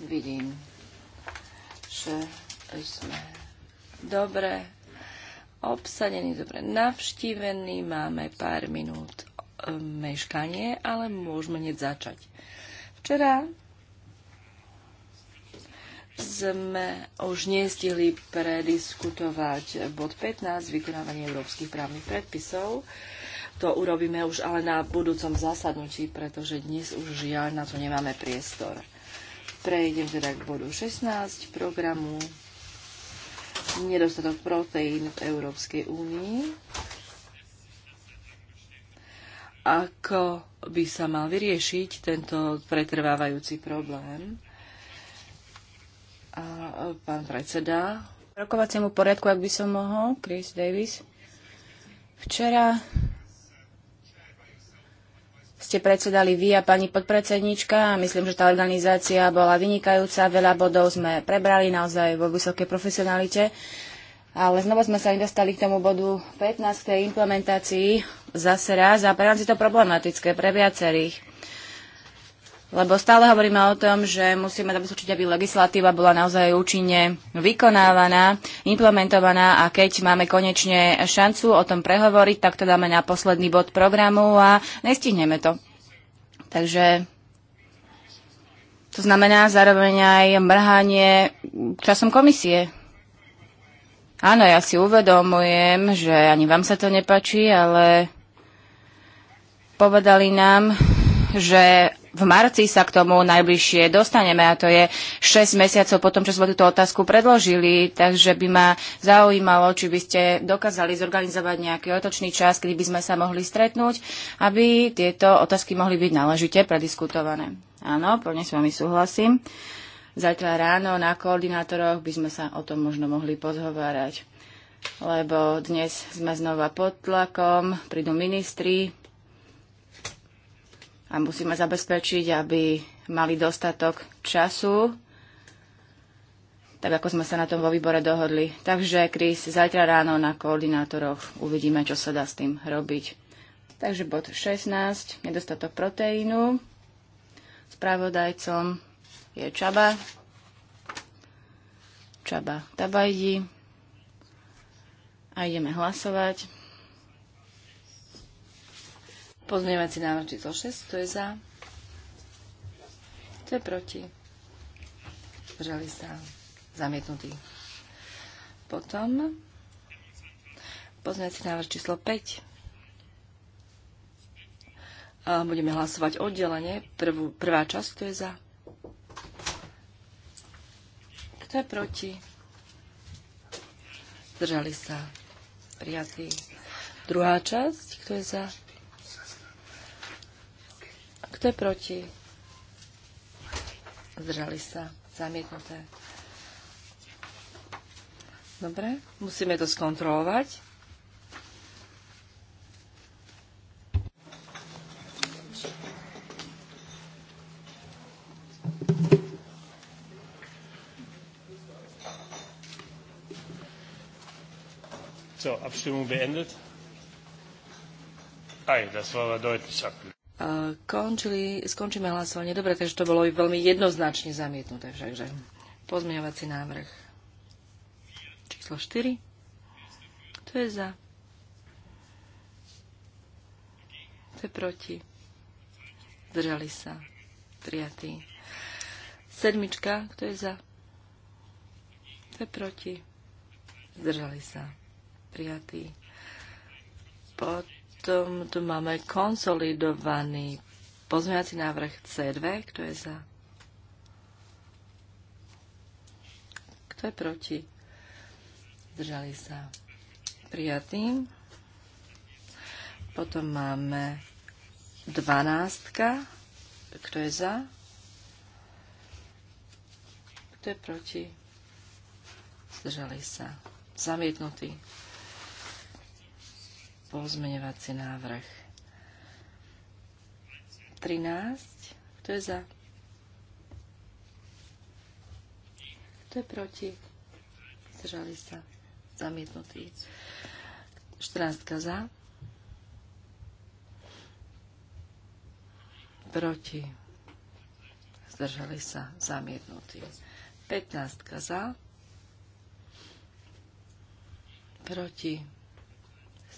Vidím, že sme dobre obsadení, dobre navštívení, máme pár minút eh, meškanie, ale môžeme hneď začať. Včera sme už nestihli prediskutovať bod 15, vykonávanie európskych právnych predpisov. To urobíme už ale na budúcom zasadnutí, pretože dnes už žiaľ na to nemáme priestor. Prejdem teda k bodu 16 programu nedostatok proteín v Európskej únii. Ako by sa mal vyriešiť tento pretrvávajúci problém? A pán predseda. Rokovaciemu poriadku, ak by som mohol, Chris Davis. Včera ste predsedali vy a pani podpredsednička. Myslím, že tá organizácia bola vynikajúca, veľa bodov sme prebrali naozaj vo vysokej profesionalite. Ale znovu sme sa nedostali k tomu bodu 15, k tej implementácii zase raz a pre nás je to problematické, pre viacerých. Lebo stále hovoríme o tom, že musíme zabezpečiť, aby legislatíva bola naozaj účinne vykonávaná, implementovaná a keď máme konečne šancu o tom prehovoriť, tak to dáme na posledný bod programu a nestihneme to. Takže to znamená zároveň aj mrhanie časom komisie. Áno, ja si uvedomujem, že ani vám sa to nepačí, ale povedali nám, že v marci sa k tomu najbližšie dostaneme a to je 6 mesiacov potom, čo sme túto otázku predložili, takže by ma zaujímalo, či by ste dokázali zorganizovať nejaký otočný čas, kedy by sme sa mohli stretnúť, aby tieto otázky mohli byť náležite prediskutované. Áno, plne s vami súhlasím. Zajtra ráno na koordinátoroch by sme sa o tom možno mohli pozhovárať lebo dnes sme znova pod tlakom, prídu ministri, a musíme zabezpečiť, aby mali dostatok času, tak ako sme sa na tom vo výbore dohodli. Takže, Kris, zajtra ráno na koordinátoroch uvidíme, čo sa dá s tým robiť. Takže bod 16, nedostatok proteínu. Spravodajcom je Čaba. Čaba Tabajdi. A ideme hlasovať. Pozmeňovací návrh číslo 6, kto je za? Kto je proti? Zdržali sa zamietnutí. Potom pozmeňovací návrh číslo 5. A budeme hlasovať oddelenie. Prvú, prvá časť, kto je za? Kto je proti? Zdržali sa prijatí. Druhá časť, kto je za? Kto je proti? Zdržali sa. Zamietnuté. Dobre, musíme to skontrolovať. So, Abstimmung beendet. Ei, das war aber deutlich abgelöst končili, skončíme hlasovanie. Dobre, takže to bolo veľmi jednoznačne zamietnuté Takže Pozmeňovací návrh číslo 4. To je za. To je proti. Zdržali sa. Prijatý. Sedmička, kto je za? To je proti. Zdržali sa. Prijatý. Pod potom tu máme konsolidovaný pozmeňací návrh C2. Kto je za? Kto je proti? Zdržali sa prijatým. Potom máme dvanáctka. Kto je za? Kto je proti? Zdržali sa. Zamietnutý pozmeňovací návrh 13. Kto je za? Kto je proti? Zdržali sa. Zamietnutí. 14. za. Proti. Zdržali sa. Zamietnutí. 15. za. Proti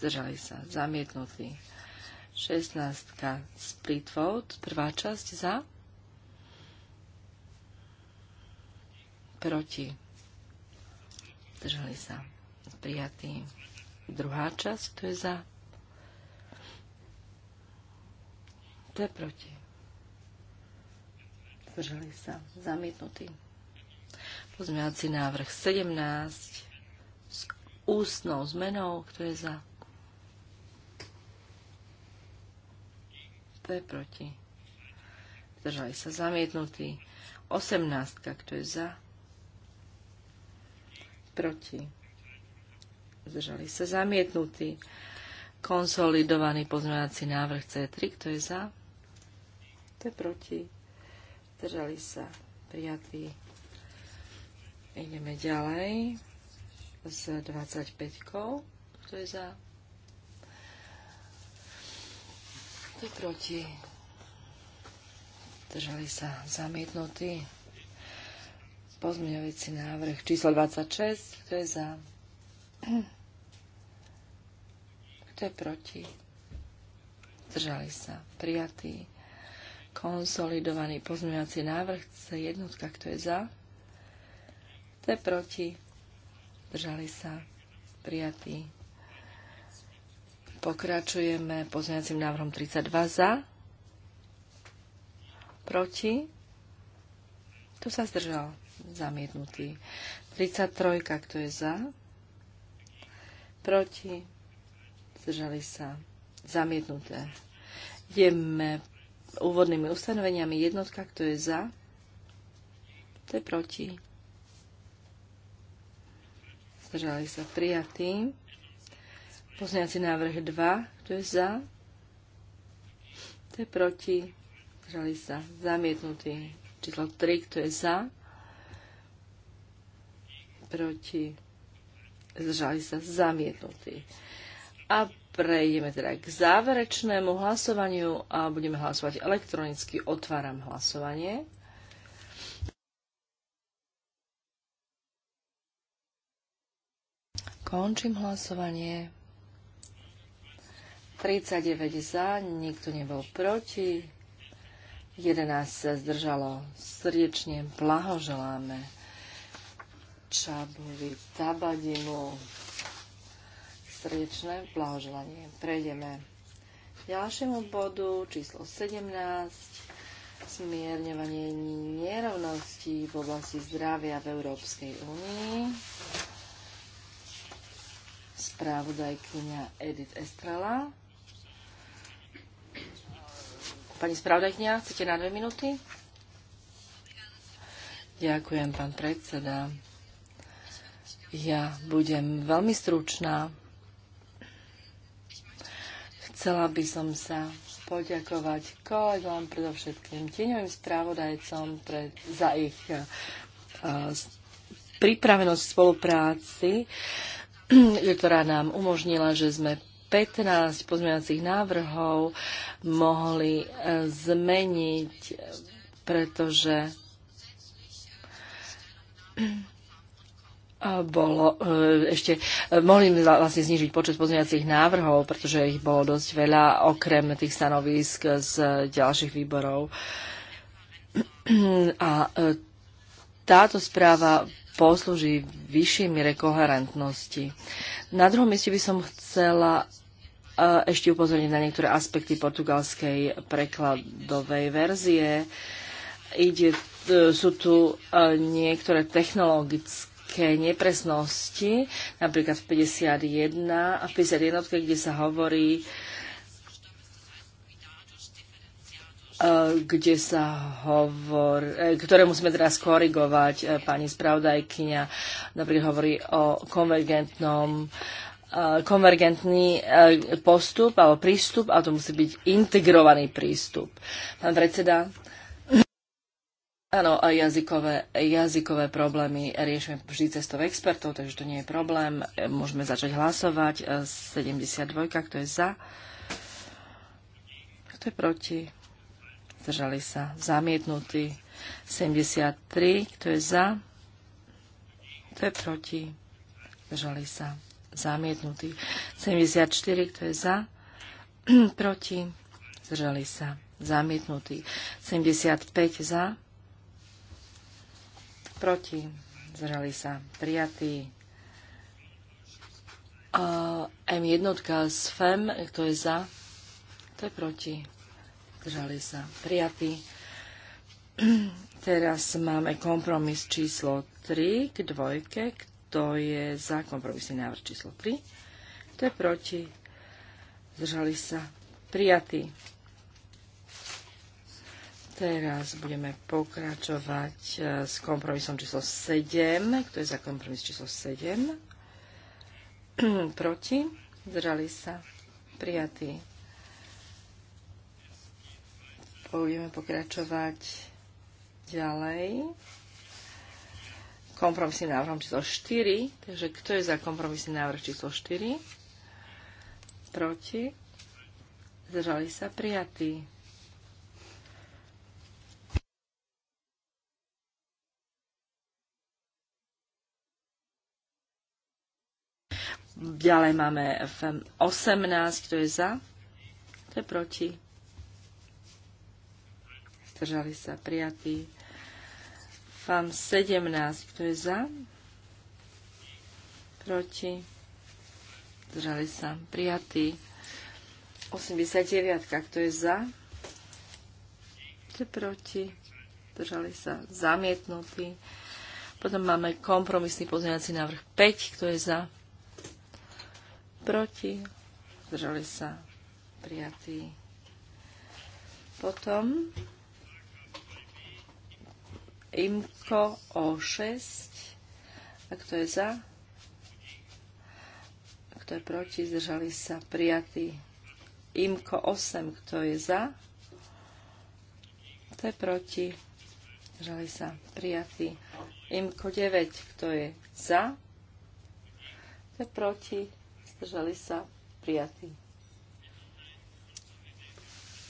zdržali sa, zamietnutý. 16. Split vote, prvá časť za, proti, zdržali sa, prijatý. Druhá časť, to je za, to je proti. Zdržali sa, zamietnutý. Pozmiaci návrh 17 s ústnou zmenou, kto je za to je proti. Zdržali sa zamietnutí. 18, kto je za, proti. Zdržali sa zamietnutí. Konsolidovaný pozmeňovací návrh C3, kto je za, to je proti. Zdržali sa prijatí. Ideme ďalej s 25, kto je za, proti. Držali sa zamietnutí. Pozmeňovací návrh číslo 26. Kto je za? Kto je proti? Držali sa prijatí. Konsolidovaný pozmeňovací návrh C1. Kto je za? Kto je proti? Držali sa prijatí Pokračujeme pozňacím návrhom 32 za. Proti. Tu sa zdržal. Zamietnutý. 33, kto je za. Proti. Zdržali sa. Zamietnuté. Ideme úvodnými ustanoveniami jednotka, kto je za. To je proti. Zdržali sa prijatým. Pozňací návrh 2. Kto je za? Kto je proti? Zdržali sa. Zamietnutý. Číslo 3. Kto je za? Proti? Zdržali sa. Zamietnutý. A prejdeme teda k záverečnému hlasovaniu a budeme hlasovať elektronicky. Otváram hlasovanie. Končím hlasovanie. 39 za, nikto nebol proti, 11 sa zdržalo. Srdečne blahoželáme Čabovi Tabadimu. Srdečné blahoželanie. Prejdeme k ďalšiemu bodu, číslo 17. Smierňovanie nerovností v oblasti zdravia v Európskej únii správodajkyňa Edith Estrela. Pani spravodajkňa, chcete na dve minúty? Ďakujem, pán predseda. Ja budem veľmi stručná. Chcela by som sa poďakovať kolegom, predovšetkým tieňovým správodajcom pre, za ich uh, pripravenosť spolupráci, ktorá nám umožnila, že sme 15 pozmeňovacích návrhov mohli e, zmeniť, pretože e, bolo e, ešte, mohli vlastne znižiť počet pozmeňovacích návrhov, pretože ich bolo dosť veľa, okrem tých stanovisk z ďalších výborov. A táto správa poslúži vyššími rekoherentnosti. Na druhom mieste by som chcela ešte upozorniť na niektoré aspekty portugalskej prekladovej verzie. Ide, e, sú tu e, niektoré technologické nepresnosti, napríklad v 51 a v 51, kde sa hovorí, e, kde sa hovor, ktoré musíme teraz korigovať pani spravodajkyňa, napríklad hovorí o konvergentnom uh, Eh, konvergentný eh, postup alebo prístup a to musí byť integrovaný prístup. Pán predseda, áno, jazykové, jazykové problémy riešime vždy cestou expertov, takže to nie je problém. Môžeme začať hlasovať. 72, eh, kto je za? Kto je proti? Zdržali sa. Zamietnutý. 73, kto je za? Kto je proti? Zdržali sa zamietnutý. 74, kto je za, proti, zdržali sa, zamietnutý. 75 za, proti, zdržali sa, prijatý. M1 s FEM, kto je za, kto je proti, zdržali sa, prijatý. Teraz máme kompromis číslo 3 k dvojke, to je za kompromisný návrh číslo 3? Kto je proti? Zdržali sa prijatí. Teraz budeme pokračovať e, s kompromisom číslo 7. Kto je za kompromis číslo 7? Proti? Zdržali sa prijatí. Budeme pokračovať ďalej kompromisným návrhom číslo 4. Takže kto je za kompromisný návrh číslo 4? Proti? Zdržali sa prijatí. Ďalej máme FM 18, kto je za, kto je proti. Zdržali sa prijatí. FAM 17. Kto je za? Proti? Zdržali sa. Prijatý. 89. Kto je za? Kto je proti? Zdržali sa. Zamietnutý. Potom máme kompromisný pozmeňovací návrh 5. Kto je za? Proti? Zdržali sa. Prijatý. Potom IMKO o 6. A kto je za? A kto je proti? Zdržali sa prijatí. IMKO 8. Kto je za? Kto je proti? Zdržali sa prijatí. IMKO 9. Kto je za? Kto je proti? Zdržali sa prijatí.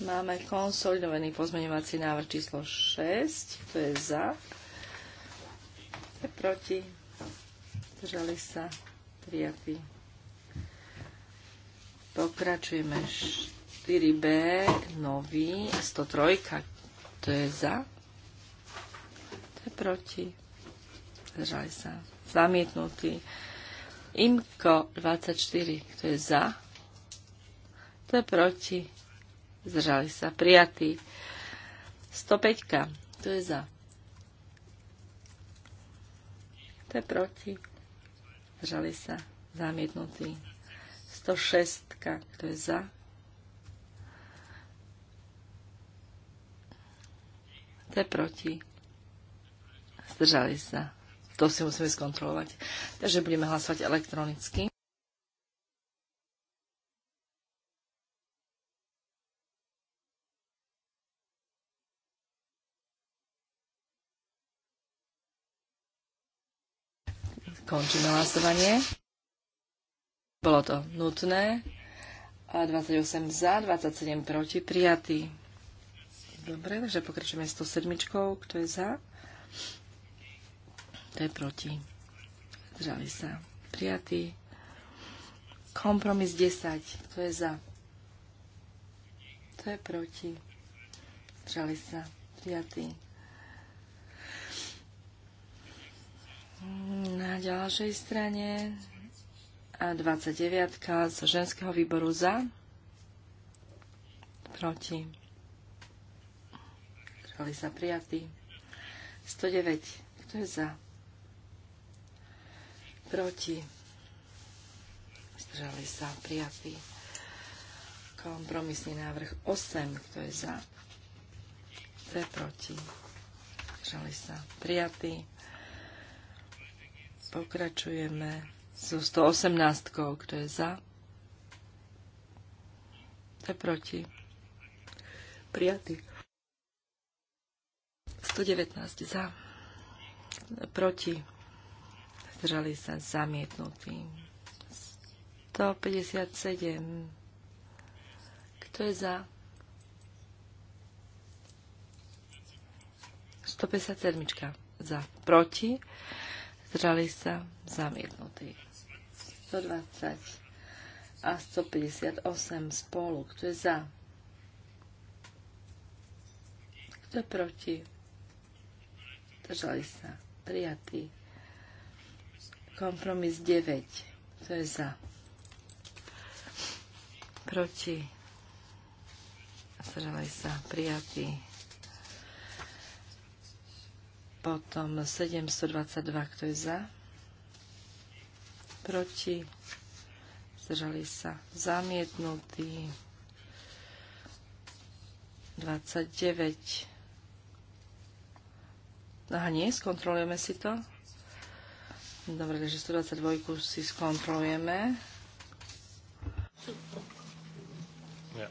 Máme konsolidovaný pozmeňovací návrh číslo 6. Kto je za? Kto je proti? Zdržali sa Prijatý. Pokračujeme 4B, nový, 103. Kto je za? Kto je proti? Zdržali sa. Zamietnutý. Imko 24. Kto je za? Kto je proti? zdržali sa prijatí. 105. To je za. To je proti. Zdržali sa zamietnutí. 106. To je za. To je proti. Zdržali sa. To si musíme skontrolovať. Takže budeme hlasovať elektronicky. Končíme hlasovanie. Bolo to nutné. 28 za, 27 proti, prijatý. Dobre, takže pokračujeme 107. Kto je za? Kto je proti? Zdržali sa. Prijatý. Kompromis 10. Kto je za? Kto je proti? Zdržali sa. Prijatý. Na ďalšej strane a 29 z ženského výboru za, proti, zdržali sa prijatí. 109. Kto je za? Proti. Zdržali sa prijatí. Kompromisný návrh 8. Kto je za? Kto je proti? Zdržali sa prijatí. Pokračujeme so 118, kto je za. Kto je proti. Prijatý. 119 za. Proti. Zdržali sa zamietnutí. 157. Kto je za? 157 za. Proti zdržali sa zamietnutí. 120 a 158 spolu, kto je za, kto je proti, zdržali sa prijatý. Kompromis 9, kto je za, proti, zdržali sa prijatý. Potom 722, kto je za? Proti? Zdržali sa zamietnutí. 29. Aha, nie, skontrolujeme si to. Dobre, takže 122 si skontrolujeme. Ja.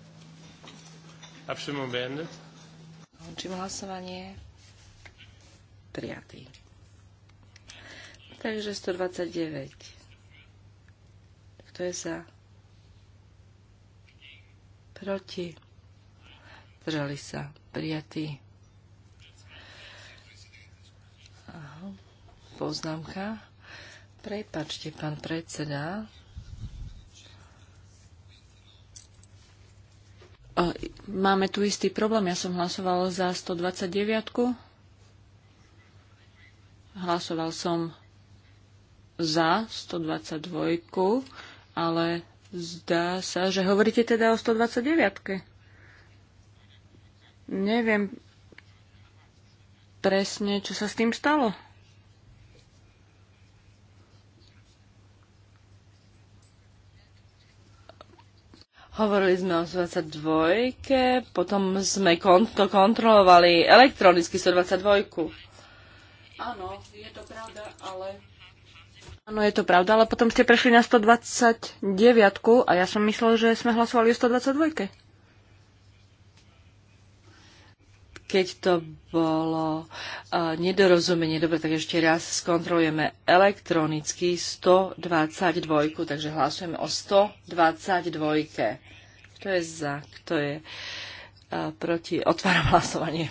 Abstimmung Končím hlasovanie prijatý. Takže 129. Kto je za? Proti. Držali sa. prijatí. Poznámka. Prepačte, pán predseda. Máme tu istý problém. Ja som hlasovala za 129. -ku. Hlasoval som za 122, ale zdá sa, že hovoríte teda o 129. -ke. Neviem presne, čo sa s tým stalo. Hovorili sme o 22, potom sme kont- kontrolovali elektronicky 122. Áno, je to pravda, ale... Áno, je to pravda, ale potom ste prešli na 129 a ja som myslel, že sme hlasovali o 122. Keď to bolo uh, nedorozumenie, dobre, tak ešte raz skontrolujeme elektronicky 122, takže hlasujeme o 122. Kto je za, kto je uh, proti, otváram hlasovanie.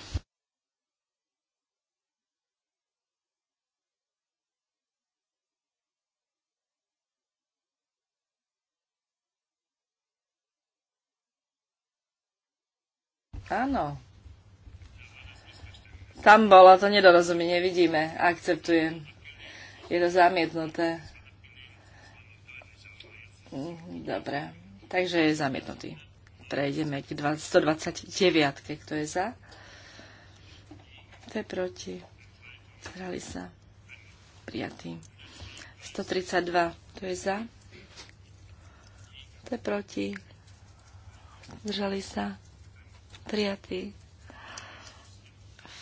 Áno. Tam bola to nedorozumenie, vidíme, akceptujem. Je to zamietnuté. Dobre, takže je zamietnutý. Prejdeme k 129, kto je za. To je proti. Zhrali sa. Prijatý. 132, to je za. To je proti. Zdržali sa prijatý.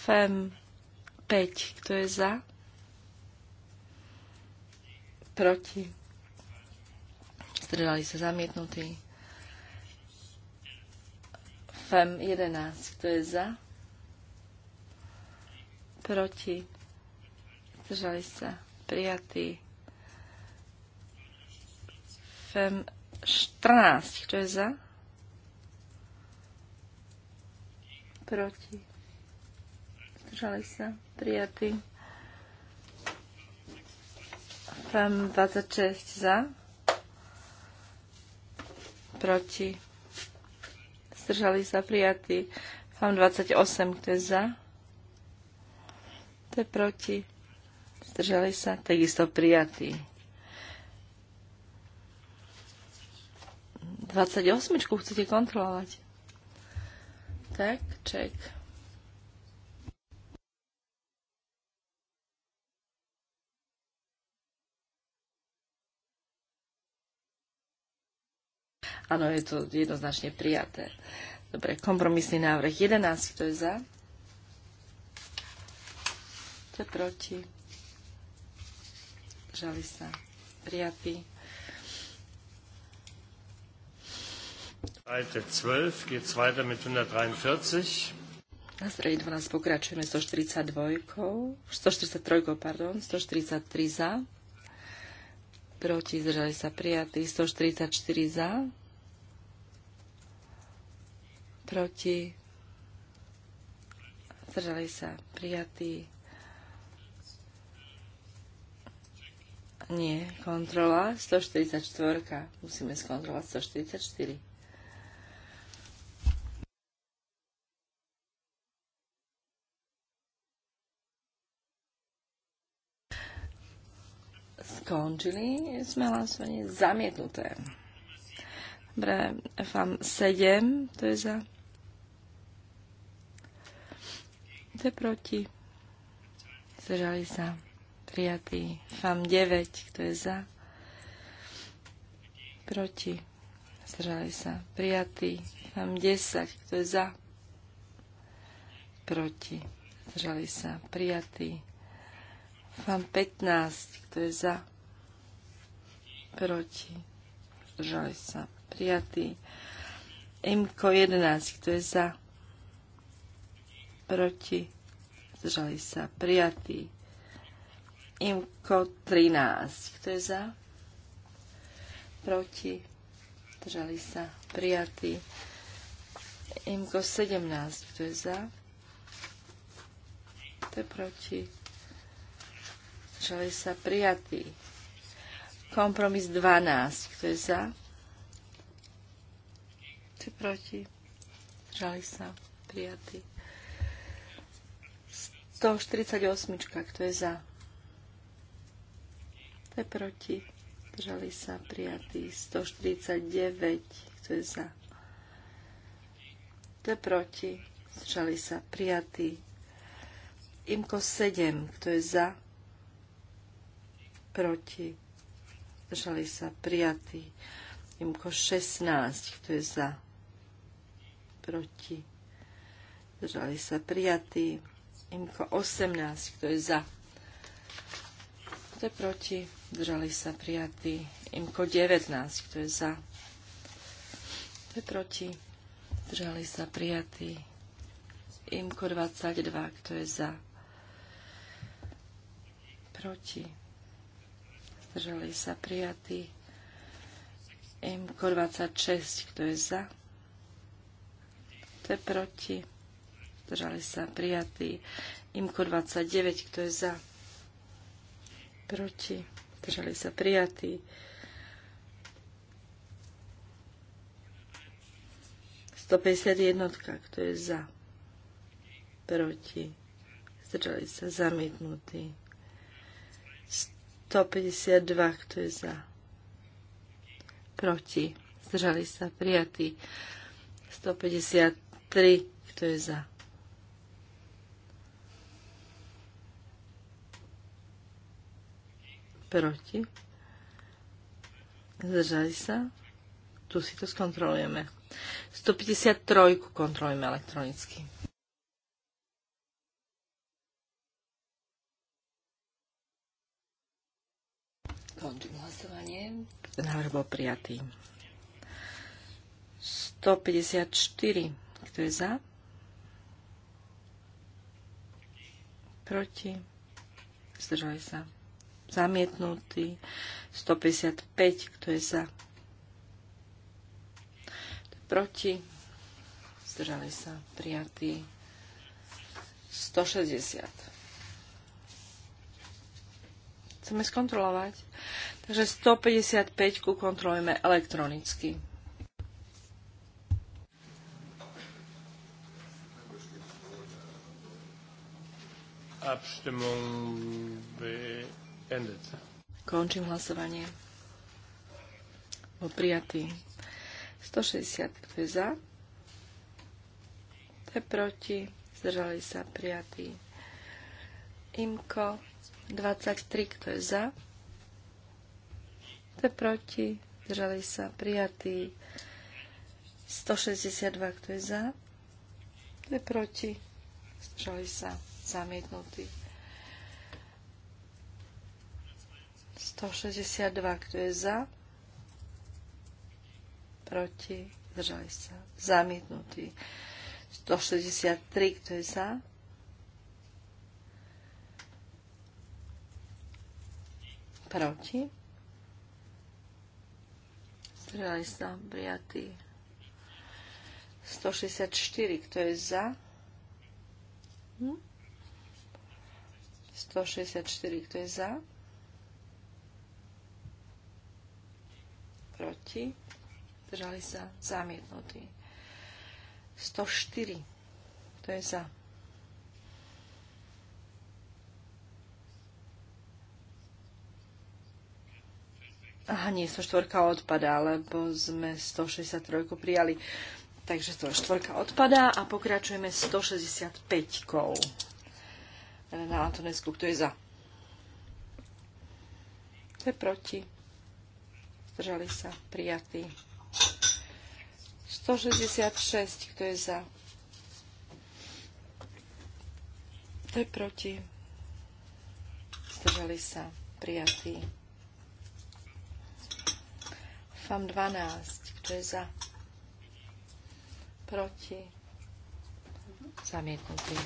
FEM 5, kto je za? Proti. Zdržali sa zamietnutí. FEM 11, kto je za? Proti. Zdržali sa prijatí. FEM 14, kto je za? proti, zdržali sa, prijatí. Fem 26 za, proti, zdržali sa, prijatí. Fem 28, kto je za, to je proti, zdržali sa, takisto prijatí. 28 chcete kontrolovať? Tak, ček. Áno, je to jednoznačne prijaté. Dobre, kompromisný návrh 11, kto je za? Kto je proti? Žali sa. Prijatý. Seite 12 geht's weiter mit 143. Na strane 12 pokračujeme 142, 143, pardon, 143 za, proti zdržali sa prijatí, 144 za, proti zdržali sa prijatí, nie, kontrola 144, musíme skontrolovať 144. skončili. Sme hlasovanie zamietnuté. Dobre, FAM 7, to je za. To je proti. Zdržali sa. Prijatý. FAM 9, kto je za. Proti. Zdržali sa. Prijatý. FAM 10, kto je za. Proti. Zdržali sa. Prijatý. FAM 15, kto je za proti, zdržali sa Prijatý. Imko 11, kto je za, proti, zdržali sa Prijatý. Imko 13, kto je za, proti, zdržali sa Prijatý. Imko 17, kto je za, kto je proti, zdržali sa Prijatý. Kompromis 12. Kto je za? Kto je proti? Žali sa. Prijatý. 148. Kto je za? Kto je proti? žali sa. Prijatý. 149. Kto je za? Kto je proti? žali sa. Prijatý. Imko 7. Kto je za? Proti zdržali sa prijatí. Imko 16, kto je za, proti, zdržali sa prijatí. Imko 18, kto je za, kto je proti, zdržali sa prijatí. Imko 19, kto je za, kto je proti, zdržali sa prijatí. Imko 22, kto je za, proti, zdržali sa prijatí. Imko 26, kto je za, kto je proti, zdržali sa prijatí. Imko 29, kto je za, proti, zdržali sa prijatí. jednotka, kto je za, proti, zdržali sa zamietnutí. 152, kto je za? Proti. Zdržali sa prijatí. 153, kto je za? Proti. Zdržali sa. Tu si to skontrolujeme. 153 kontrolujeme elektronicky. Končím hlasovanie. Návrh bol prijatý. 154. Kto je za? Proti? Zdržali sa. Zamietnutý. 155. Kto je za? Proti? Zdržali sa. Prijatý. 160 chceme skontrolovať. Takže 155 kontrolujeme elektronicky. Končím hlasovanie. Bol prijatý. 160, kto je za? To je proti. Zdržali sa prijatí. Imko 23, kto je za, kto je proti, zdržali sa prijatí. 162, kto je za, kto je proti, zdržali sa zamietnutí. 162, kto je za, proti, zdržali sa, zamietnutí. 163, kto je za, Proti. Zdržali sa prijatí. 164. Kto je za? Hm? 164. Kto je za? Proti. Zdržali sa zamietnutí. 104. Kto je za? Aha, nie, 104 odpadá, lebo sme 163 prijali. Takže 104 odpadá a pokračujeme 165 na Antonesku. Kto je za? Kto je proti? Zdržali sa prijatí. 166, kto je za? Kto je proti? Zdržali sa prijatí. FAM 12. Kto je za? Proti? Zamietnutý.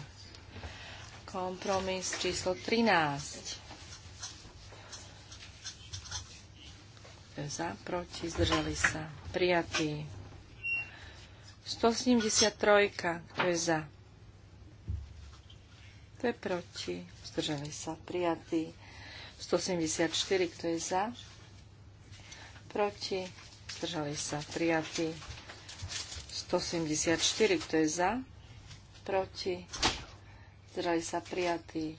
Kompromis číslo 13. Kto je za? Proti? Zdržali sa. Prijatý. 183. Kto je za? Kto je proti? Zdržali sa. Prijatý. 174. Kto je za? proti, zdržali sa prijatí. 174, kto je za, proti, zdržali sa prijatí.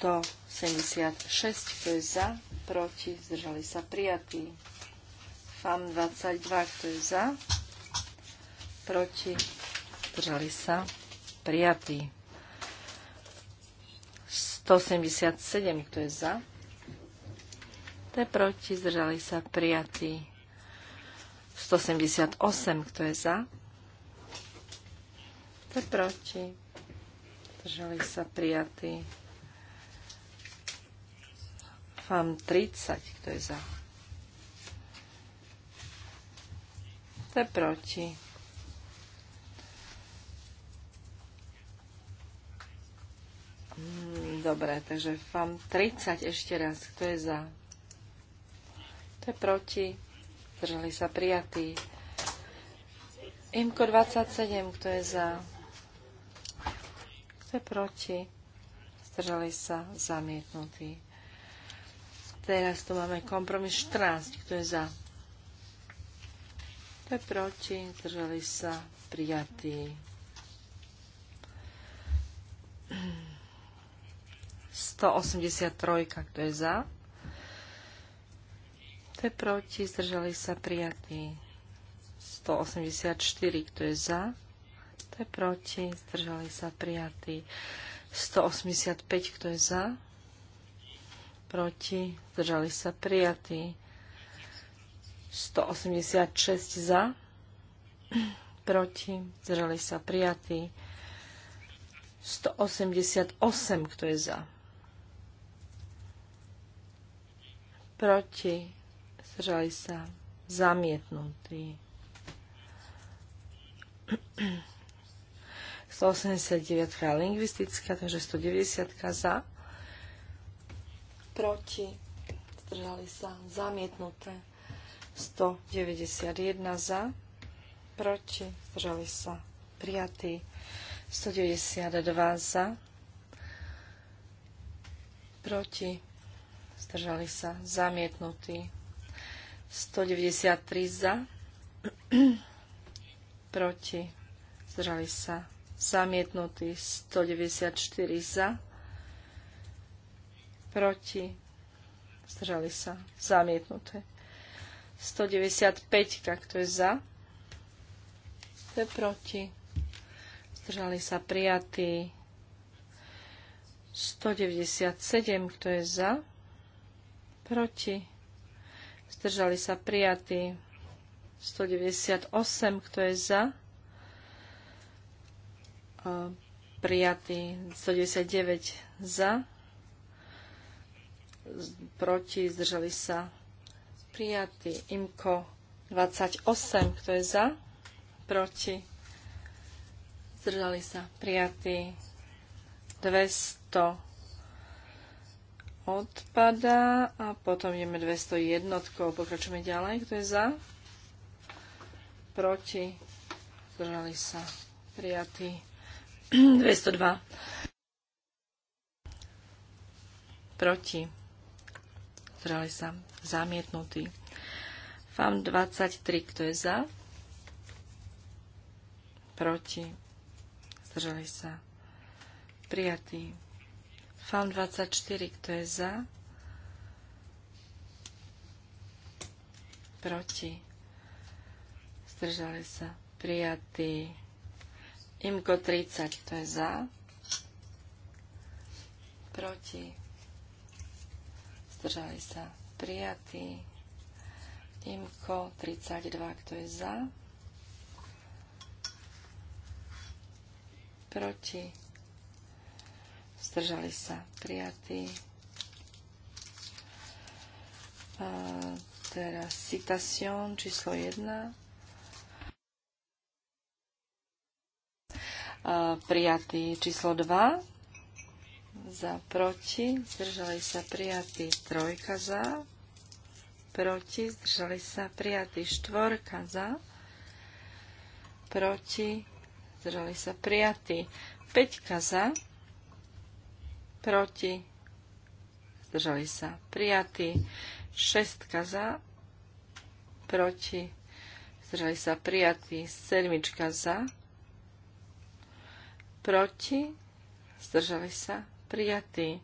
176, kto je za, proti, zdržali sa prijatí. FAM 22, kto je za, proti, zdržali sa prijatí. 177, kto je za, je proti, zdržali sa prijatí. 178, kto je za? Kto je proti? Zdržali sa prijatí. Fam 30, kto je za? Kto je proti? Hmm, dobre, takže FAM 30 ešte raz. Kto je za? To je proti. Zdržali sa prijatí. Imko 27, kto je za? Kto je proti? Zdržali sa zamietnutí. Teraz tu máme kompromis 14, kto je za? Kto je proti? Zdržali sa prijatí. 183, kto je za? Kto je proti? Zdržali sa prijatí. 184. Kto je za? Kto je proti? Zdržali sa prijatí. 185. Kto je za? Proti? Zdržali sa prijatí. 186 za, proti, zdržali sa prijatí. 188, kto je za. Proti, zdržali sa, zamietnutí. 189 lingvistická, takže 190 za. Proti, zdržali sa, zamietnuté. 191 za, proti, zdržali sa, prijatí, 192 za, proti, zdržali sa, zamietnutí. 193 za, proti, zdržali sa, zamietnutí 194 za, proti, zdržali sa, zamietnuté. 195, kto je za, kto je proti, zdržali sa, prijatí 197, kto je za, proti, zdržali sa prijatí. 198, kto je za, prijatí, 199 za, proti, zdržali sa prijatí. IMKO 28, kto je za, proti, zdržali sa prijatí. 200 odpadá a potom ideme 201. Pokračujeme ďalej. Kto je za? Proti? Zdržali sa. Prijatý. 202. Proti? Zdržali sa. Zamietnutý. FAM 23. Kto je za? Proti? Zdržali sa. Prijatý. Fan 24, kto je za? Proti. Zdržali sa. Prijatý. IMKO 30, kto je za? Proti. Zdržali sa. Prijatý. IMKO 32, kto je za? Proti zdržali sa prijatí. A teraz citation číslo 1. prijatý číslo 2 za proti, zdržali sa prijatý trojka za, proti, zdržali sa prijatý štvorka za, proti, zdržali sa prijatý peťka za, proti, zdržali sa prijatí, šestka za, proti, zdržali sa prijatí, sedmička za, proti, zdržali sa prijatí.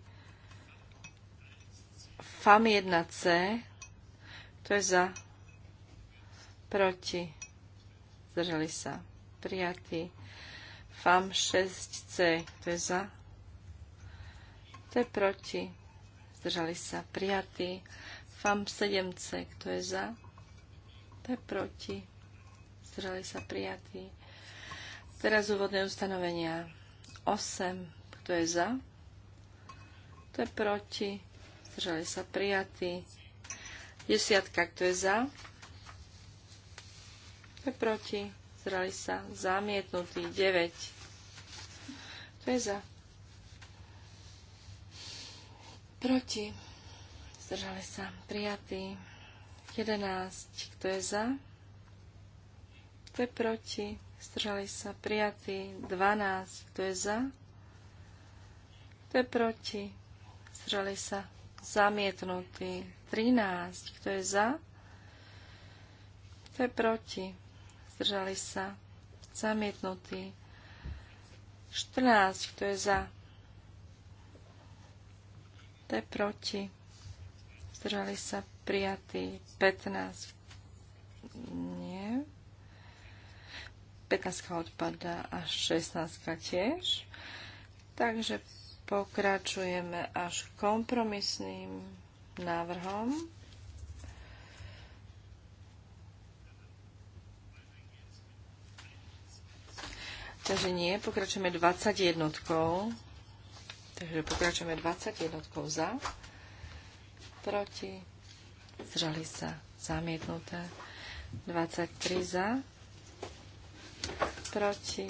FAM 1C, to je za, proti, zdržali sa prijatí. FAM 6C, to je za, kto je proti? Zdržali sa prijatí. FAM 7C. Kto je za? to je proti? Zdržali sa prijatí. Teraz úvodné ustanovenia. 8. Kto je za? to je proti? Zdržali sa prijatí. Desiatka. Kto je za? Kto je proti? Zdržali sa zamietnutí. 9. Kto je za? Proti. Zdržali sa. Prijatý. 11. Kto je za? Kto je proti? Zdržali sa. Prijatý. 12. Kto je za? Kto je proti? Zdržali sa. Zamietnutý. 13. Kto je za? Kto je proti? Zdržali sa. Zamietnutý. 14. Kto je za? To je proti. Zdržali sa prijatí 15. Nie. 15 odpada a 16 tiež. Takže pokračujeme až kompromisným návrhom. Takže nie, pokračujeme 21. Takže pokračujeme 20 jednotkov za, proti, zdržali sa zamietnuté. 23 za, proti,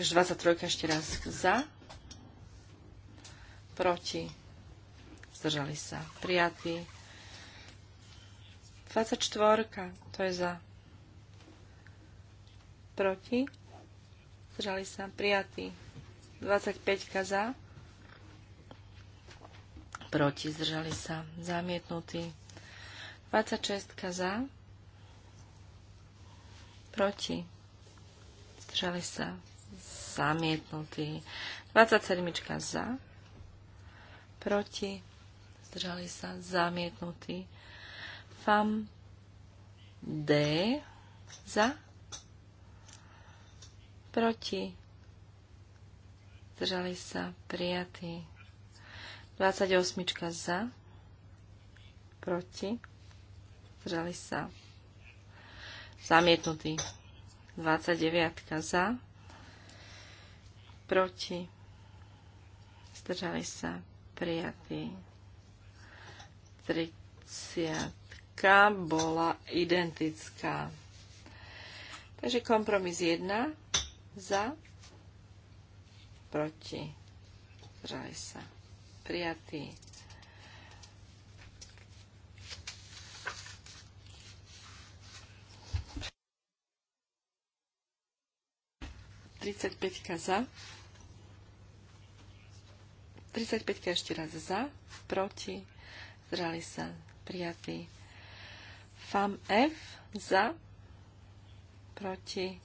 Takže 23 ešte raz za, proti, zdržali sa, prijatí. 24, to je za, proti, zdržali sa prijatí. 25 za, proti, zdržali sa zamietnutí. 26 za, proti, zdržali sa zamietnutí. 27 za, proti, zdržali sa zamietnutí. FAM D za, proti, zdržali sa prijatí. 28 za, proti, zdržali sa zamietnutí. 29 za, proti, zdržali sa prijatí. 30 bola identická. Takže kompromis 1 za, proti, zdržali sa, prijatý. Tridsaťpäťka za. 35 ešte raz za, proti, zdržali sa, prijatý. FAM F za, proti,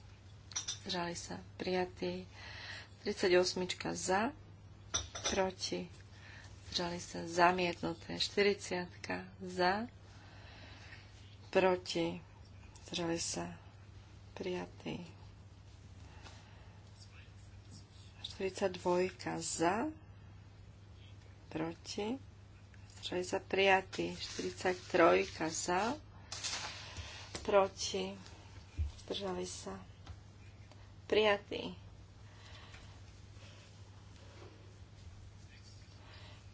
Zdržali sa prijatí. 38 za, proti, zdržali sa zamietnuté. 40 za, proti, zdržali sa prijatí. 42 za, proti, zdržali sa prijatí. 43 za, proti, zdržali sa prijatý.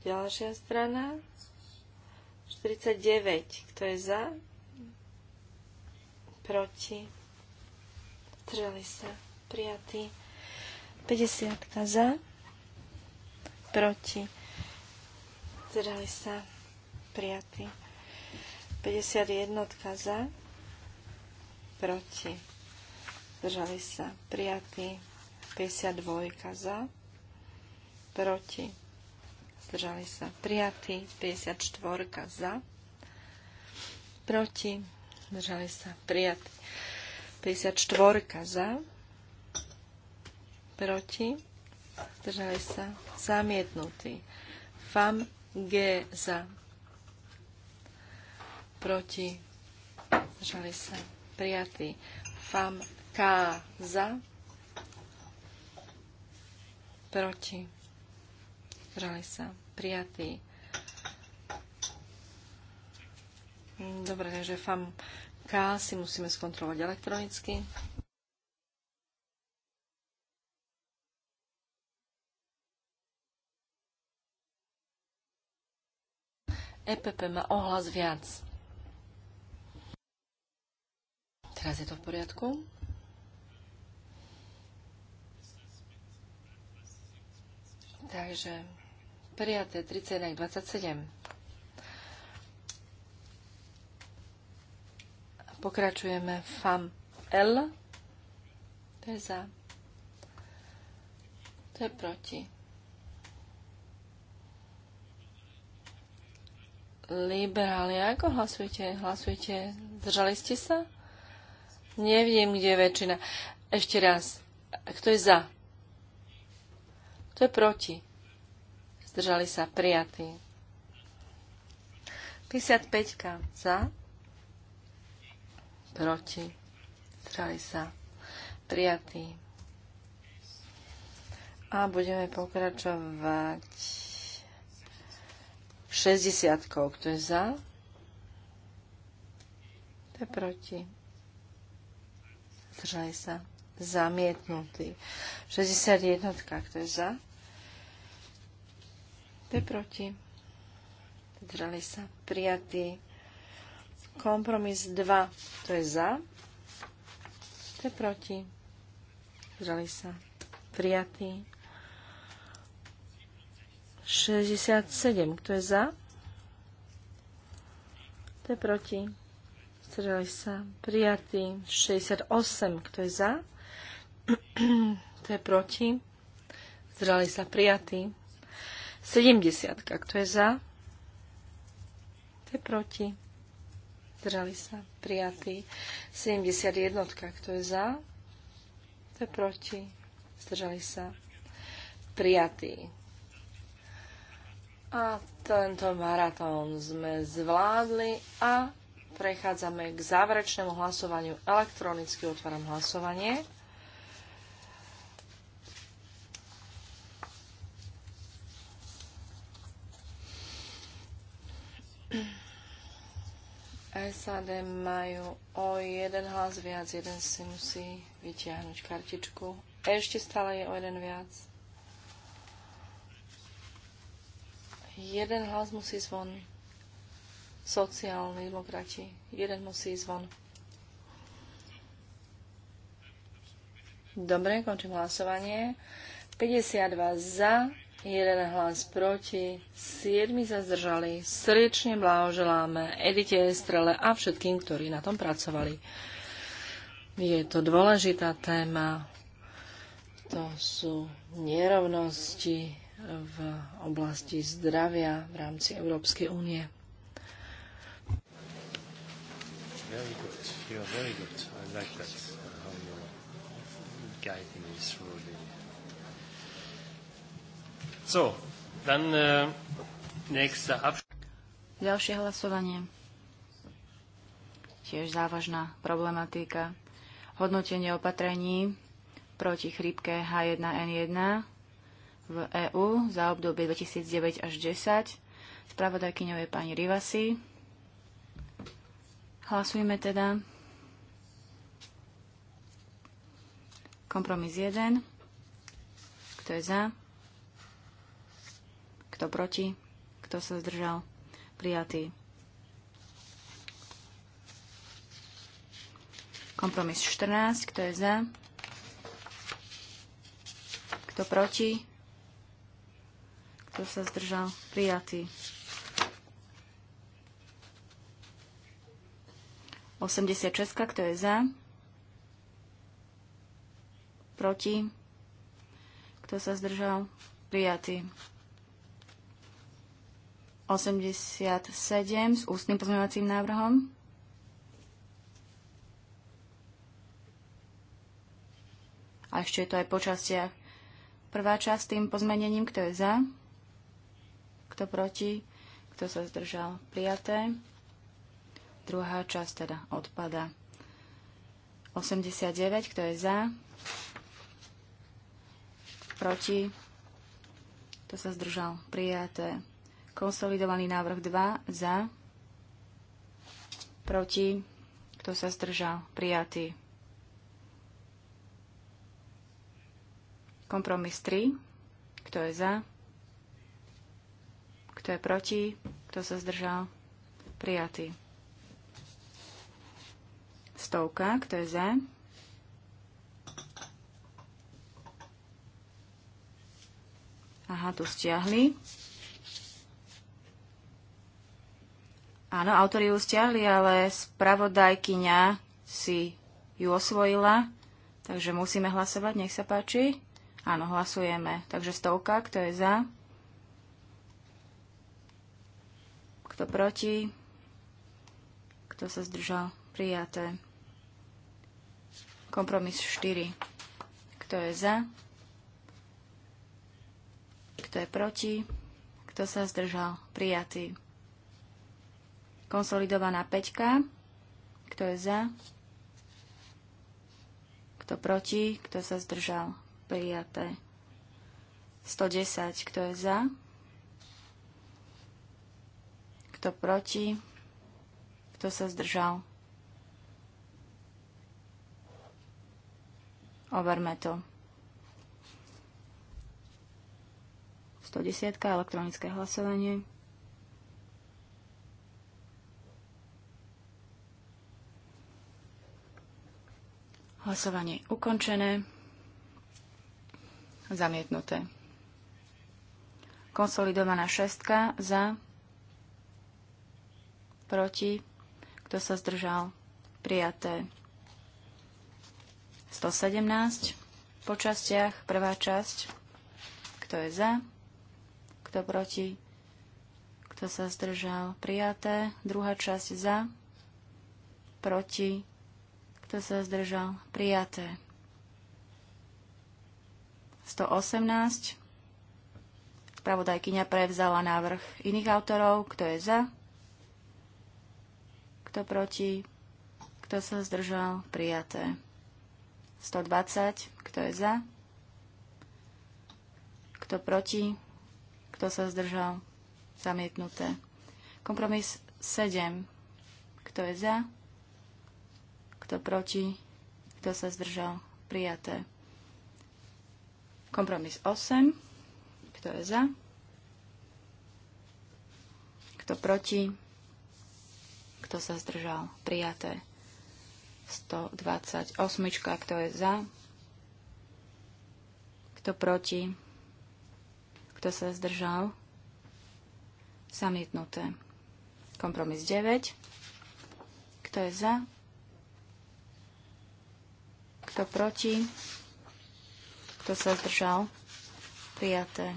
Ďalšia strana. 49. Kto je za? Proti. Zdržali sa. Prijatý. 50. Za. Proti. Zdržali sa. Prijatý. 51. Za. Proti zdržali sa prijatí, 52 za, proti, zdržali sa prijatí, 54 za, proti, zdržali sa prijatí, 54 za, proti, zdržali sa zamietnutí, fam G za, proti, zdržali sa prijatí, fam k za, proti, zdržali sa, prijatý. Dobre, takže FAM K si musíme skontrolovať elektronicky. EPP má ohlas viac. Teraz je to v poriadku. Takže prijaté 31 27. Pokračujeme FAM L. To je za. To je proti. Liberáli, ako hlasujete? Hlasujete? Zdržali ste sa? Neviem, kde je väčšina. Ešte raz. Kto je za? Kto je proti? Zdržali sa prijatí. 55 za. Proti. Zdržali sa prijatí. A budeme pokračovať 60. Kto je za? Kto je proti? Zdržali sa. Zamietnutý. 61. Kto je za? Kto proti? Zdrali sa. Prijatý. Kompromis 2. To je za. Kto je proti? Zdrali sa. Prijatý. 67. Kto je za? To je proti? Zdrali sa. Prijatý. 68. Kto je za? Kto je proti? Zdrali sa. Prijatý. 70. Kto je za? Kto je proti? Zdržali sa. Prijatý. 71. Kto je za? Kto je proti? Zdržali sa. Prijatý. A tento maratón sme zvládli a prechádzame k záverečnému hlasovaniu. Elektronicky otváram hlasovanie. SAD majú o jeden hlas viac, jeden si musí vyťahnuť kartičku. E ešte stále je o jeden viac. Jeden hlas musí zvon. Sociálni demokrati. Jeden musí zvon. Dobre, končím hlasovanie. 52 za, jeden hlas proti, siedmi sa zdržali. Srdečne blahoželáme Edite Estrele a všetkým, ktorí na tom pracovali. Je to dôležitá téma. To sú nerovnosti v oblasti zdravia v rámci Európskej únie. Very good. You are very good. I like that. Uh, how you're guiding me through so, dann äh, nächste Ďalšie hlasovanie. Tiež závažná problematika. Hodnotenie opatrení proti chrípke H1N1 v EÚ za obdobie 2009 až 10. Spravodajkyňou je pani Rivasi. Hlasujme teda. Kompromis 1. Kto je za? Kto proti? Kto sa zdržal? Prijatý. Kompromis 14. Kto je za? Kto proti? Kto sa zdržal? Prijatý. 86. Kto je za? Proti? Kto sa zdržal? Prijatý. 87 s ústnym pozmeňovacím návrhom. A ešte je to aj po častiach. Prvá časť s tým pozmenením, kto je za, kto proti, kto sa zdržal, prijaté. Druhá časť teda odpada. 89, kto je za, proti, kto sa zdržal, prijaté. Konsolidovaný návrh 2 za, proti, kto sa zdržal, prijatý. Kompromis 3, kto je za, kto je proti, kto sa zdržal, prijatý. Stovka, kto je za, Aha, tu stiahli. Áno, autori ju stiahli, ale spravodajkyňa si ju osvojila, takže musíme hlasovať, nech sa páči. Áno, hlasujeme. Takže stovka, kto je za? Kto proti? Kto sa zdržal? Prijaté. Kompromis 4. Kto je za? Kto je proti? Kto sa zdržal? Prijatý. Konsolidovaná 5. Kto je za? Kto proti? Kto sa zdržal? Prijaté. 110. Kto je za? Kto proti? Kto sa zdržal? Overme to. 110. Elektronické hlasovanie. Hlasovanie ukončené. Zamietnuté. Konsolidovaná šestka za. Proti. Kto sa zdržal? Prijaté. 117 po častiach. Prvá časť. Kto je za? Kto proti? Kto sa zdržal? Prijaté. Druhá časť za. Proti kto sa zdržal? Prijaté. 118. Spravodajkyňa prevzala návrh iných autorov. Kto je za? Kto proti? Kto sa zdržal? Prijaté. 120. Kto je za? Kto proti? Kto sa zdržal? Zamietnuté. Kompromis 7. Kto je za? Kto proti? Kto sa zdržal? Prijaté. Kompromis 8. Kto je za? Kto proti? Kto sa zdržal? Prijaté. 128. Kto je za? Kto proti? Kto sa zdržal? Samietnuté. Kompromis 9. Kto je za? Kto proti? Kto sa zdržal? Prijaté.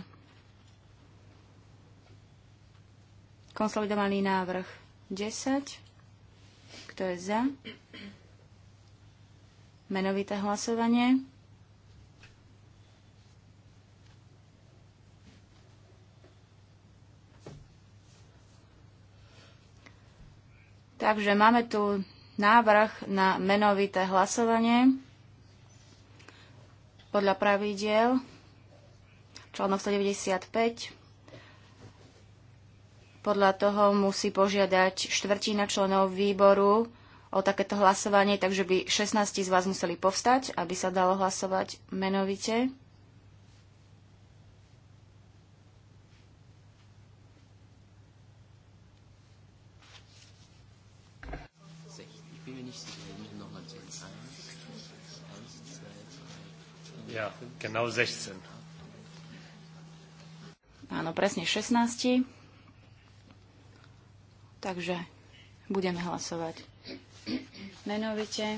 Konsolidovaný návrh 10. Kto je za? Menovité hlasovanie. Takže máme tu návrh na menovité hlasovanie podľa pravidiel, článok 195, podľa toho musí požiadať štvrtina členov výboru o takéto hlasovanie, takže by 16 z vás museli povstať, aby sa dalo hlasovať menovite. Genau 16. Áno, presne 16. Takže budeme hlasovať menovite.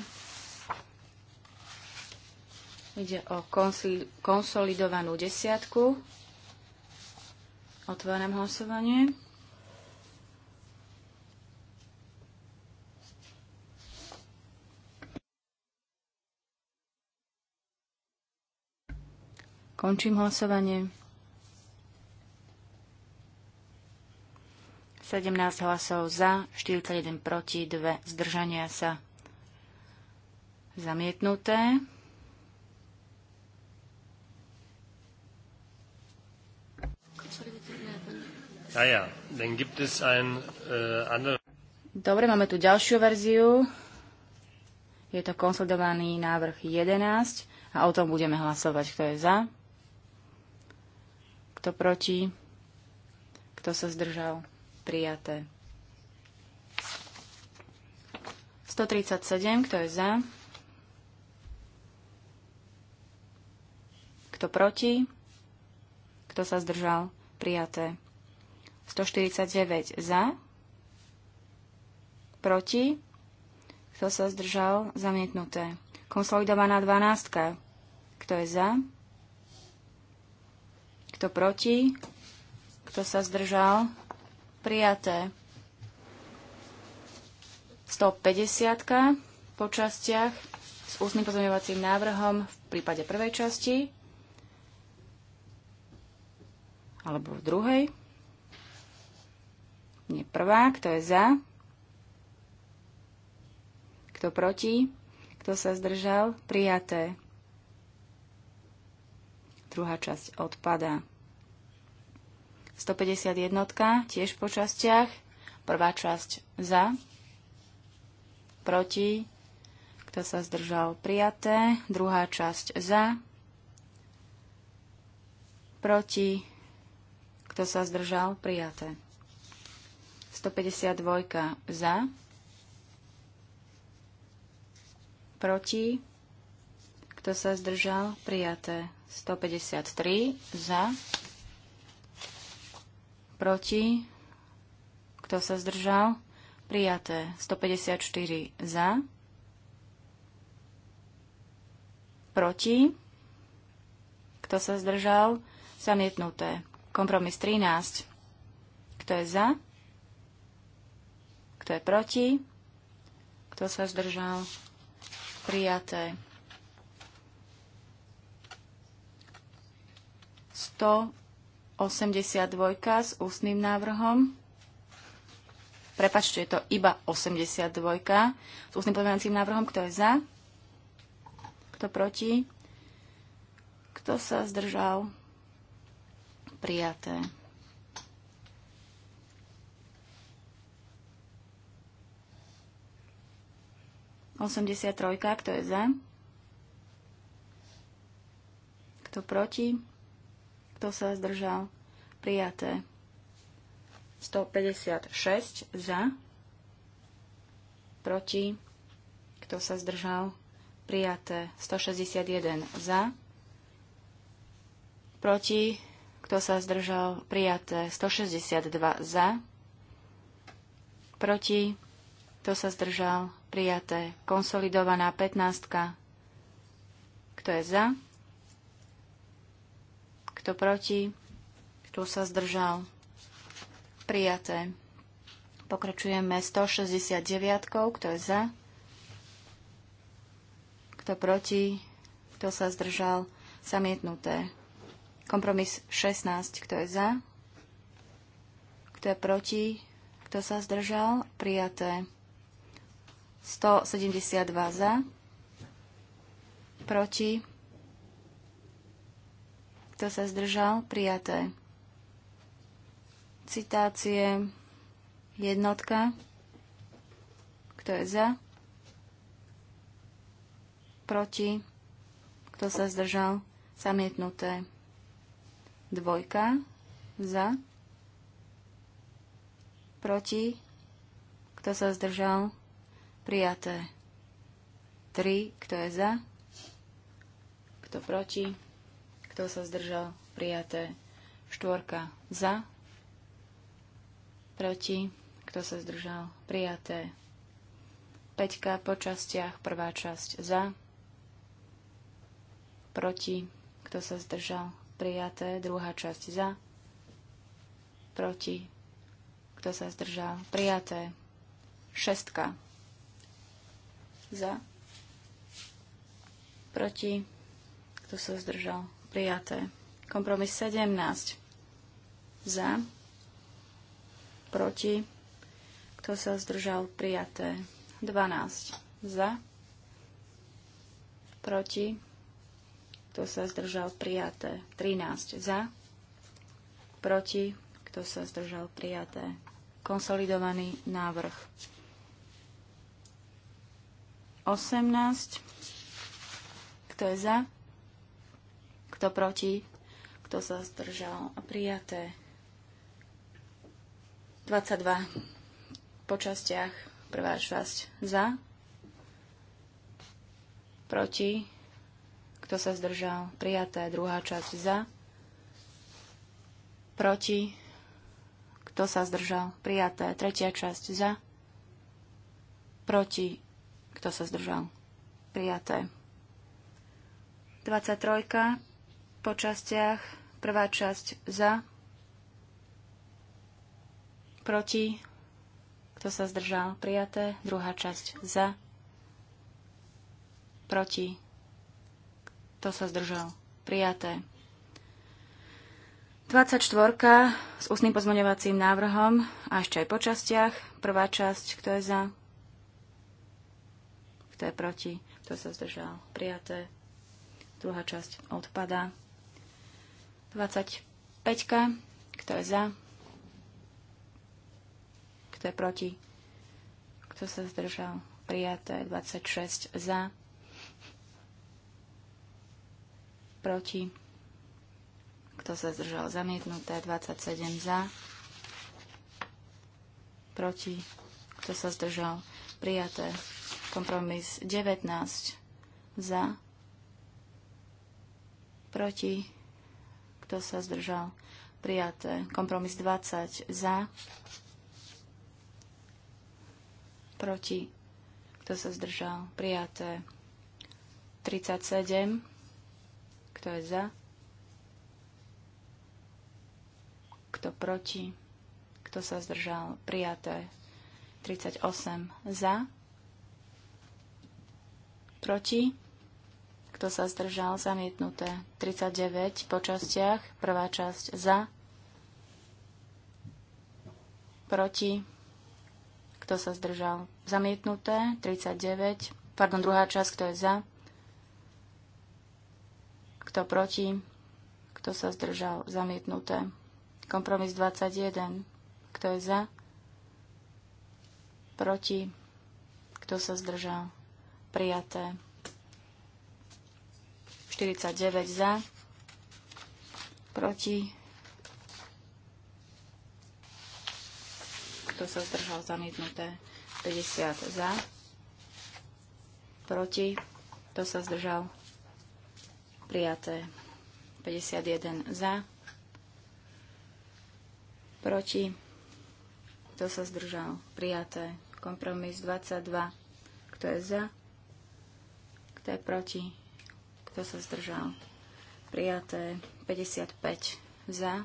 Ide o konsolidovanú desiatku. Otváram hlasovanie. Končím hlasovanie. 17 hlasov za, 41 proti, 2 zdržania sa. Zamietnuté. Ah äh, Dobre, máme tu ďalšiu verziu. Je to konsolidovaný návrh 11 a o tom budeme hlasovať. Kto je za? Kto proti? Kto sa zdržal? Prijaté. 137. Kto je za? Kto proti? Kto sa zdržal? Prijaté. 149 za. Proti. Kto sa zdržal? Zamietnuté. Konsolidovaná 12. Kto je za? Kto proti? Kto sa zdržal? Prijaté. 150 po častiach s ústnym pozmeňovacím návrhom v prípade prvej časti alebo v druhej. Nie prvá, kto je za, kto proti, kto sa zdržal, prijaté. Druhá časť odpadá. 151, tiež po častiach. Prvá časť za, proti, kto sa zdržal prijaté. Druhá časť za, proti, kto sa zdržal prijaté. 152 za, proti, kto sa zdržal prijaté. 153 za, proti, kto sa zdržal, prijaté 154 za, proti, kto sa zdržal, zamietnuté. Kompromis 13. Kto je za? Kto je proti? Kto sa zdržal? Prijaté. 100 82 s ústnym návrhom. Prepačte, je to iba 82 s ústnym pozmeňovacím návrhom. Kto je za? Kto proti? Kto sa zdržal? Prijaté. Osemdesiat trojka, kto je za? Kto proti? Kto sa zdržal? Prijaté. 156 za. Proti. Kto sa zdržal? Prijaté. 161 za. Proti. Kto sa zdržal? Prijaté. 162 za. Proti. Kto sa zdržal? Prijaté. Konsolidovaná 15. Kto je za? Kto proti? Kto sa zdržal? Prijaté. Pokračujeme 169. Kto je za? Kto proti? Kto sa zdržal? Zamietnuté. Kompromis 16. Kto je za? Kto je proti? Kto sa zdržal? Prijaté. 172 za. Proti? Kto sa zdržal? Prijaté. Citácie jednotka. Kto je za? Proti? Kto sa zdržal? Zamietnuté. Dvojka. Za? Proti? Kto sa zdržal? Prijaté. Tri, Kto je za? Kto proti? Kto sa zdržal? Prijaté. Štvorka za. Proti. Kto sa zdržal? Prijaté. Peťka po častiach. Prvá časť za. Proti. Kto sa zdržal? Prijaté. Druhá časť za. Proti. Kto sa zdržal? Prijaté. Šestka. Za. Proti. Kto sa zdržal? prijaté. Kompromis 17 za, proti, kto sa zdržal, prijaté. 12 za, proti, kto sa zdržal, prijaté. 13 za, proti, kto sa zdržal, prijaté. Konsolidovaný návrh. 18. Kto je za? Kto proti? Kto sa zdržal? Prijaté. 22. Po častiach. Prvá časť za. Proti. Kto sa zdržal? Prijaté. Druhá časť za. Proti. Kto sa zdržal? Prijaté. Tretia časť za. Proti. Kto sa zdržal? Prijaté. 23 po častiach. Prvá časť za, proti, kto sa zdržal, prijaté. Druhá časť za, proti, kto sa zdržal, prijaté. 24 s ústnym pozmoňovacím návrhom a ešte aj po častiach. Prvá časť, kto je za? Kto je proti? Kto sa zdržal? Prijaté. Druhá časť odpada. 25. Kto je za? Kto je proti? Kto sa zdržal? Prijaté 26 za. Proti. Kto sa zdržal? Zamietnuté 27 za. Proti. Kto sa zdržal? Prijaté. Kompromis 19 za. Proti kto sa zdržal? Prijaté. Kompromis 20 za. Proti. Kto sa zdržal? Prijaté. 37. Kto je za? Kto proti? Kto sa zdržal? Prijaté. 38 za. Proti. Kto sa zdržal? Zamietnuté. 39 po častiach. Prvá časť za. Proti. Kto sa zdržal? Zamietnuté. 39. Pardon, druhá časť. Kto je za? Kto proti? Kto sa zdržal? Zamietnuté. Kompromis 21. Kto je za? Proti? Kto sa zdržal? Prijaté. 49 za, proti, kto sa zdržal zamietnuté, 50 za, proti, kto sa zdržal prijaté, 51 za, proti, kto sa zdržal prijaté, kompromis 22, kto je za, kto je proti, kto sa zdržal? Prijaté 55 za.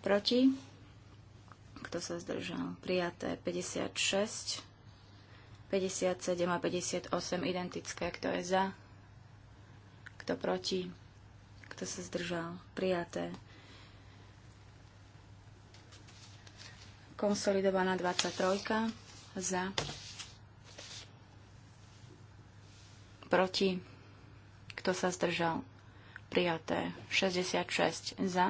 Proti? Kto sa zdržal? Prijaté 56, 57 a 58 identické. Kto je za? Kto proti? Kto sa zdržal? Prijaté. Konsolidovaná 23. Za. proti, kto sa zdržal, prijaté 66 za,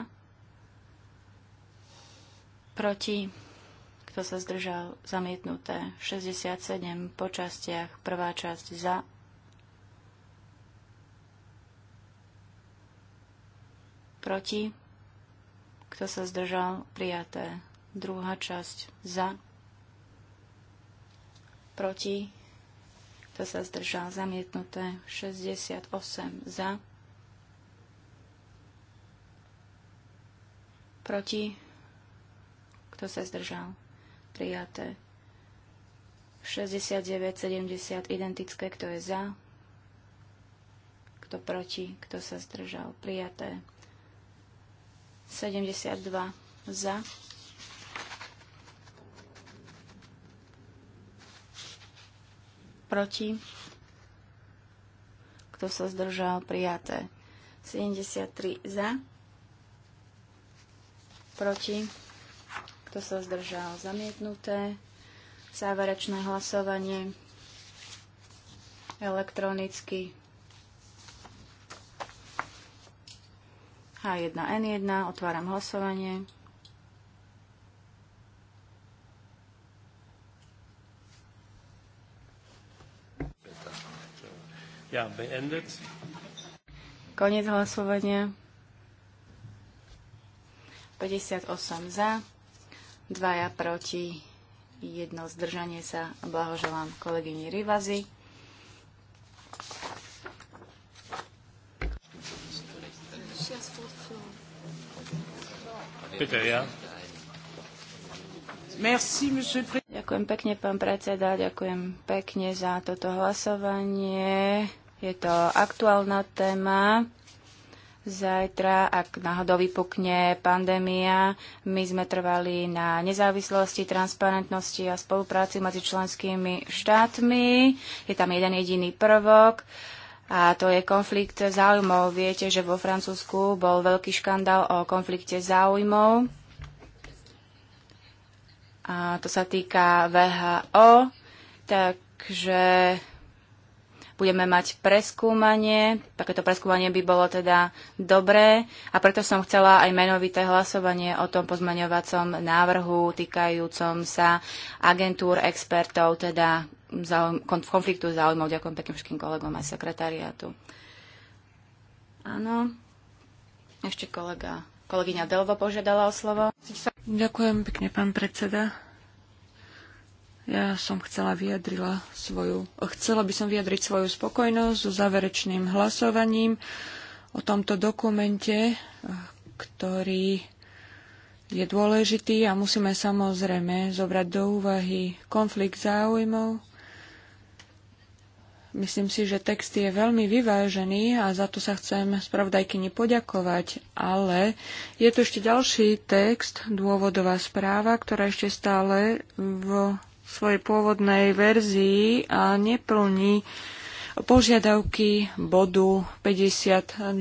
proti, kto sa zdržal, zamietnuté 67 po častiach, prvá časť za, proti, kto sa zdržal, prijaté druhá časť za, proti, kto sa zdržal, zamietnuté 68 za, proti, kto sa zdržal, prijaté 69, 70 identické, kto je za, kto proti, kto sa zdržal, prijaté 72 za, proti, kto sa zdržal, prijaté. 73 za, proti, kto sa zdržal, zamietnuté. Záverečné hlasovanie elektronicky H1N1, otváram hlasovanie. Ja, beendet. Konec hlasovania. 58 za, 2 proti, jedno zdržanie sa. Blahoželám kolegyni Rivazi. Ďakujem pekne, pán predseda, ďakujem pekne za toto hlasovanie. Je to aktuálna téma. Zajtra, ak náhodou vypukne pandémia, my sme trvali na nezávislosti, transparentnosti a spolupráci medzi členskými štátmi. Je tam jeden jediný prvok a to je konflikt záujmov. Viete, že vo Francúzsku bol veľký škandál o konflikte záujmov. A to sa týka VHO, takže budeme mať preskúmanie. Takéto preskúmanie by bolo teda dobré a preto som chcela aj menovité hlasovanie o tom pozmaňovacom návrhu týkajúcom sa agentúr, expertov, teda konfliktu záujmov. Ďakujem pekým všetkým kolegom aj sekretariátu. Áno. Ešte kolega, kolegyňa Delvo požiadala o slovo. Ďakujem pekne, pán predseda. Ja som chcela vyjadrila svoju, chcela by som vyjadriť svoju spokojnosť so záverečným hlasovaním o tomto dokumente, ktorý je dôležitý a musíme samozrejme zobrať do úvahy konflikt záujmov. Myslím si, že text je veľmi vyvážený a za to sa chcem spravodajkyni poďakovať, ale je tu ešte ďalší text, dôvodová správa, ktorá ešte stále v svojej pôvodnej verzii a neplní požiadavky bodu 52.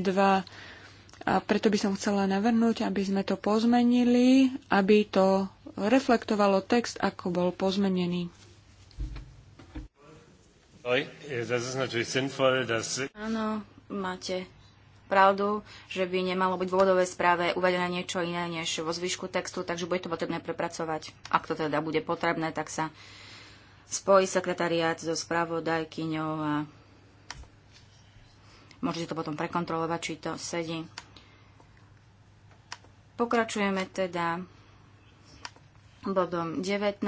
A preto by som chcela navrhnúť, aby sme to pozmenili, aby to reflektovalo text, ako bol pozmenený. Eh, Áno, máte pravdu, že by nemalo byť v dôvodovej správe uvedené niečo iné než vo zvyšku textu, takže bude to potrebné prepracovať. Ak to teda bude potrebné, tak sa spojí sekretariát so spravodajkyňou a môžete to potom prekontrolovať, či to sedí. Pokračujeme teda bodom 19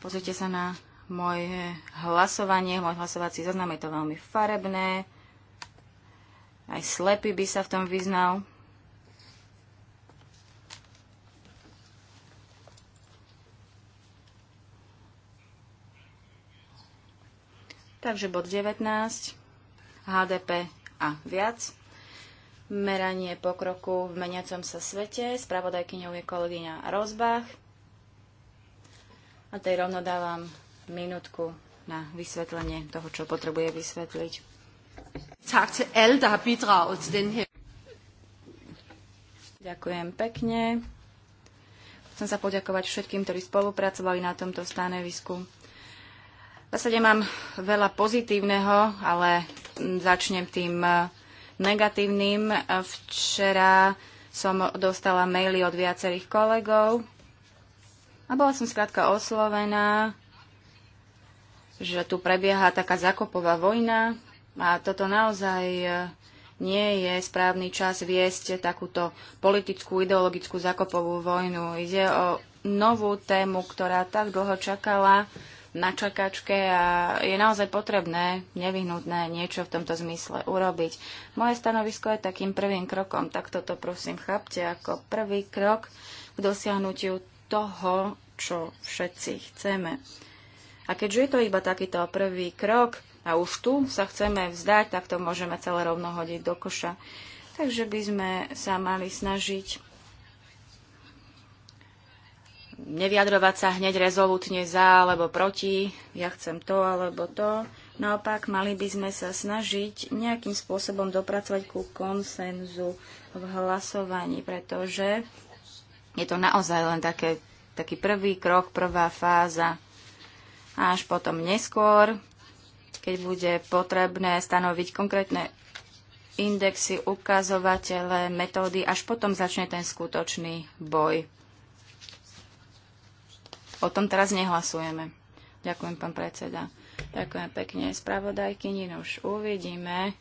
Pozrite sa na moje hlasovanie, môj hlasovací zoznam je to veľmi farebné. Aj slepý by sa v tom vyznal. Takže bod 19, HDP a viac. Meranie pokroku v meniacom sa svete. Spravodajkyňou je kolegyňa Rozbach. A tej rovno dávam minútku na vysvetlenie toho, čo potrebuje vysvetliť. Ďakujem pekne. Chcem sa poďakovať všetkým, ktorí spolupracovali na tomto stanovisku. V zásade mám veľa pozitívneho, ale začnem tým eh, negatívnym. Včera som dostala maily od viacerých kolegov, a bola som skrátka oslovená, že tu prebieha taká zakopová vojna a toto naozaj eh, nie je správny čas viesť takúto politickú, ideologickú zakopovú vojnu. Ide o novú tému, ktorá tak dlho čakala na čakačke a je naozaj potrebné, nevyhnutné niečo v tomto zmysle urobiť. Moje stanovisko je takým prvým krokom, tak toto prosím chápte ako prvý krok k dosiahnutiu toho, čo všetci chceme. A keďže je to iba takýto prvý krok a už tu sa chceme vzdať, tak to môžeme celé rovno hodiť do koša. Takže by sme sa mali snažiť nevyjadrovať sa hneď rezolutne za alebo proti, ja chcem to alebo to. Naopak, mali by sme sa snažiť nejakým spôsobom dopracovať ku konsenzu v hlasovaní, pretože je to naozaj len také, taký prvý krok, prvá fáza. A až potom neskôr, keď bude potrebné stanoviť konkrétne indexy, ukazovatele, metódy, až potom začne ten skutočný boj. O tom teraz nehlasujeme. Ďakujem, pán predseda. Ďakujem pekne spravodajkyni. No už uvidíme,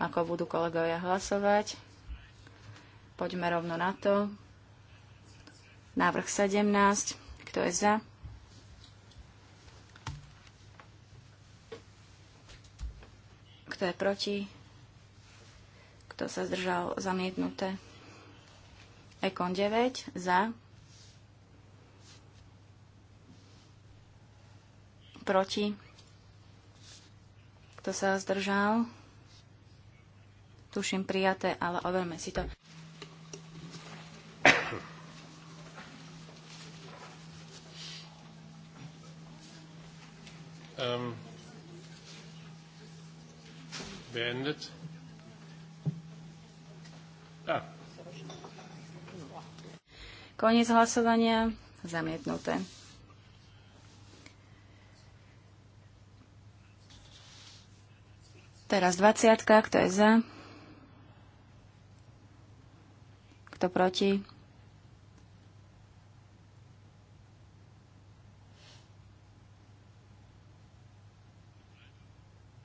ako budú kolegovia hlasovať. Poďme rovno na to. Návrh 17. Kto je za? Kto je proti? Kto sa zdržal zamietnuté? Ekon 9. Za. Proti. Kto sa zdržal? Tuším prijaté, ale overme si to. Ähm, beendet. Ah. Koniec hlasovania. Zamietnuté. Teraz 20. Kto je za? Kto proti?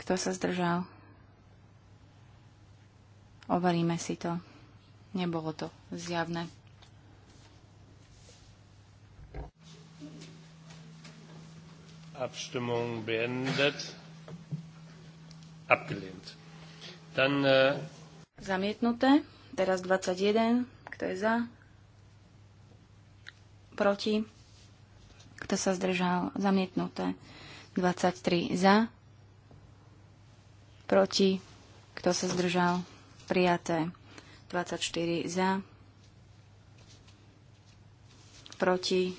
Kto sa zdržal? Overíme si to. Nebolo to zjavné. Abstimmung beendet. Abgelehnt. Dann, äh... Zamietnuté. Teraz 21. Kto je za? Proti. Kto sa zdržal? Zamietnuté. 23 za proti, kto sa zdržal, prijaté. 24 za, proti,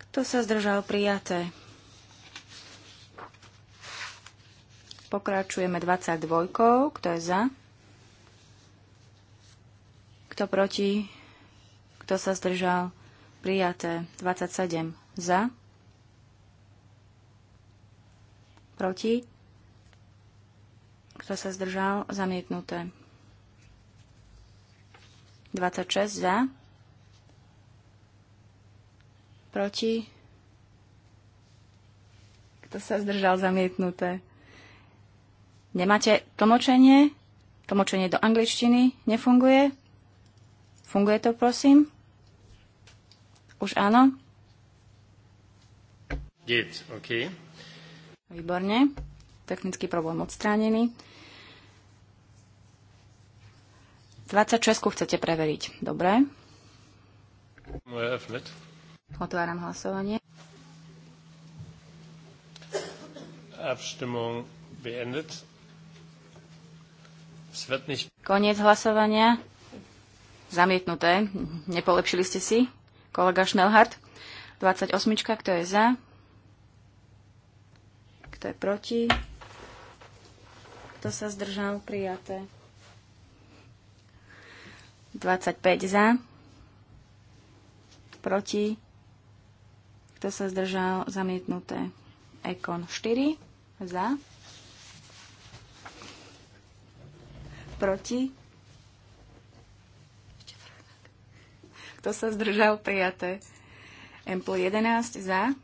kto sa zdržal, prijaté. Pokračujeme 22, kto je za, kto proti, kto sa zdržal, prijaté. 27 za, proti, kto sa zdržal? Zamietnuté. 26 za. Proti. Kto sa zdržal? Zamietnuté. Nemáte tlmočenie? Tlmočenie do angličtiny nefunguje? Funguje to, prosím? Už áno? Geht, Výborne. Technický problém odstránený. 26 chcete preveriť. Dobre. Otváram hlasovanie. Abstimmung beendet. Koniec hlasovania. Zamietnuté. Nepolepšili ste si, kolega Schnellhardt. 28. Kto je za? Kto je proti? Kto sa zdržal? Prijaté. 25 za, proti, kto sa zdržal, zamietnuté. Ekon 4 za, proti, kto sa zdržal, prijaté. Empl 11 za,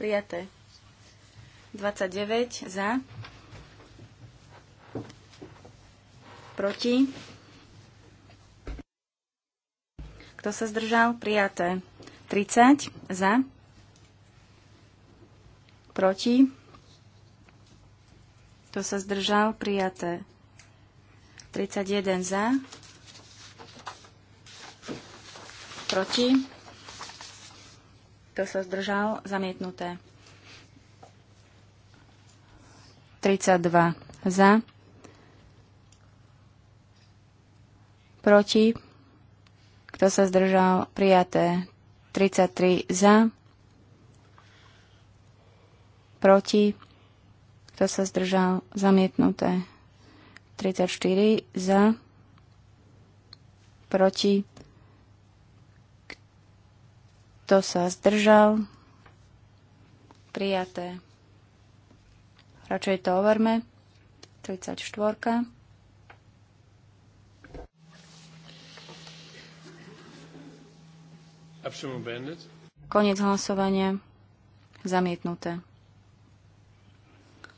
prijaté. 29 za, Proti? Kto sa zdržal? Prijaté. 30 za. Proti? Kto sa zdržal? Prijaté. 31 za. Proti? Kto sa zdržal? Zamietnuté. 32 za. proti, kto sa zdržal, prijaté 33 za, proti, kto sa zdržal, zamietnuté 34 za, proti, kto sa zdržal, prijaté. Radšej to overme. 34. Koniec hlasovania. Zamietnuté.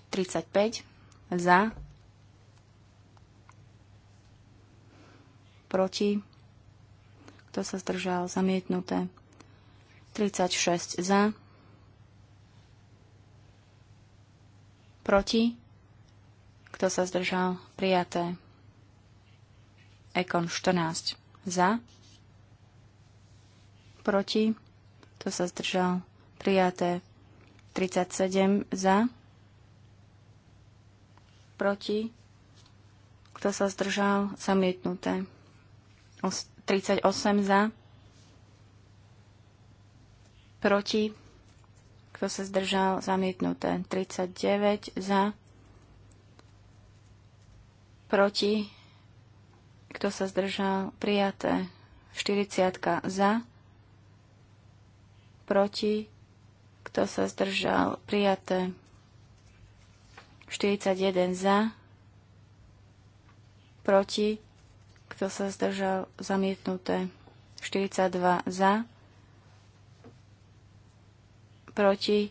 35 za. Proti. Kto sa zdržal? Zamietnuté. 36 za. Proti. Kto sa zdržal? Prijaté. Ekon 14 za proti, to sa zdržal, prijaté 37 za, proti, kto sa zdržal, zamietnuté 38 za, proti, kto sa zdržal, zamietnuté 39 za, proti, kto sa zdržal, prijaté 40 za, proti, kto sa zdržal, prijaté. 41 za, proti, kto sa zdržal, zamietnuté. 42 za, proti,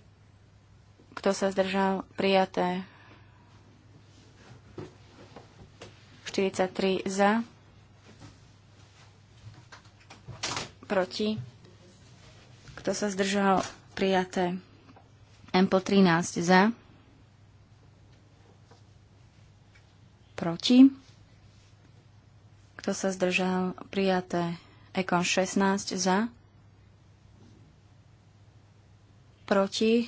kto sa zdržal, prijaté. 43 za, proti, kto sa zdržal? Prijaté. mp 13 za. Proti. Kto sa zdržal? Prijaté. Ekon 16 za. Proti.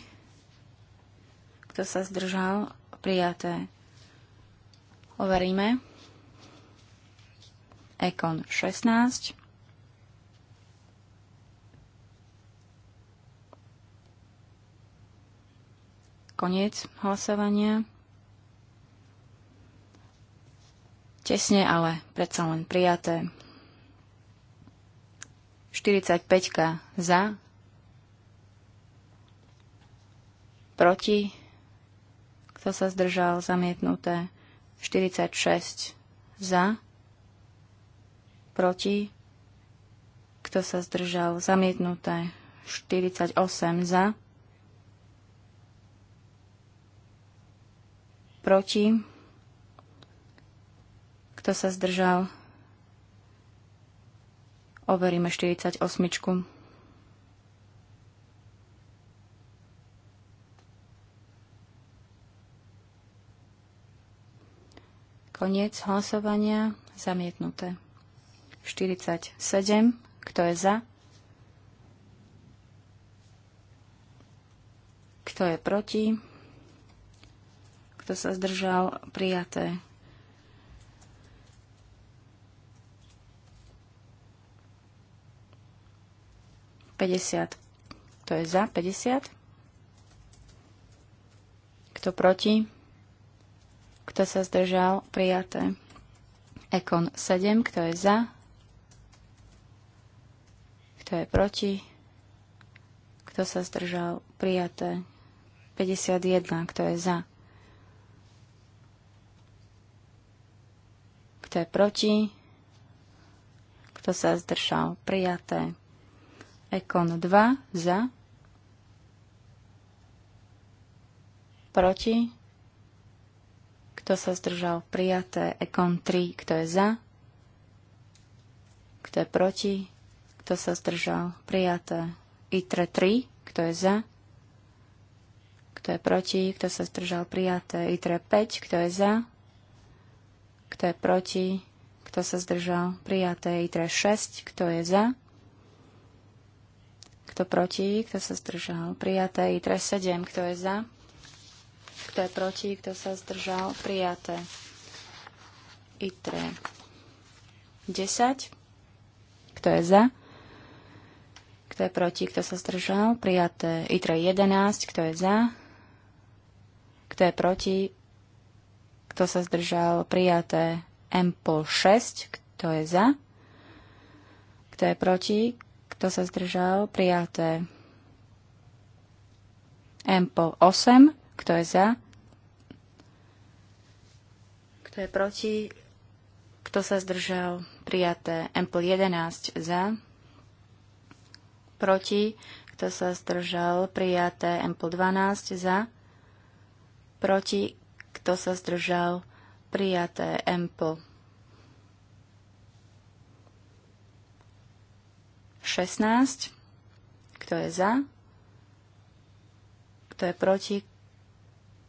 Kto sa zdržal? Prijaté. Overíme. Ekon 16. Koniec hlasovania. Tesne, ale predsa len prijaté. 45 za, proti, kto sa zdržal, zamietnuté. 46 za, proti, kto sa zdržal, zamietnuté. 48 za, proti, kto sa zdržal. Overíme 48. Koniec hlasovania zamietnuté. 47. Kto je za? Kto je proti? Kto sa zdržal? Prijaté. Päťdesiat. Kto je za? 50. Kto proti? Kto sa zdržal? Prijaté. Ekon 7. Kto je za? Kto je proti? Kto sa zdržal? Prijaté. 51. Kto je za? Kto je proti? Kto sa zdržal? Prijaté. Ekon 2 za. Proti. Kto sa zdržal? Prijaté. Ekon 3. Kto je za? Kto je proti? Kto sa zdržal? Prijaté. ITRE 3. Kto je za? Kto je proti? Kto sa zdržal? Prijaté. ITRE 5. Kto je za? Kto je proti? Kto sa zdržal? Prijaté ITRE 6. Kto je za? Kto proti? Kto sa zdržal? Prijaté ITRE 7. Kto je za? Kto je proti? Kto sa zdržal? Prijaté ITRE 10. Kto je za? Kto je proti? Kto sa zdržal? Prijaté ITRE 11. Kto je za? Kto je proti? Kto sa zdržal? Prijaté. pol 6. Kto je za? Kto je proti? Kto sa zdržal? Prijaté. Mpol 8. Kto je za? Kto je proti? Kto sa zdržal? Prijaté. Empol 11. Za? Proti? Kto sa zdržal? Prijaté. Empol 12. Za? Proti? kto sa zdržal, prijaté empo. 16. Kto je za? Kto je proti?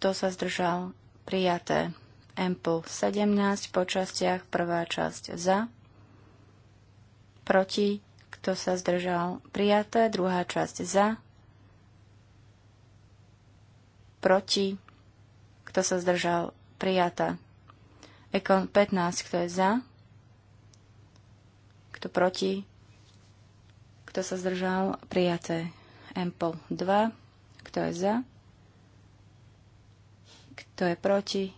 Kto sa zdržal? Prijaté. Empo 17 po častiach. Prvá časť za. Proti. Kto sa zdržal? Prijaté. Druhá časť za. Proti. Kto sa zdržal? Prijatá. Ekon 15. Kto je za? Kto proti? Kto sa zdržal? Prijaté. Empol 2. Kto je za? Kto je proti?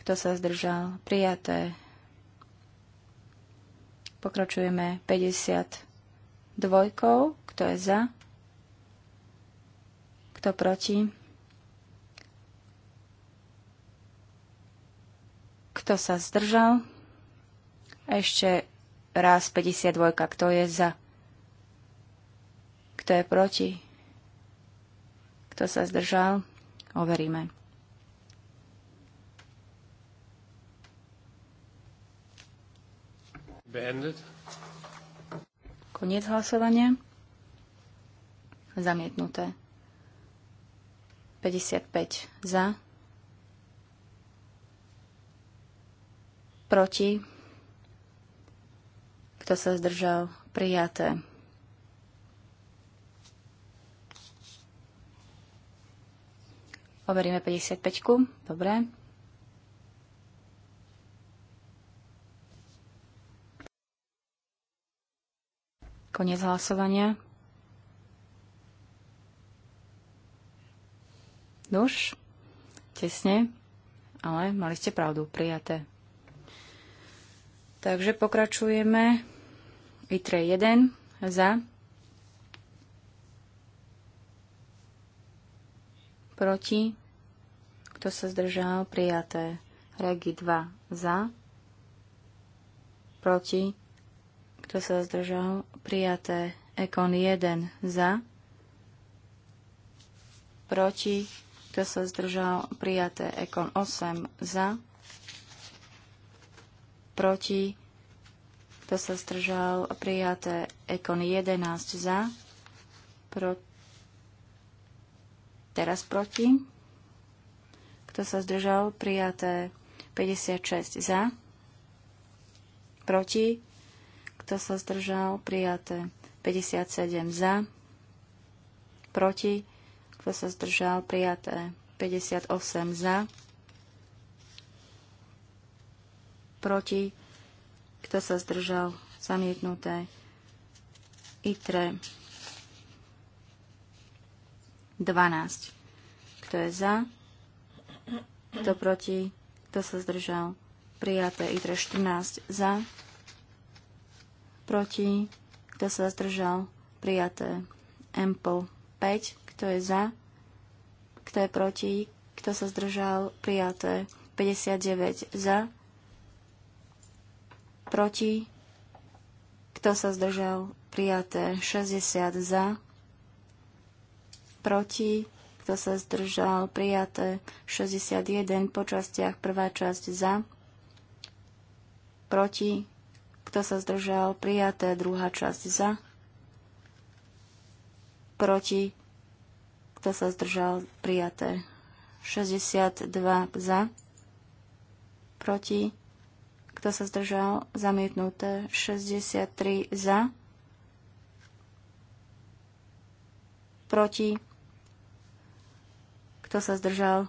Kto sa zdržal? Prijaté. Pokračujeme 50 dvojkou. Kto je za? Kto proti? Kto sa zdržal? Ešte raz 52. Kto je za? Kto je proti? Kto sa zdržal? Overíme. Beendet. Koniec hlasovania. Zamietnuté. 55 za. Proti? Kto sa zdržal? Prijaté. Overíme 55. Dobre. Koniec hlasovania. Nuž, tesne, ale mali ste pravdu, prijaté. Takže pokračujeme. ITRE 1 za. Proti. Kto sa zdržal? Prijaté. Regi 2 za. Proti. Kto sa zdržal? Prijaté. Ekon 1 za. Proti. Kto sa zdržal? Prijaté. Ekon 8 za proti, kto sa zdržal, prijaté Ekon 11 za, pro, teraz proti, kto sa zdržal, prijaté 56 za, proti, kto sa zdržal, prijaté 57 za, proti, kto sa zdržal, prijaté 58 za, proti, kto sa zdržal, zamietnuté. ITRE 12. Kto je za, kto proti, kto sa zdržal, prijaté. ITRE 14. Za, proti, kto sa zdržal, prijaté. EMPL 5. Kto je za, kto je proti, kto sa zdržal, prijaté. 59 za, proti, kto sa zdržal, prijaté 60 za, proti, kto sa zdržal, prijaté 61 po častiach, prvá časť za, proti, kto sa zdržal, prijaté druhá časť za, proti, kto sa zdržal, prijaté 62 za, proti, kto sa zdržal? Zamietnuté. 63 za. Proti. Kto sa zdržal?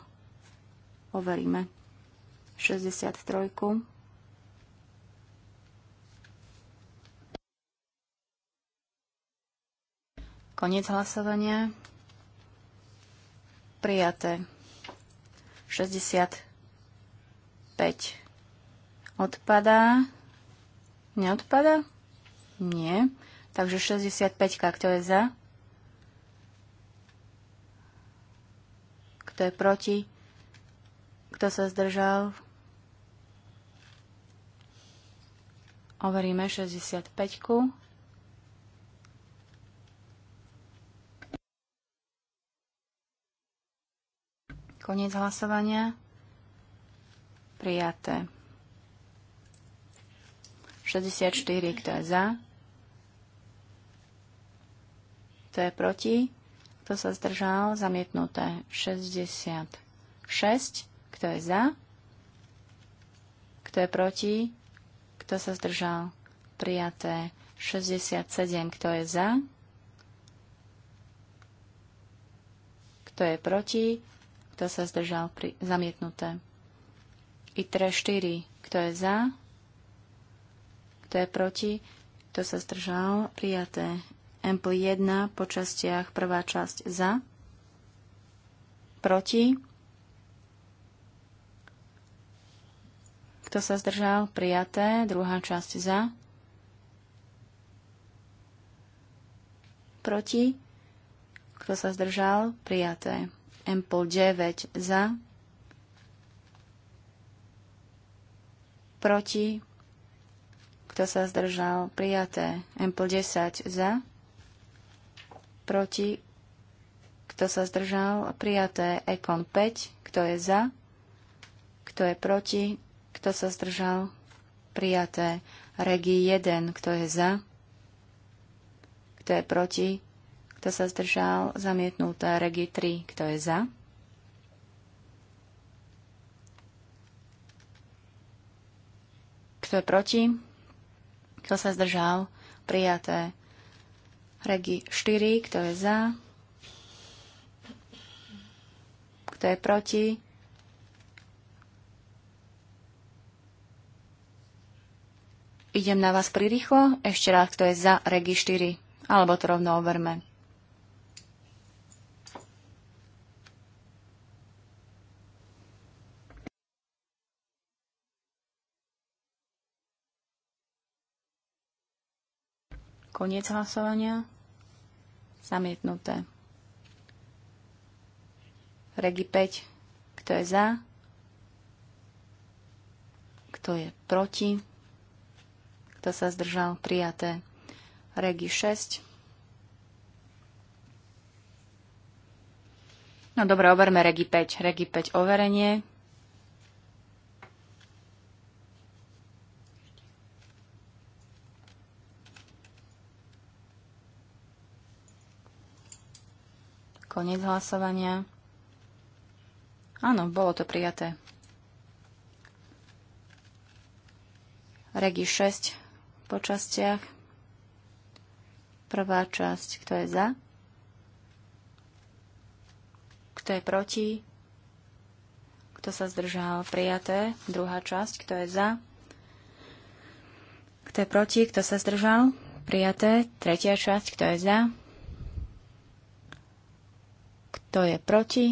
Overíme. 63. Koniec hlasovania. Prijaté. 65 Odpadá. Neodpadá? Nie. Takže 65, kto je za? Kto je proti? Kto sa zdržal? Overíme 65. -ku. Koniec hlasovania. Prijaté. 64, kto je za, kto je proti, kto sa zdržal, zamietnuté 66, kto je za, kto je proti, kto sa zdržal, prijaté 67, kto je za, kto je proti, kto sa zdržal, pri, zamietnuté. ITRE 4, kto je za, kto je proti, kto sa zdržal, prijaté. Ample 1 po častiach, prvá časť za, proti, kto sa zdržal, prijaté, druhá časť za, proti, kto sa zdržal, prijaté. Ample 9 za, proti, kto sa zdržal? Prijaté. Ample 10 za. Proti. Kto sa zdržal? Prijaté. Ekon 5. Kto je za? Kto je proti? Kto sa zdržal? Prijaté. Regi 1. Kto je za? Kto je proti? Kto sa zdržal? Zamietnuté. Regi 3. Kto je za? Kto je proti? Kto sa zdržal? Prijaté. Regi 4. Kto je za? Kto je proti? Idem na vás prirýchlo. Ešte raz, kto je za Regi 4. Alebo to rovno overme. Koniec hlasovania. Zamietnuté. Regi 5. Kto je za? Kto je proti? Kto sa zdržal? Prijaté. Regi 6. No dobre, overme Regi 5. Regi 5 overenie. Koniec hlasovania. Áno, bolo to prijaté. Regi 6 po častiach. Prvá časť, kto je za? Kto je proti? Kto sa zdržal? Prijaté. Druhá časť, kto je za? Kto je proti? Kto sa zdržal? Prijaté. Tretia časť, kto je za? Kto je proti?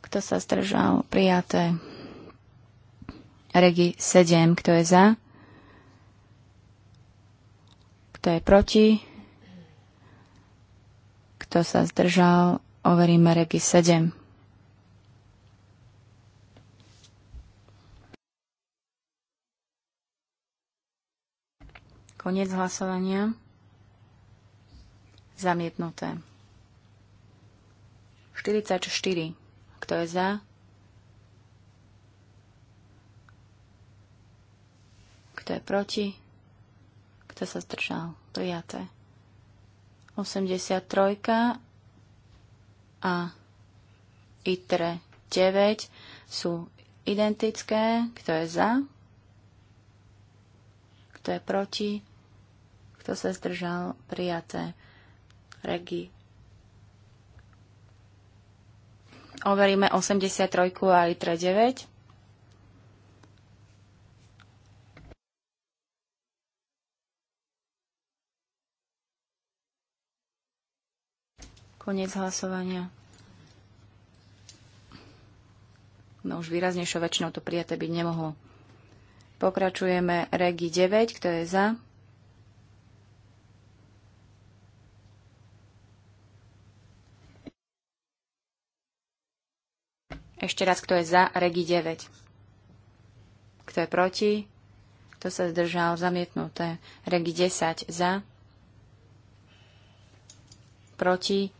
Kto sa zdržal? Prijaté. Regi 7. Kto je za? Kto je proti? Kto sa zdržal? Overíme Regi 7. Koniec hlasovania. Zamietnuté. 44. Kto je za? Kto je proti? Kto sa zdržal? Prijaté. 83 a ITRE 9 sú identické. Kto je za? Kto je proti? Kto sa zdržal? Prijaté. Regi Overíme 83 a ITRE 9. Koniec hlasovania. No už výraznejšou väčšinou to prijaté byť nemohlo. Pokračujeme regi 9, kto je za? Ešte raz, kto je za Regi 9? Kto je proti? Kto sa zdržal? Zamietnuté. Regi 10 za. Proti?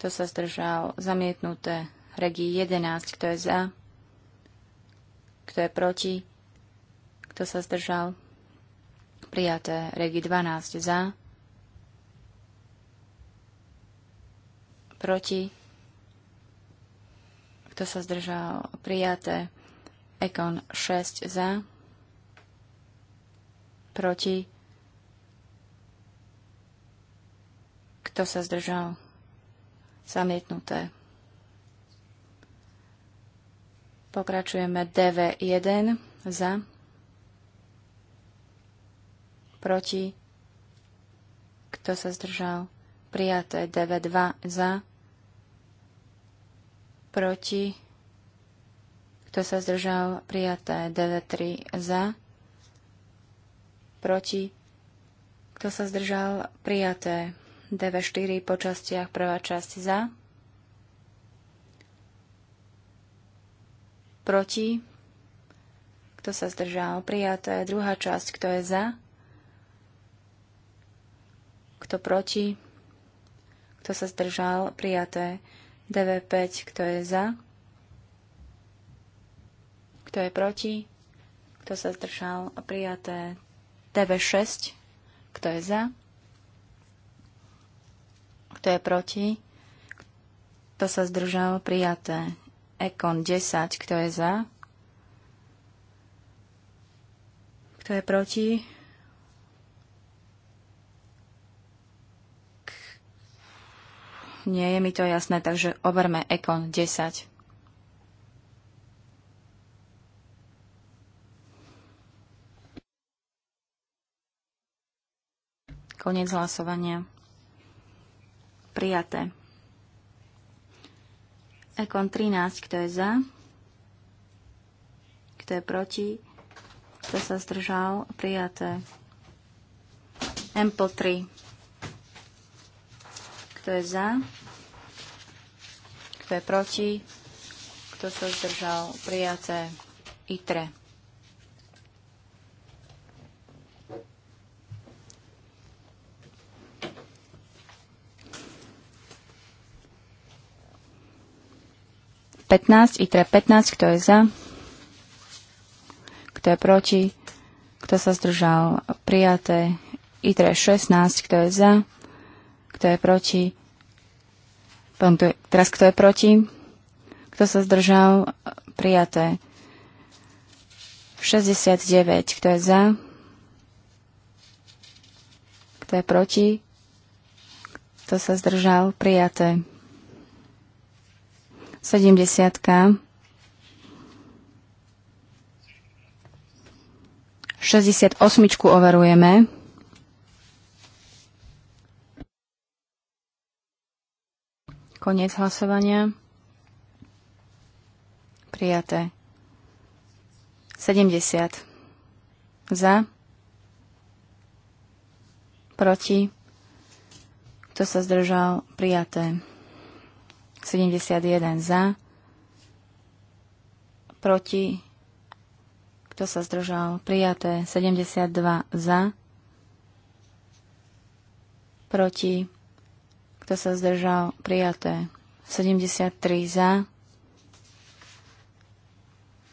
Kto sa zdržal? Zamietnuté. Regi 11. Kto je za? Kto je proti? Kto sa zdržal? Prijaté. Regi 12 za. Proti? Kto sa zdržal? Prijaté. Ekon 6 za. Proti. Kto sa zdržal? Zamietnuté. Pokračujeme DV1 za. Proti. Kto sa zdržal? Prijaté DV2 za proti, kto sa zdržal, prijaté. DV3 za, proti, kto sa zdržal, prijaté. DV4 po častiach, prvá časť za, proti, kto sa zdržal, prijaté. Druhá časť, kto je za, kto proti, kto sa zdržal, prijaté. DV5, kto je za? Kto je proti? Kto sa zdržal? Prijaté DV6, kto je za? Kto je proti? Kto sa zdržal? Prijaté Ekon 10, kto je za? Kto je proti? Nie je mi to jasné, takže overme Ekon 10. Konec hlasovania. Prijaté. Ekon 13, kto je za? Kto je proti? Kto sa zdržal? Prijaté. Ample 3. Kto je za? kto je proti, kto sa zdržal, prijaté ITRE. Petnáct, ITRE 15, kto je za, kto je proti, kto sa zdržal, prijaté ITRE 16, kto je za, kto je proti, potom tu je, teraz kto je proti? Kto sa zdržal? Prijaté. 69. Kto je za? Kto je proti? Kto sa zdržal? Prijaté. 70. -ka. 68 overujeme. Koniec hlasovania. Prijaté. 70. Za. Proti. Kto sa zdržal? Prijaté. 71 za. Proti. Kto sa zdržal? Prijaté. 72 za. Proti. Kto sa zdržal? Prijaté. 73 za.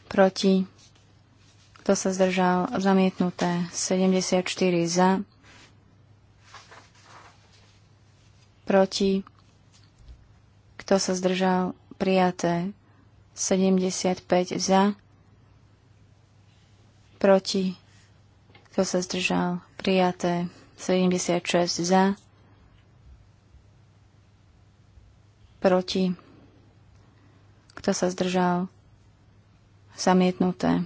Proti. Kto sa zdržal? Zamietnuté. 74 za. Proti. Kto sa zdržal? Prijaté. 75 za. Proti. Kto sa zdržal? Prijaté. 76 za. proti, kto sa zdržal, zamietnuté.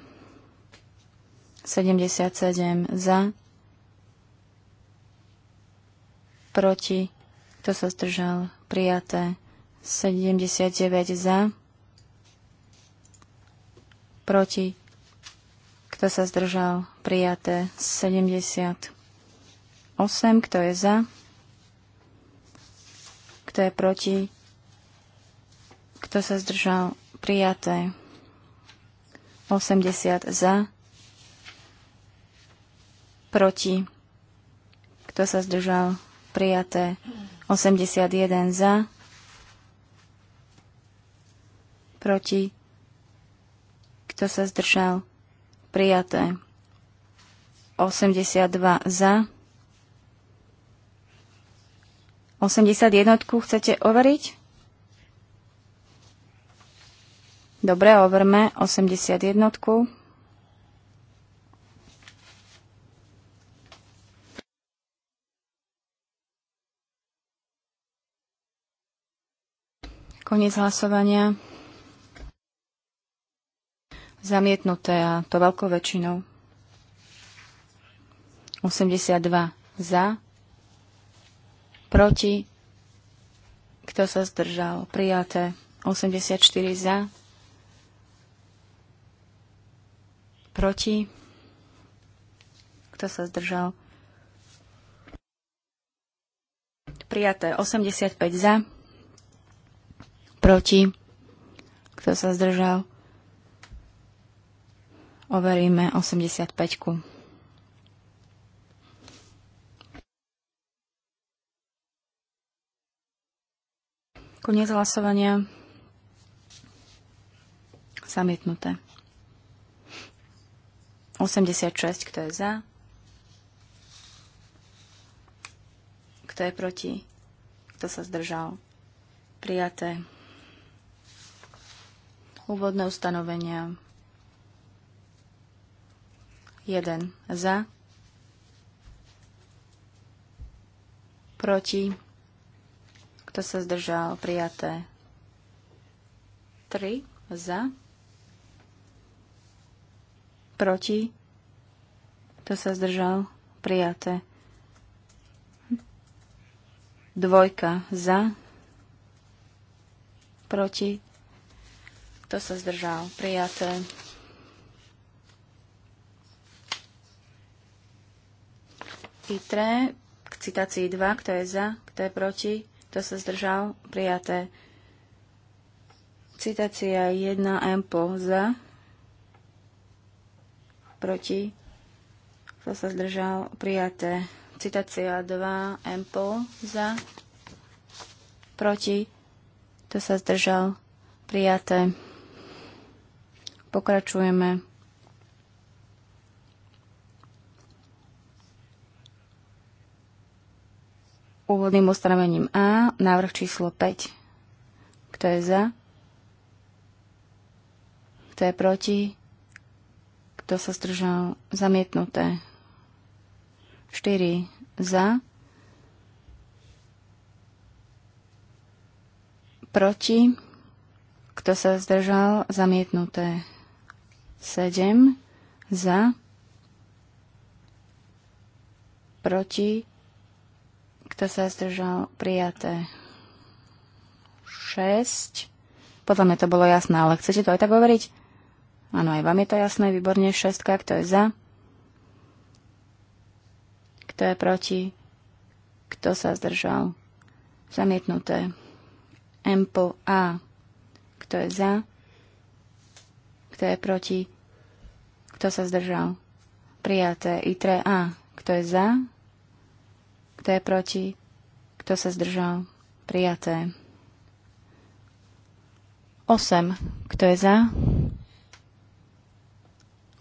77 za, proti, kto sa zdržal, prijaté. 79 za, proti, kto sa zdržal, prijaté. 78, kto je za, kto je proti, kto sa zdržal? Prijaté. 80 za. Proti. Kto sa zdržal? Prijaté. 81 za. Proti. Kto sa zdržal? Prijaté. 82 za. 81 chcete overiť? Dobre, overme 81. Koniec hlasovania. Zamietnuté a to veľkou väčšinou. 82 za, proti, kto sa zdržal, prijaté. 84 za, Proti? Kto sa zdržal? Prijaté 85 za. Proti? Kto sa zdržal? Overíme 85. -ku. Koniec hlasovania. Zamietnuté. 86, kto je za? Kto je proti? Kto sa zdržal? Prijaté. Úvodné ustanovenia. 1 za. Proti. Kto sa zdržal? Prijaté. 3 za proti, kto sa zdržal, prijaté. Dvojka za, proti, to sa zdržal, prijaté. Itre, k citácii 2, kto je za, kto je proti, kto sa zdržal, prijaté. Citácia 1, MPO za, proti, kto sa zdržal, prijaté. Citácia 2, Empol za, proti, kto sa zdržal, prijaté. Pokračujeme. Úvodným ustanovením A, návrh číslo 5. Kto je za? Kto je proti? Kto sa zdržal? Zamietnuté. 4 za. Proti. Kto sa zdržal? Zamietnuté. 7 za. Proti. Kto sa zdržal? Prijaté. 6. Podľa mňa to bolo jasné, ale chcete to aj tak hovoriť? Áno, aj vám je to jasné, výborne. Šestka, kto je za? Kto je proti? Kto sa zdržal? Zamietnuté. po A. Kto je za? Kto je proti? Kto sa zdržal? Prijaté. ITRE A. Kto je za? Kto je proti? Kto sa zdržal? Prijaté. 8. Kto je za?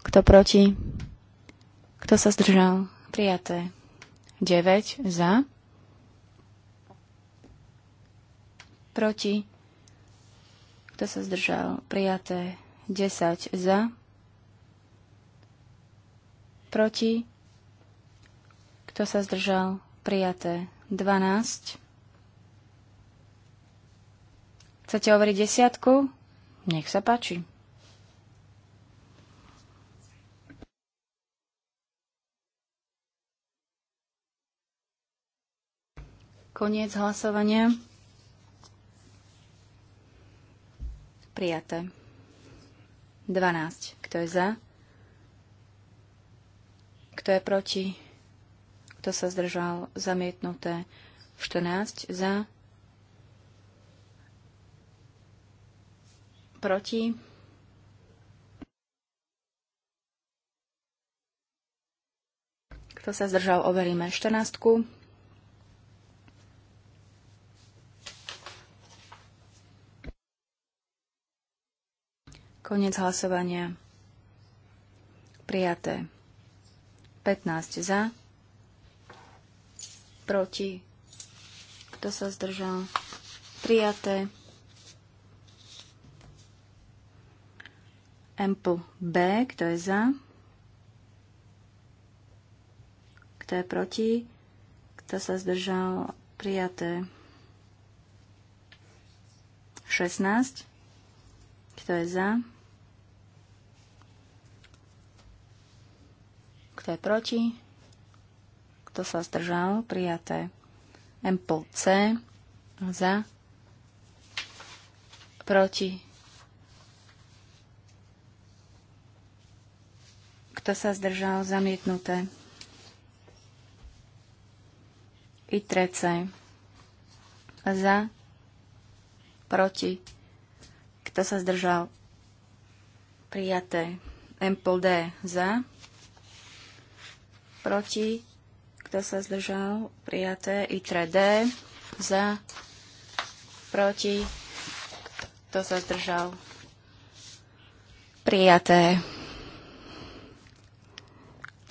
Kto proti? Kto sa zdržal? Prijaté. 9 za. Proti. Kto sa zdržal? Prijaté. 10 za. Proti. Kto sa zdržal? Prijaté. 12. Chcete overiť desiatku? Nech sa páči. Koniec hlasovania. Prijaté. 12. Kto je za? Kto je proti? Kto sa zdržal? Zamietnuté. 14. Za? Proti? Kto sa zdržal? Overíme 14. Koniec hlasovania. Prijaté. 15 za. Proti. Kto sa zdržal? Prijaté. Ample B. Kto je za? Kto je proti? Kto sa zdržal? Prijaté. 16. Kto je za? Kto je proti? Kto sa zdržal? Prijaté. Ample C. Za. Proti. Kto sa zdržal? Zamietnuté. I trece. Za. Proti. Kto sa zdržal? Prijaté. Ample D. Za proti, kto sa zdržal, prijaté. I3 D, za, proti, kto sa zdržal, prijaté.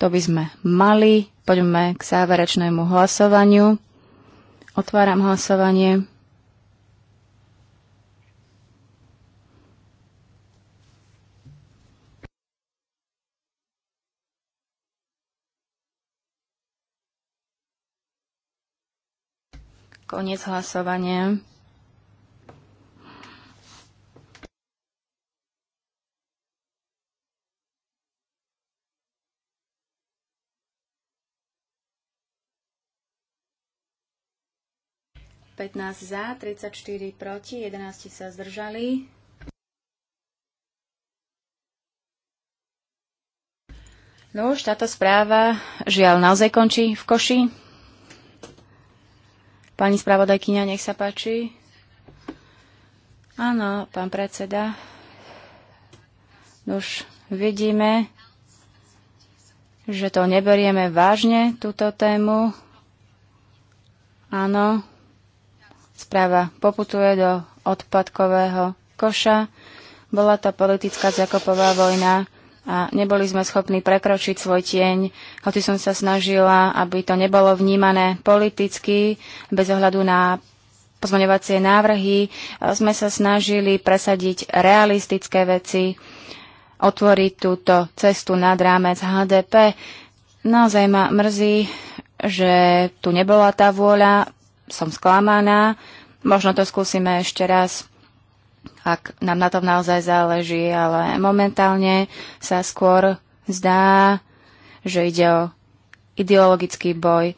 To by sme mali. Poďme k záverečnému hlasovaniu. Otváram hlasovanie. Koniec hlasovania. Pätnásť za, 34 proti, 11 sa zdržali. No už táto správa žiaľ naozaj končí v koši. Pani spravodajkyňa, nech sa páči. Áno, pán predseda. Už vidíme, že to neberieme vážne, túto tému. Áno, správa poputuje do odpadkového koša. Bola to politická zakopová vojna a neboli sme schopní prekročiť svoj tieň, hoci som sa snažila, aby to nebolo vnímané politicky, bez ohľadu na pozmeňovacie návrhy. E, sme sa snažili presadiť realistické veci, otvoriť túto cestu nad rámec HDP. Naozaj ma mrzí, že tu nebola tá vôľa, som sklamaná. Možno to skúsime ešte raz ak nám na tom naozaj záleží, ale momentálne sa skôr zdá, že ide o ideologický boj.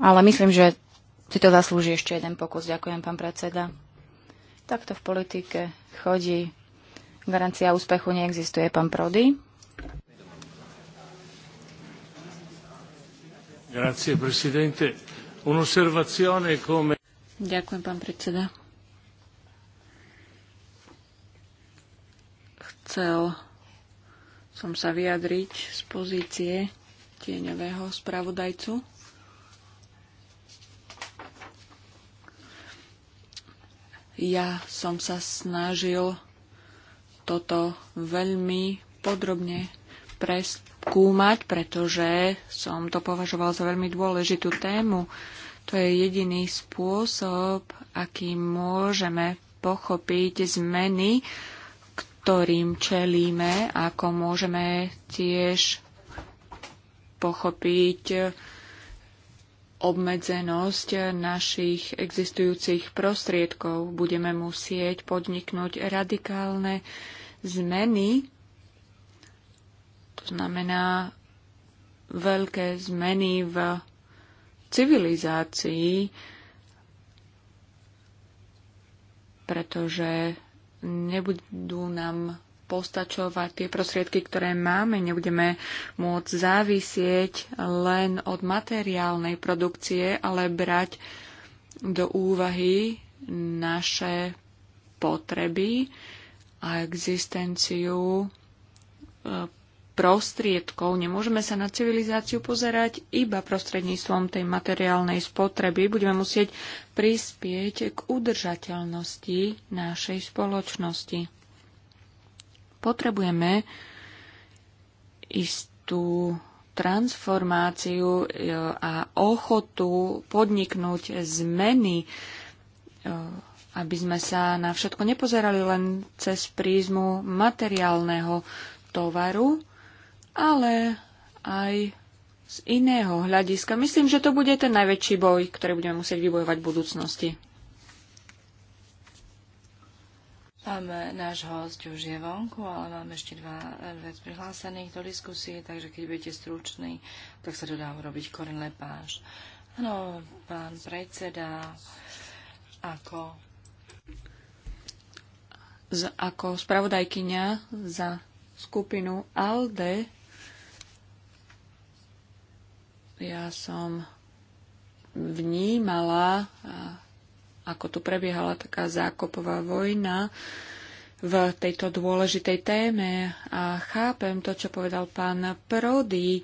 Ale myslím, že si to zaslúži ešte jeden pokus. Ďakujem, pán predseda. Takto v politike chodí. Garancia úspechu neexistuje, pán Prody. Grazie, Presidente. Un'osservazione come... Ďakujem, pán predseda. Chcel som sa vyjadriť z pozície tieňového spravodajcu. Ja som sa snažil toto veľmi podrobne preskúmať, pretože som to považoval za veľmi dôležitú tému. To je jediný spôsob, akým môžeme pochopiť zmeny, ktorým čelíme, ako môžeme tiež pochopiť obmedzenosť našich existujúcich prostriedkov. Budeme musieť podniknúť radikálne zmeny, to znamená veľké zmeny v civilizácií, pretože nebudú nám postačovať tie prostriedky, ktoré máme. Nebudeme môcť závisieť len od materiálnej produkcie, ale brať do úvahy naše potreby a existenciu e, prostriedkov. Nemôžeme sa na civilizáciu pozerať iba prostredníctvom tej materiálnej spotreby. Budeme musieť prispieť k udržateľnosti našej spoločnosti. Potrebujeme istú transformáciu e, a ochotu podniknúť zmeny, e, aby sme sa na všetko nepozerali len cez prízmu materiálneho tovaru, ale aj z iného hľadiska. Myslím, že to bude ten najväčší boj, ktorý budeme musieť vybojovať v budúcnosti. Máme eh, náš host už je vonku, ale máme ešte dva eh, vec prihlásených do diskusie, takže keď budete stručný, tak sa dodá urobiť Korin Lepáš. Áno, pán predseda, ako? Z, ako spravodajkyňa za skupinu ALDE ja som vnímala, ako tu prebiehala taká zákopová vojna v tejto dôležitej téme a chápem to, čo povedal pán Prody,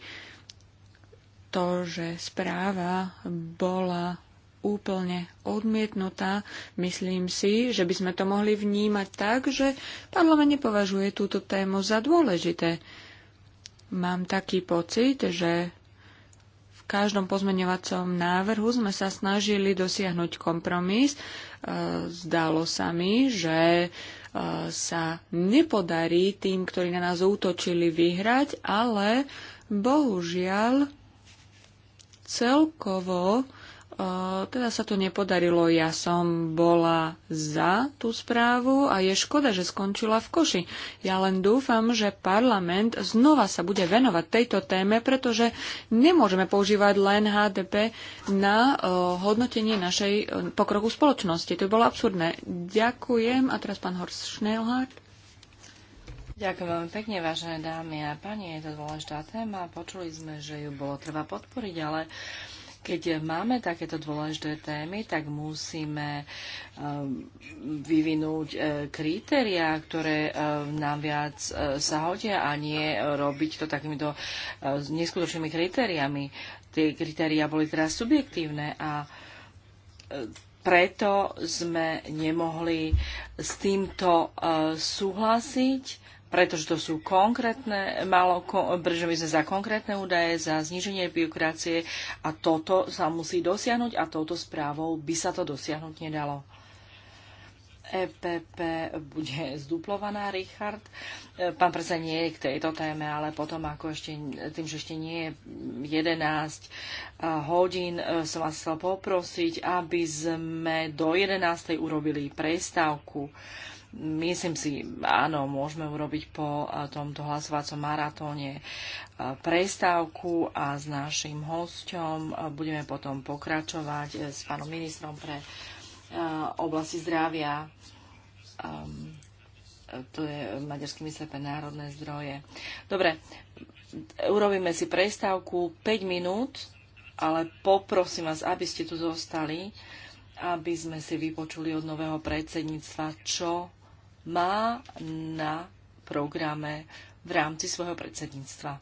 to, že správa bola úplne odmietnutá. Myslím si, že by sme to mohli vnímať tak, že parlament nepovažuje túto tému za dôležité. Mám taký pocit, že každom pozmeňovacom návrhu sme sa snažili dosiahnuť kompromis. E, zdalo sa mi, že e, sa nepodarí tým, ktorí na nás útočili, vyhrať, ale bohužiaľ celkovo teda sa to nepodarilo. Ja som bola za tú správu a je škoda, že skončila v koši. Ja len dúfam, že parlament znova sa bude venovať tejto téme, pretože nemôžeme používať len HDP na hodnotenie našej pokroku spoločnosti. To by bolo absurdné. Ďakujem. A teraz pán Horst Schnellhardt. Ďakujem veľmi pekne, vážené dámy a páni. Je to dôležitá téma. Počuli sme, že ju bolo treba podporiť, ale uh, keď máme takéto dôležité témy, tak musíme ehm, vyvinúť e, kritériá, ktoré e, nám viac e, sa hodia a nie robiť to takýmito neskutočnými kritériami. Tie kritériá boli teraz subjektívne a preto sme nemohli s týmto súhlasiť pretože to sú konkrétne, malo, že my sme za konkrétne údaje, za zníženie byrokracie a toto sa musí dosiahnuť a touto správou by sa to dosiahnuť nedalo. EPP bude zduplovaná, Richard. E, pán predsa nie je k tejto téme, ale potom ako ešte, tým, že ešte nie je 11 e, hodín, e, som vás chcel poprosiť, aby sme do 11. urobili prestávku Myslím si, áno, môžeme urobiť po eh, tomto hlasovacom maratóne eh, prestávku a s našim hosťom eh, budeme potom pokračovať s pánom ministrom pre oblasti zdravia. Ehm, to je maďarský mysle pre národné zdroje. Dobre, urobíme si prestávku 5 minút, ale poprosím vás, aby ste tu zostali, aby sme si vypočuli od nového predsedníctva, čo má na programe v rámci svojho predsedníctva.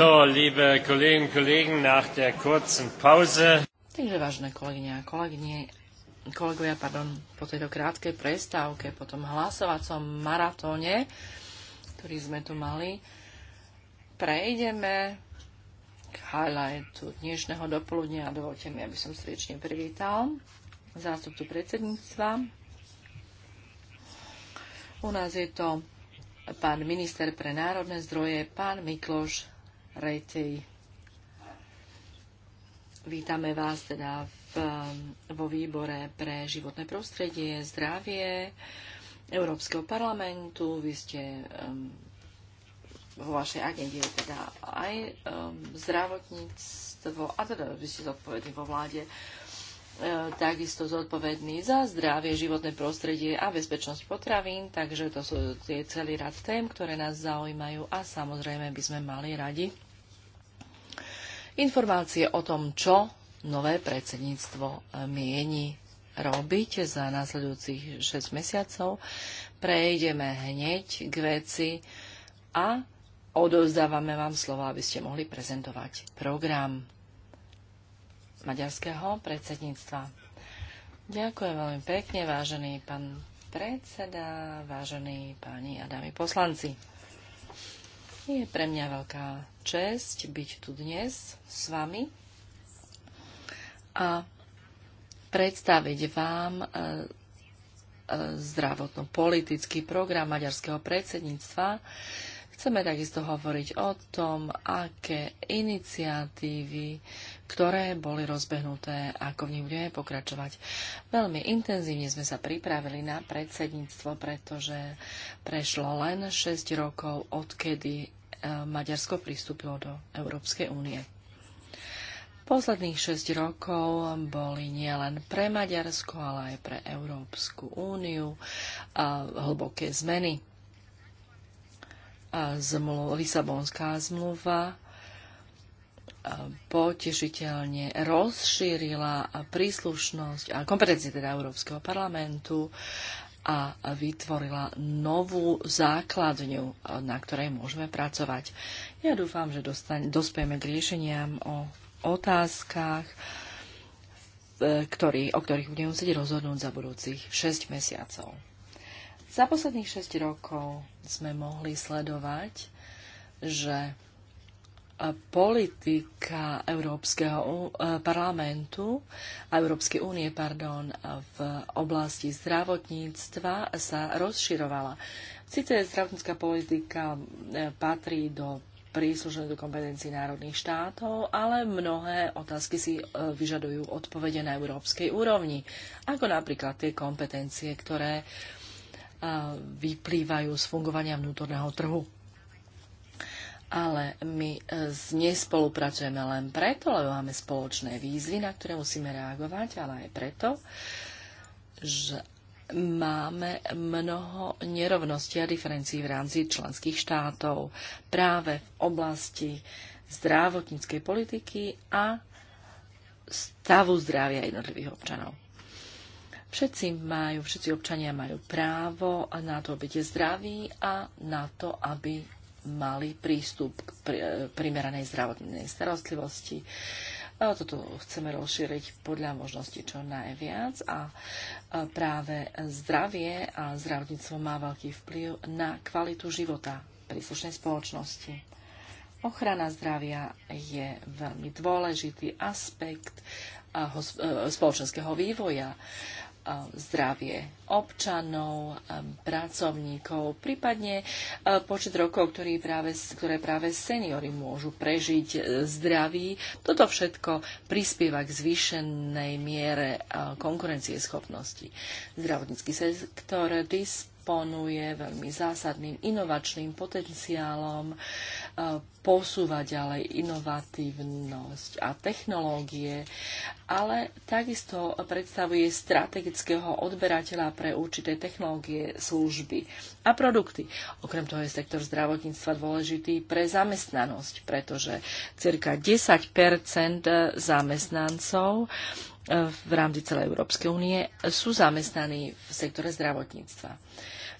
So, liebe Kolleginnen und Kollegen, nach der kurzen Pause. Takže vážne kolegyne a kolegyne, kolegovia, pardon, po tejto krátkej prestávke, po tom hlasovacom maratóne, ktorý sme tu mali, prejdeme k highlightu dnešného dopoludnia. Dovolte mi, aby som srdečne privítal zástupcu predsedníctva. U nás je to pán minister pre národné zdroje, pán Mikloš Rejtej. Vítame vás teda v, vo výbore pre životné prostredie, zdravie Európskeho parlamentu. Vy ste um, vo vašej agende je teda aj um, zdravotníctvo, a teda vy ste zodpovední vo vláde E, takisto zodpovedný za zdravie, životné prostredie a bezpečnosť potravín, takže to sú tie celý rad tém, ktoré nás zaujímajú a samozrejme by sme mali radi informácie o tom, čo nové predsedníctvo mieni robiť za následujúcich 6 mesiacov. Prejdeme hneď k veci a odovzdávame vám slovo, aby ste mohli prezentovať program maďarského predsedníctva. Ďakujem veľmi pekne, vážený pán predseda, vážení páni a dámy poslanci. Je pre mňa veľká česť byť tu dnes s vami a predstaviť vám e, e, zdravotno-politický program maďarského predsedníctva. Chceme takisto hovoriť o tom, aké iniciatívy ktoré boli rozbehnuté, ako v nich budeme pokračovať. Veľmi intenzívne sme sa pripravili na predsedníctvo, pretože prešlo len 6 rokov, odkedy e, Maďarsko pristúpilo do Európskej únie. Posledných 6 rokov boli nielen pre Maďarsko, ale aj pre Európsku úniu a hlboké zmeny. A zmlu- Lisabonská zmluva potešiteľne rozšírila príslušnosť a kompetencie teda Európskeho parlamentu a vytvorila novú základňu, na ktorej môžeme pracovať. Ja dúfam, že dostane, dospieme k riešeniam o otázkach, e, ktorý, o ktorých budeme musieť rozhodnúť za budúcich 6 mesiacov. Za posledných 6 rokov sme mohli sledovať, že politika Európskeho e, parlamentu a Európskej únie pardon, v oblasti zdravotníctva sa rozširovala. Sice zdravotnícká politika e, patrí do príslušné do kompetencií národných štátov, ale mnohé otázky si e, vyžadujú odpovede na európskej úrovni, ako napríklad tie kompetencie, ktoré vyplývajú z fungovania vnútorného trhu ale my e, nespolupracujeme len preto, lebo máme spoločné výzvy, na ktoré musíme reagovať, ale aj preto, že máme mnoho nerovností a diferencií v rámci členských štátov práve v oblasti zdravotníckej politiky a stavu zdravia jednotlivých občanov. Všetci majú, všetci občania majú právo na to, aby zdraví a na to, aby mali prístup k e, primeranej zdravotnej starostlivosti. A toto chceme rozšíriť podľa možností čo najviac a práve zdravie a zdravotníctvo má veľký vplyv na kvalitu života príslušnej spoločnosti. Ochrana zdravia je veľmi dôležitý aspekt e, spoločenského vývoja zdravie občanov, pracovníkov, prípadne počet rokov, ktoré práve, ktoré práve seniory môžu prežiť e, zdraví. Toto všetko prispieva k zvýšenej miere konkurencieschopnosti. Zdravotnícky sektor disp- disponuje veľmi zásadným inovačným potenciálom e, posúva ďalej inovatívnosť a technológie, ale takisto predstavuje strategického odberateľa pre určité technológie, služby a produkty. Okrem toho je sektor zdravotníctva dôležitý pre zamestnanosť, pretože cirka 10 zamestnancov v rámci celej Európskej únie sú zamestnaní v sektore zdravotníctva.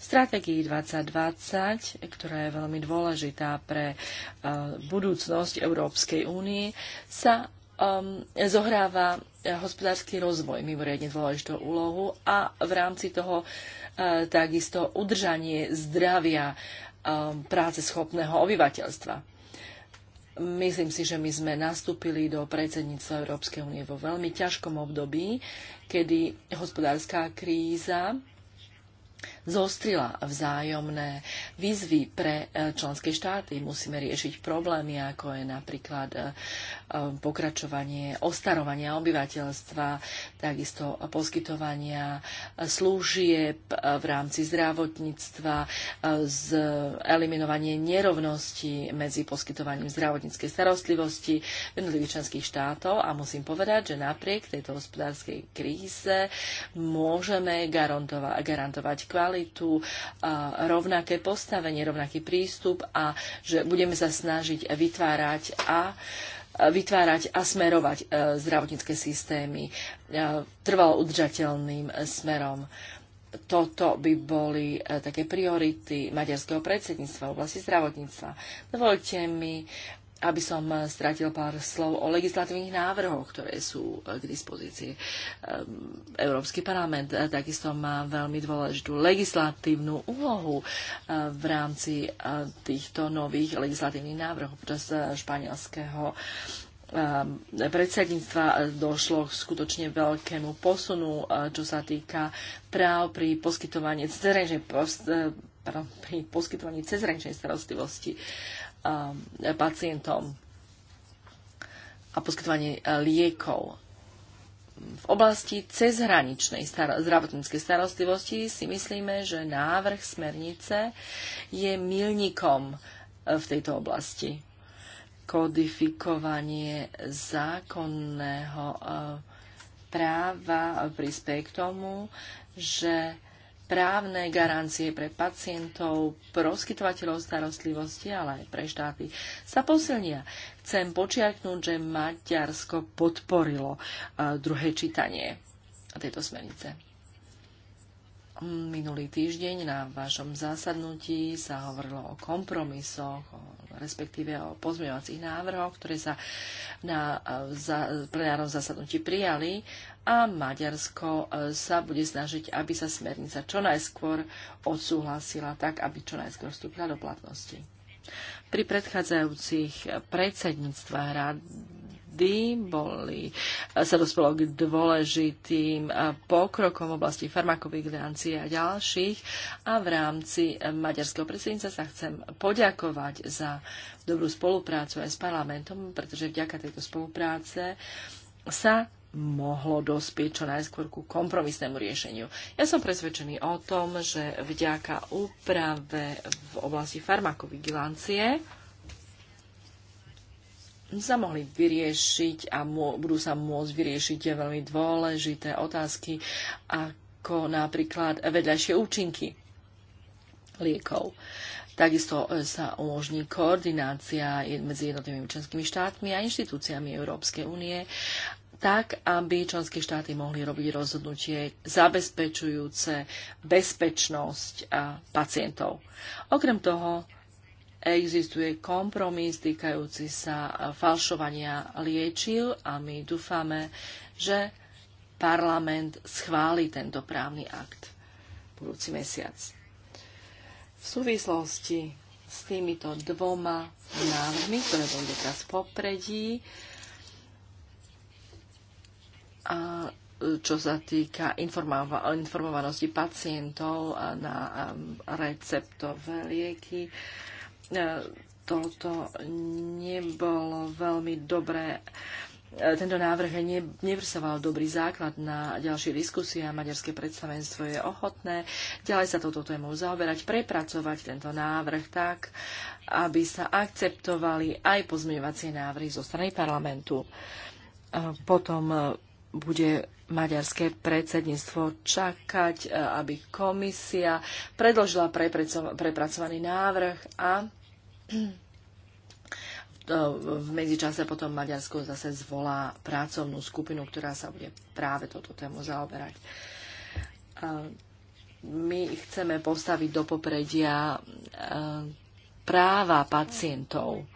V stratégii 2020, ktorá je veľmi dôležitá pre e, budúcnosť Európskej únie, sa um, zohráva e, hospodársky rozvoj mimoriadne dôležitú úlohu a v rámci toho e, takisto udržanie zdravia práceschopného obyvateľstva. Myslím si, že my sme nastúpili do predsedníctva Európskej únie vo veľmi ťažkom období, kedy hospodárska kríza zostrila vzájomné výzvy pre e, členské štáty. Musíme riešiť problémy, ako je napríklad e, e, pokračovanie ostarovania obyvateľstva, takisto poskytovania služieb v rámci zdravotníctva, z eliminovanie nerovnosti medzi poskytovaním zdravotníckej starostlivosti v jednotlivých členských štátov a musím povedať, že napriek tejto hospodárskej kríze môžeme garantovať kvalitu, rovnaké postavenie, rovnaký prístup a že budeme sa snažiť vytvárať a vytvárať a smerovať e, zdravotnícke systémy e, trvalo udržateľným smerom toto by boli e, také priority maďarského predsedníctva v oblasti zdravotníctva. Dovolte mi aby som eh, stratil pár slov o legislatívnych návrhoch, ktoré sú eh, k dispozícii. Ehm, Európsky parlament eh, takisto má veľmi dôležitú legislatívnu úlohu v rámci týchto nových legislatívnych návrhov počas španielského ehm, predsedníctva došlo k skutočne veľkému posunu, čo sa týka práv pri poskytovaní cezrenčnej poskytovaní starostlivosti. Um, pacientom a poskytovanie uh, liekov. V oblasti cezhraničnej star- zdravotníckej starostlivosti si myslíme, že návrh smernice je milníkom uh, v tejto oblasti. Kodifikovanie zákonného uh, práva prispieje k tomu, že právne garancie pre pacientov, poskytovateľov starostlivosti, ale aj pre štáty sa posilnia. Chcem počiarknúť, že Maďarsko podporilo druhé čítanie tejto smernice. Minulý týždeň na vašom zásadnutí sa hovorilo o kompromisoch, o respektíve o pozmeňovacích návrhoch, ktoré sa na za, plenárnom zasadnutí prijali a Maďarsko e, sa bude snažiť, aby sa smernica čo najskôr odsúhlasila tak, aby čo najskôr vstúpila do platnosti. Pri predchádzajúcich predsedníctvách rad vtedy boli, sa dospelo k dôležitým pokrokom v oblasti farmakovigilancie a ďalších. A v rámci maďarského predsednica sa chcem poďakovať za dobrú spoluprácu aj s parlamentom, pretože vďaka tejto spolupráce sa mohlo dospieť čo najskôr ku kompromisnému riešeniu. Ja som presvedčený o tom, že vďaka úprave v oblasti farmakovigilancie sa mohli vyriešiť a budú sa môcť vyriešiť veľmi dôležité otázky, ako napríklad vedľajšie účinky liekov. Takisto e, sa umožní koordinácia medzi jednotlivými členskými štátmi a inštitúciami Európskej únie tak, aby členské štáty mohli robiť rozhodnutie zabezpečujúce bezpečnosť pacientov. Okrem toho, existuje kompromis týkajúci sa e, falšovania liečil a my dúfame, že parlament schváli tento právny akt budúci mesiac. V súvislosti s týmito dvoma návrhmi, ktoré boli teraz popredí, a e, čo sa týka informovanosti pacientov na e, receptové lieky, E, toto nebolo veľmi dobré e, tento návrh nevrsoval dobrý základ na ďalšie diskusie a maďarské predstavenstvo je ochotné ďalej sa toto tému zaoberať, prepracovať tento návrh tak, aby sa akceptovali aj pozmeňovacie návrhy zo strany parlamentu. E, potom bude maďarské predsedníctvo čakať, aby komisia predložila prepracovaný návrh a v medzičase potom Maďarsko zase zvolá pracovnú skupinu, ktorá sa bude práve toto tému zaoberať. My chceme postaviť do popredia e, práva pacientov.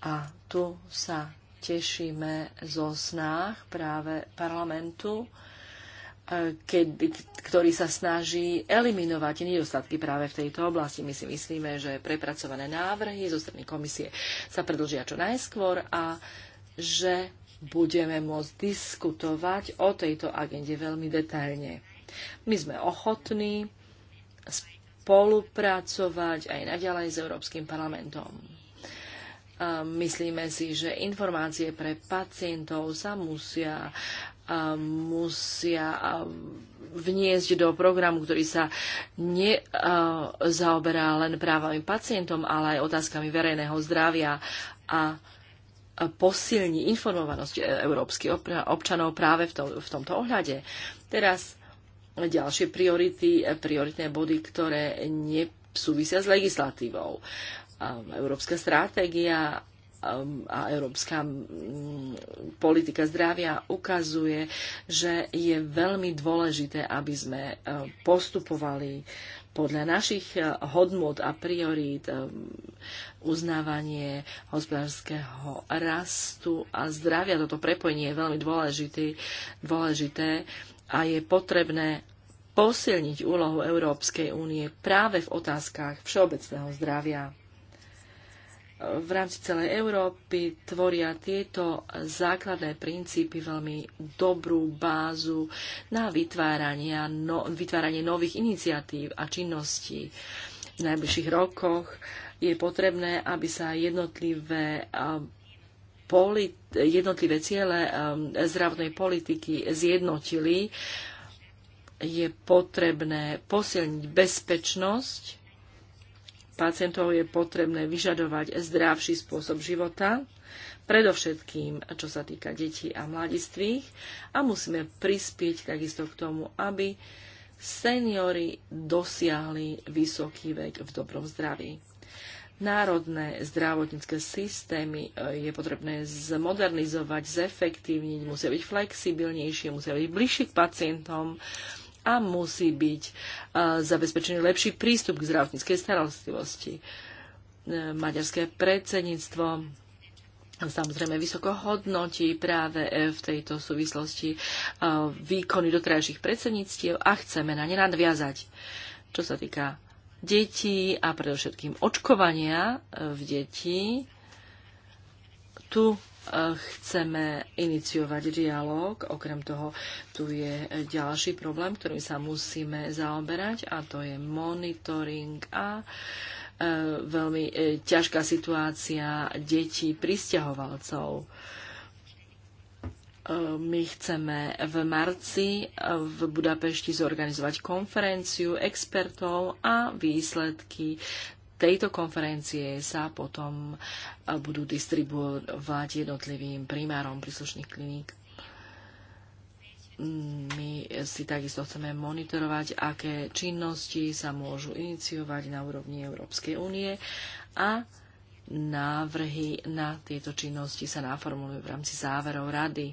A tu sa tešíme zo snách práve parlamentu, keď, ktorý sa snaží eliminovať nedostatky práve v tejto oblasti. My si myslíme, že prepracované návrhy zo strany komisie sa predlžia čo najskôr a že budeme môcť diskutovať o tejto agende veľmi detailne. My sme ochotní spolupracovať aj naďalej s Európskym parlamentom. Myslíme si, že informácie pre pacientov sa musia musia vniesť do programu, ktorý sa nezaoberá len právami pacientom, ale aj otázkami verejného zdravia a posilní informovanosť e, európskych občanov práve v, tom, v tomto ohľade. Teraz ďalšie priority, e, prioritné body, ktoré nesúvisia s legislatívou. Európska stratégia Um, a európska um, politika zdravia ukazuje, že je veľmi dôležité, aby sme uh, postupovali podľa našich uh, hodnot a priorít um, uznávanie hospodárskeho rastu a zdravia. Toto prepojenie je veľmi dôležité, dôležité a je potrebné posilniť úlohu Európskej únie práve v otázkach všeobecného zdravia v rámci celej Európy tvoria tieto základné princípy veľmi dobrú bázu na vytváranie, no, vytváranie nových iniciatív a činností. V najbližších rokoch je potrebné, aby sa jednotlivé jednotlivé ciele zdravotnej politiky zjednotili. Je potrebné posilniť bezpečnosť pacientov je potrebné vyžadovať zdravší spôsob života, predovšetkým čo sa týka detí a mladistvých a musíme prispieť takisto k tomu, aby seniory dosiahli vysoký vek v dobrom zdraví. Národné zdravotnícke systémy e, je potrebné zmodernizovať, zefektívniť, musia byť flexibilnejšie, musia byť bližšie k pacientom, a musí byť e, zabezpečený lepší prístup k zdravotníckej starostlivosti. E, maďarské predsedníctvo samozrejme vysoko hodnotí práve e, v tejto súvislosti výkony doterajších predsedníctiev a chceme na ne nadviazať. Čo sa týka detí a predovšetkým očkovania v detí, tu chceme iniciovať dialog. Okrem toho, tu je ďalší problém, ktorým sa musíme zaoberať a to je monitoring a e, veľmi e, ťažká situácia detí pristahovalcov. E, my chceme v marci v Budapešti zorganizovať konferenciu expertov a výsledky tejto konferencie sa potom e, budú distribuovať jednotlivým primárom príslušných kliník. My si takisto chceme monitorovať, aké činnosti sa môžu iniciovať na úrovni Európskej únie a návrhy na tieto činnosti sa naformulujú v rámci záverov rady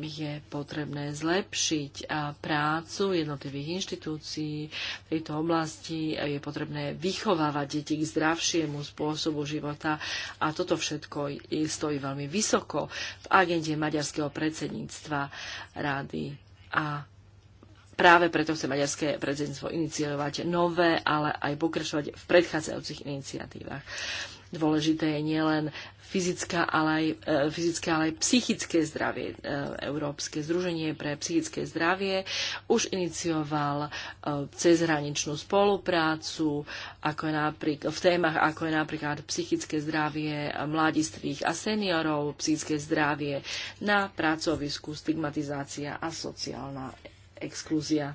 je potrebné zlepšiť prácu jednotlivých inštitúcií v tejto oblasti, je potrebné vychovávať deti k zdravšiemu spôsobu života a toto všetko stojí veľmi vysoko v agende maďarského predsedníctva rády a Práve preto chce maďarské predsedníctvo iniciovať nové, ale aj pokračovať v predchádzajúcich iniciatívach. Dôležité je nielen fyzická, ale aj, e, fyzické, ale aj psychické zdravie. E, Európske združenie pre psychické zdravie už inicioval e, cezhraničnú spoluprácu ako je v témach, ako je napríklad psychické zdravie mladistvých a seniorov, psychické zdravie na pracovisku, stigmatizácia a sociálna exklúzia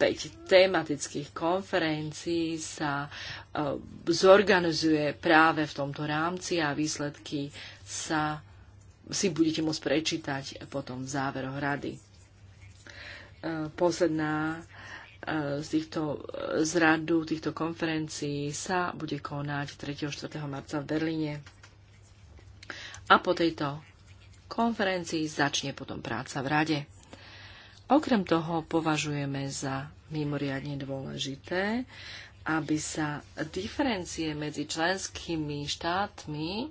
5 tematických konferencií sa e, zorganizuje práve v tomto rámci a výsledky sa si budete môcť prečítať potom v záveroch rady. E, posledná e, z, týchto, z radu týchto konferencií sa bude konať 3. a 4. marca v Berlíne. A po tejto konferencii začne potom práca v rade. Okrem toho považujeme za mimoriadne dôležité, aby sa diferencie medzi členskými štátmi um,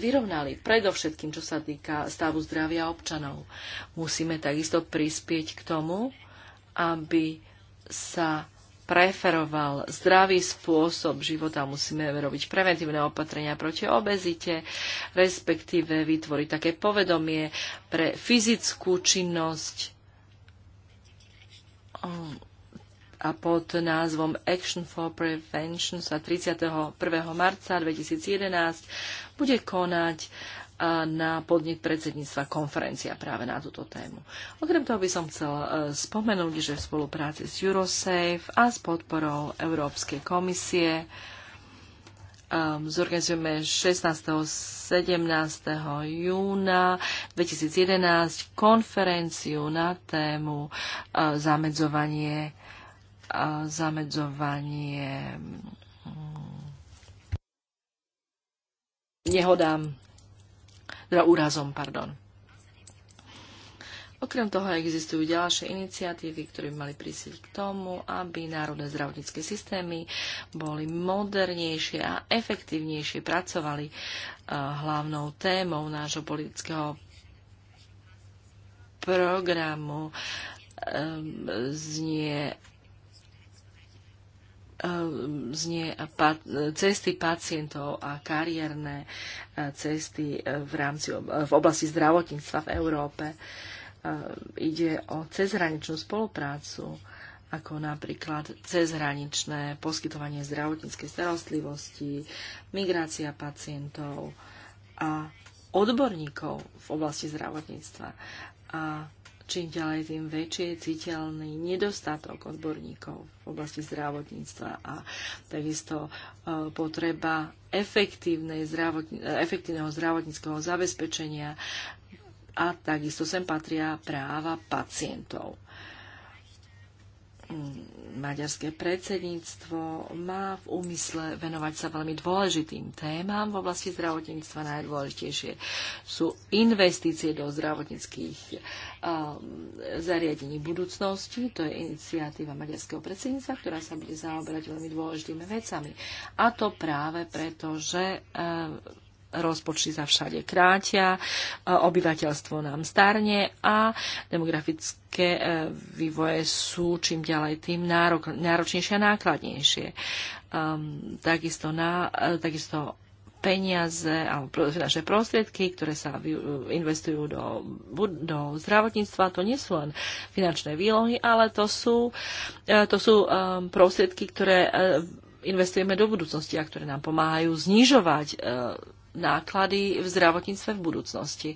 vyrovnali predovšetkým, čo sa týka stavu zdravia občanov. Musíme takisto prispieť k tomu, aby sa preferoval zdravý spôsob života. Musíme robiť preventívne opatrenia proti obezite, respektíve vytvoriť také povedomie pre fyzickú činnosť a pod názvom Action for Prevention sa 31. marca 2011 bude konať na podnik predsedníctva konferencia práve na túto tému. Okrem toho by som chcel e, spomenúť, že v spolupráci s Eurosafe a s podporou Európskej komisie e, zorganizujeme 16. 17. júna 2011 konferenciu na tému e, zamedzovanie zamedzovanie mm, nehodám teda úrazom, pardon. Okrem toho existujú ďalšie iniciatívy, ktoré by mali prísť k tomu, aby národné zdravotnícke systémy boli modernejšie a efektívnejšie pracovali eh, hlavnou témou nášho politického programu eh, znie Eh, znie cesty pacientov a kariérne eh, cesty eh, v, rámci, v oblasti zdravotníctva v Európe. Ide o cezhraničnú spoluprácu, ako napríklad cezhraničné poskytovanie zdravotníckej starostlivosti, migrácia pacientov a odborníkov v oblasti zdravotníctva. A čím ďalej tým väčšie je citeľný nedostatok odborníkov v oblasti zdravotníctva a takisto e, potreba zdravotní, e, efektívneho zdravotníckého zabezpečenia a takisto sem patria práva pacientov maďarské predsedníctvo má v úmysle venovať sa veľmi dôležitým témam v oblasti zdravotníctva. Najdôležitejšie sú investície do zdravotníckých um, zariadení budúcnosti. To je iniciatíva maďarského predsedníctva, ktorá sa bude zaoberať veľmi dôležitými vecami. A to práve preto, že um, rozpočty sa všade krátia, e, obyvateľstvo nám starne a demografické e, vývoje sú čím ďalej tým nárok, náročnejšie a nákladnejšie. Um, takisto, na, e, takisto peniaze alebo finančné prostriedky, ktoré sa investujú do, do zdravotníctva, to nie sú len finančné výlohy, ale to sú, to sú um, prostriedky, ktoré investujeme do budúcnosti a ktoré nám pomáhajú znižovať um, náklady v zdravotníctve v budúcnosti.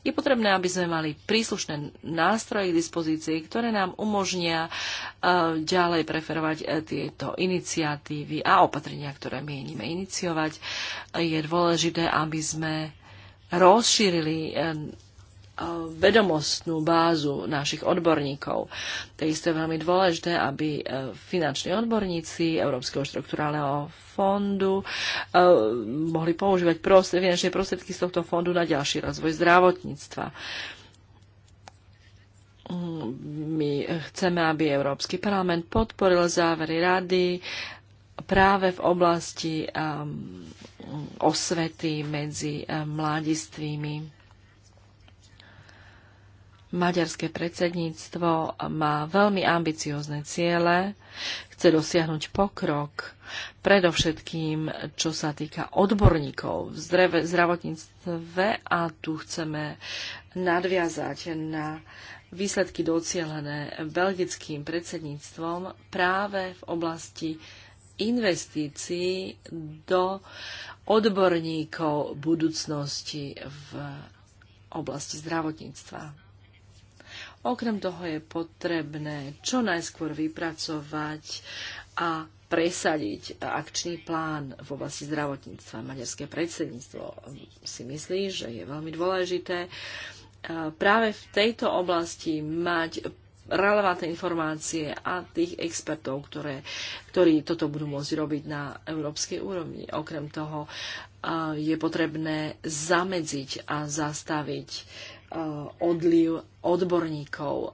Je potrebné, aby sme mali príslušné nástroje k dispozícii, ktoré nám umožnia e, ďalej preferovať e, tieto iniciatívy a opatrenia, ktoré mienime iniciovať. Je dôležité, aby sme rozšírili e, vedomostnú bázu našich odborníkov. To je veľmi dôležité, aby e, finanční odborníci Európskeho štrukturálneho fondu e, mohli používať prostred, finančné prostriedky z tohto fondu na ďalší rozvoj zdravotníctva. My chceme, aby Európsky parlament podporil závery rady práve v oblasti e, osvety medzi mladistvými Maďarské predsedníctvo má veľmi ambiciózne ciele, chce dosiahnuť pokrok, predovšetkým čo sa týka odborníkov v zdravotníctve a tu chceme nadviazať na výsledky docielené belgickým predsedníctvom práve v oblasti investícií do odborníkov budúcnosti v oblasti zdravotníctva. Okrem toho je potrebné čo najskôr vypracovať a presadiť akčný plán v oblasti zdravotníctva. Maďarské predsedníctvo si myslí, že je veľmi dôležité e, práve v tejto oblasti mať relevantné informácie a tých expertov, ktoré, ktorí toto budú môcť robiť na európskej úrovni. Okrem toho e, je potrebné zamedziť a zastaviť Eh, odliv odborníkov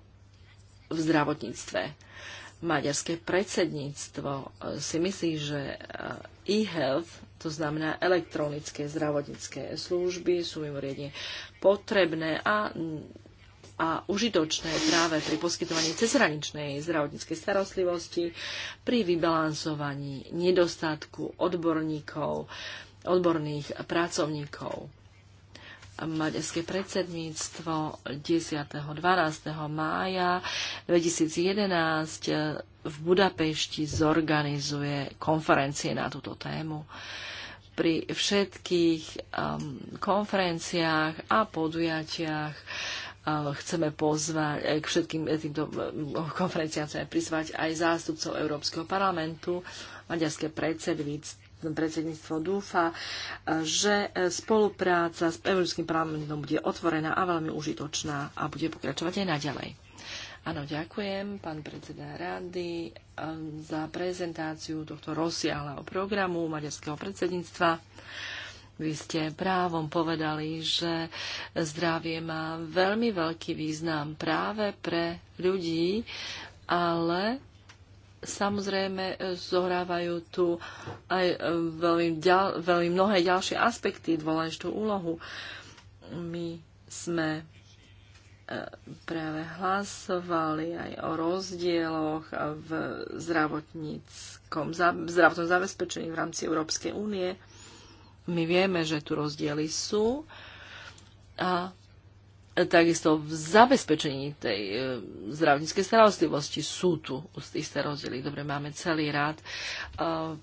v zdravotníctve. Maďarské predsedníctvo eh, si myslí, že eh, e-health, to znamená elektronické zdravotnícke služby, sú mimoriadne potrebné a a užitočné práve pri poskytovaní cezhraničnej zdravotníckej starostlivosti, pri vybalansovaní nedostatku odborníkov, odborných pracovníkov maďarské predsedníctvo 10. 12. mája 2011 eh, v Budapešti zorganizuje konferencie na túto tému. Pri všetkých um, konferenciách a podujatiach eh, chceme pozvať, eh, k všetkým týmto konferenciám chceme prizvať aj zástupcov Európskeho parlamentu. Maďarské predsedníctvo predsedníctvo dúfa, že spolupráca s Európskym parlamentom bude otvorená a veľmi užitočná a bude pokračovať aj naďalej. Áno, ďakujem, pán predseda rady, ehm, za prezentáciu tohto rozsiahleho programu maďarského predsedníctva. Vy ste právom povedali, že zdravie má veľmi veľký význam práve pre ľudí, ale samozrejme e, zohrávajú tu aj e, veľmi, ďal, veľmi mnohé ďalšie aspekty dôležitú úlohu. My sme e, práve hlasovali aj o rozdieloch v zdravotníckom, v zdravotnom zabezpečení v rámci Európskej únie. My vieme, že tu rozdiely sú a takisto v zabezpečení tej e, zdravotníckej starostlivosti sú tu isté rozdiely. Dobre, máme celý rád e,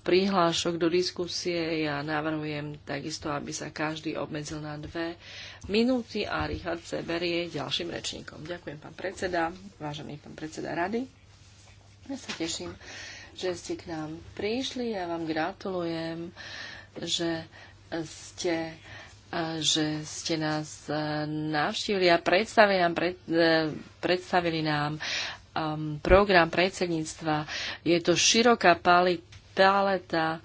prihlášok do diskusie. Ja navrhujem takisto, aby sa každý obmedzil na dve minúty a Richard se berie ďalším rečníkom. Ďakujem, pán predseda, vážený pán predseda rady. Ja sa teším, že ste k nám prišli. Ja vám gratulujem, že ste že ste nás navštívili a predstavili nám, pred, e, predstavili nám um, program predsedníctva. Je to široká paleta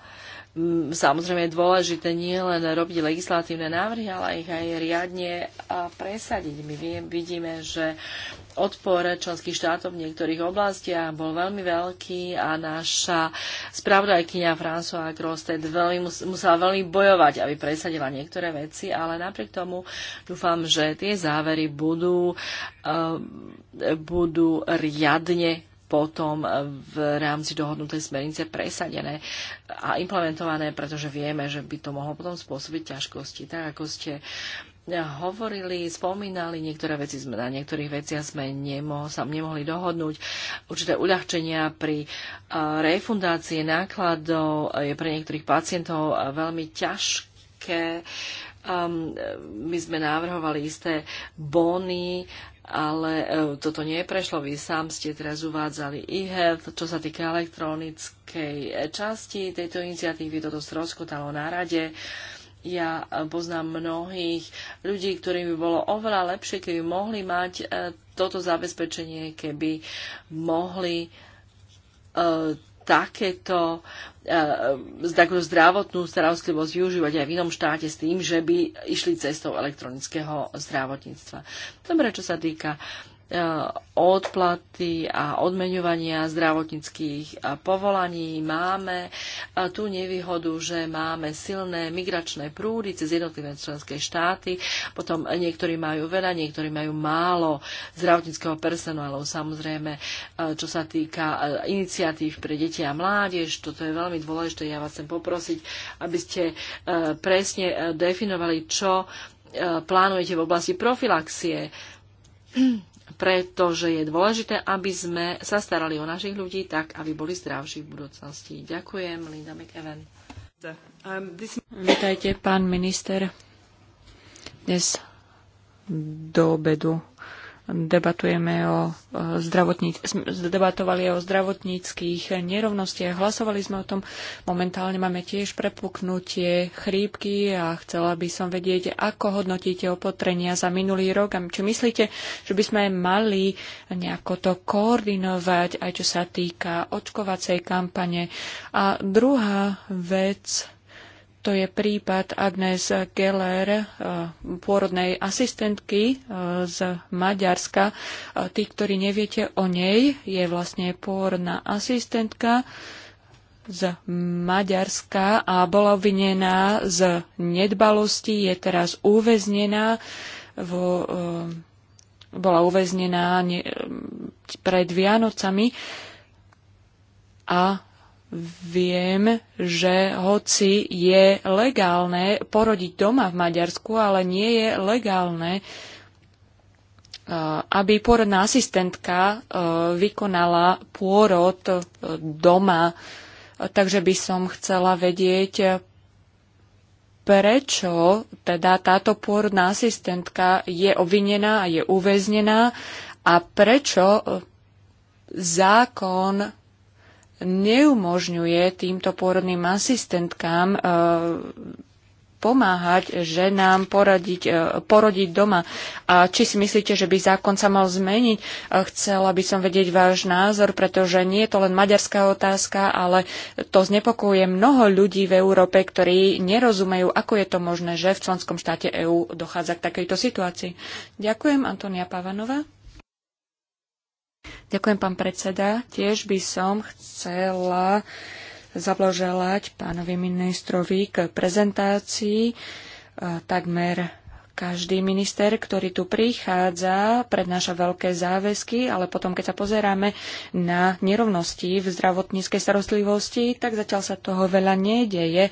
Mm, samozrejme je dôležité nie len robiť legislatívne návrhy, ale ich aj riadne presadiť. My vidíme, že odpor členských štátov v niektorých oblastiach bol veľmi veľký a naša spravodajkynia François Grosted veľmi, musela veľmi bojovať, aby presadila niektoré veci, ale napriek tomu dúfam, že tie závery budú, uh, budú riadne potom v rámci dohodnutej smernice presadené a implementované, pretože vieme, že by to mohlo potom spôsobiť ťažkosti. Tak ako ste hovorili, spomínali niektoré veci, sme, na niektorých veciach sme nemoh, sa nemohli dohodnúť. Určité uľahčenia pri refundácii nákladov je pre niektorých pacientov veľmi ťažké. Um, my sme návrhovali isté bóny ale e, toto nie prešlo. Vy sám ste teraz uvádzali e-health, čo sa týka elektronickej e, časti tejto iniciatívy, toto rozkotalo na rade. Ja e, poznám mnohých ľudí, ktorým by bolo oveľa lepšie, keby mohli mať toto zabezpečenie, keby mohli takéto eh, takúto zdravotnú starostlivosť využívať aj v inom štáte s tým, že by išli cestou elektronického zdravotníctva. Dobre, čo sa týka Eh, odplaty a odmeňovania zdravotníckých eh, povolaní. Máme eh, tú nevýhodu, že máme silné migračné prúdy cez jednotlivé členské štáty, potom niektorí majú veľa, niektorí majú málo zdravotníckého personálu. Samozrejme, čo sa týka iniciatív pre deti a mládež, toto je veľmi dôležité. Ja vás chcem poprosiť, aby ste presne definovali, čo plánujete v oblasti profilaxie pretože je dôležité, aby sme sa starali o našich ľudí tak, aby boli zdravší v budúcnosti. Ďakujem, Linda McEwen. Um, Vítajte, pán minister. Dnes do obedu debatujeme o e, zdravotníc- debatovali o zdravotníckých nerovnostiach, hlasovali sme o tom. Momentálne máme tiež prepuknutie chrípky a chcela by som vedieť, ako hodnotíte opatrenia za minulý rok a či myslíte, že by sme mali nejako to koordinovať, aj čo sa týka očkovacej kampane. A druhá vec, to je prípad Agnes Geller, eh, pôrodnej asistentky eh, z Maďarska. Eh, tí, ktorí neviete o nej, je vlastne pôrodná asistentka z Maďarska a bola obvinená z nedbalosti, je teraz uväznená vo, bola uväznená pred Vianocami a Viem, že hoci je legálne porodiť doma v Maďarsku, ale nie je legálne, eh, aby porodná asistentka eh, vykonala pôrod eh, doma. Takže by som chcela vedieť, prečo teda táto pôrodná asistentka je obvinená a je uväznená a prečo zákon neumožňuje týmto pôrodným asistentkám e, pomáhať ženám poradiť, e, porodiť doma. A či si myslíte, že by zákon sa mal zmeniť? E, chcela by som vedieť váš názor, pretože nie je to len maďarská otázka, ale to znepokojuje mnoho ľudí v Európe, ktorí nerozumejú, ako je to možné, že v členskom štáte EÚ dochádza k takejto situácii. Ďakujem, Antonia Pavanová. Ďakujem, pán predseda. Tiež by som chcela zablaželať pánovi ministrovi k prezentácii. E, takmer každý minister, ktorý tu prichádza, prednáša veľké záväzky, ale potom, keď sa pozeráme na nerovnosti v zdravotníckej starostlivosti, tak zatiaľ sa toho veľa nedeje.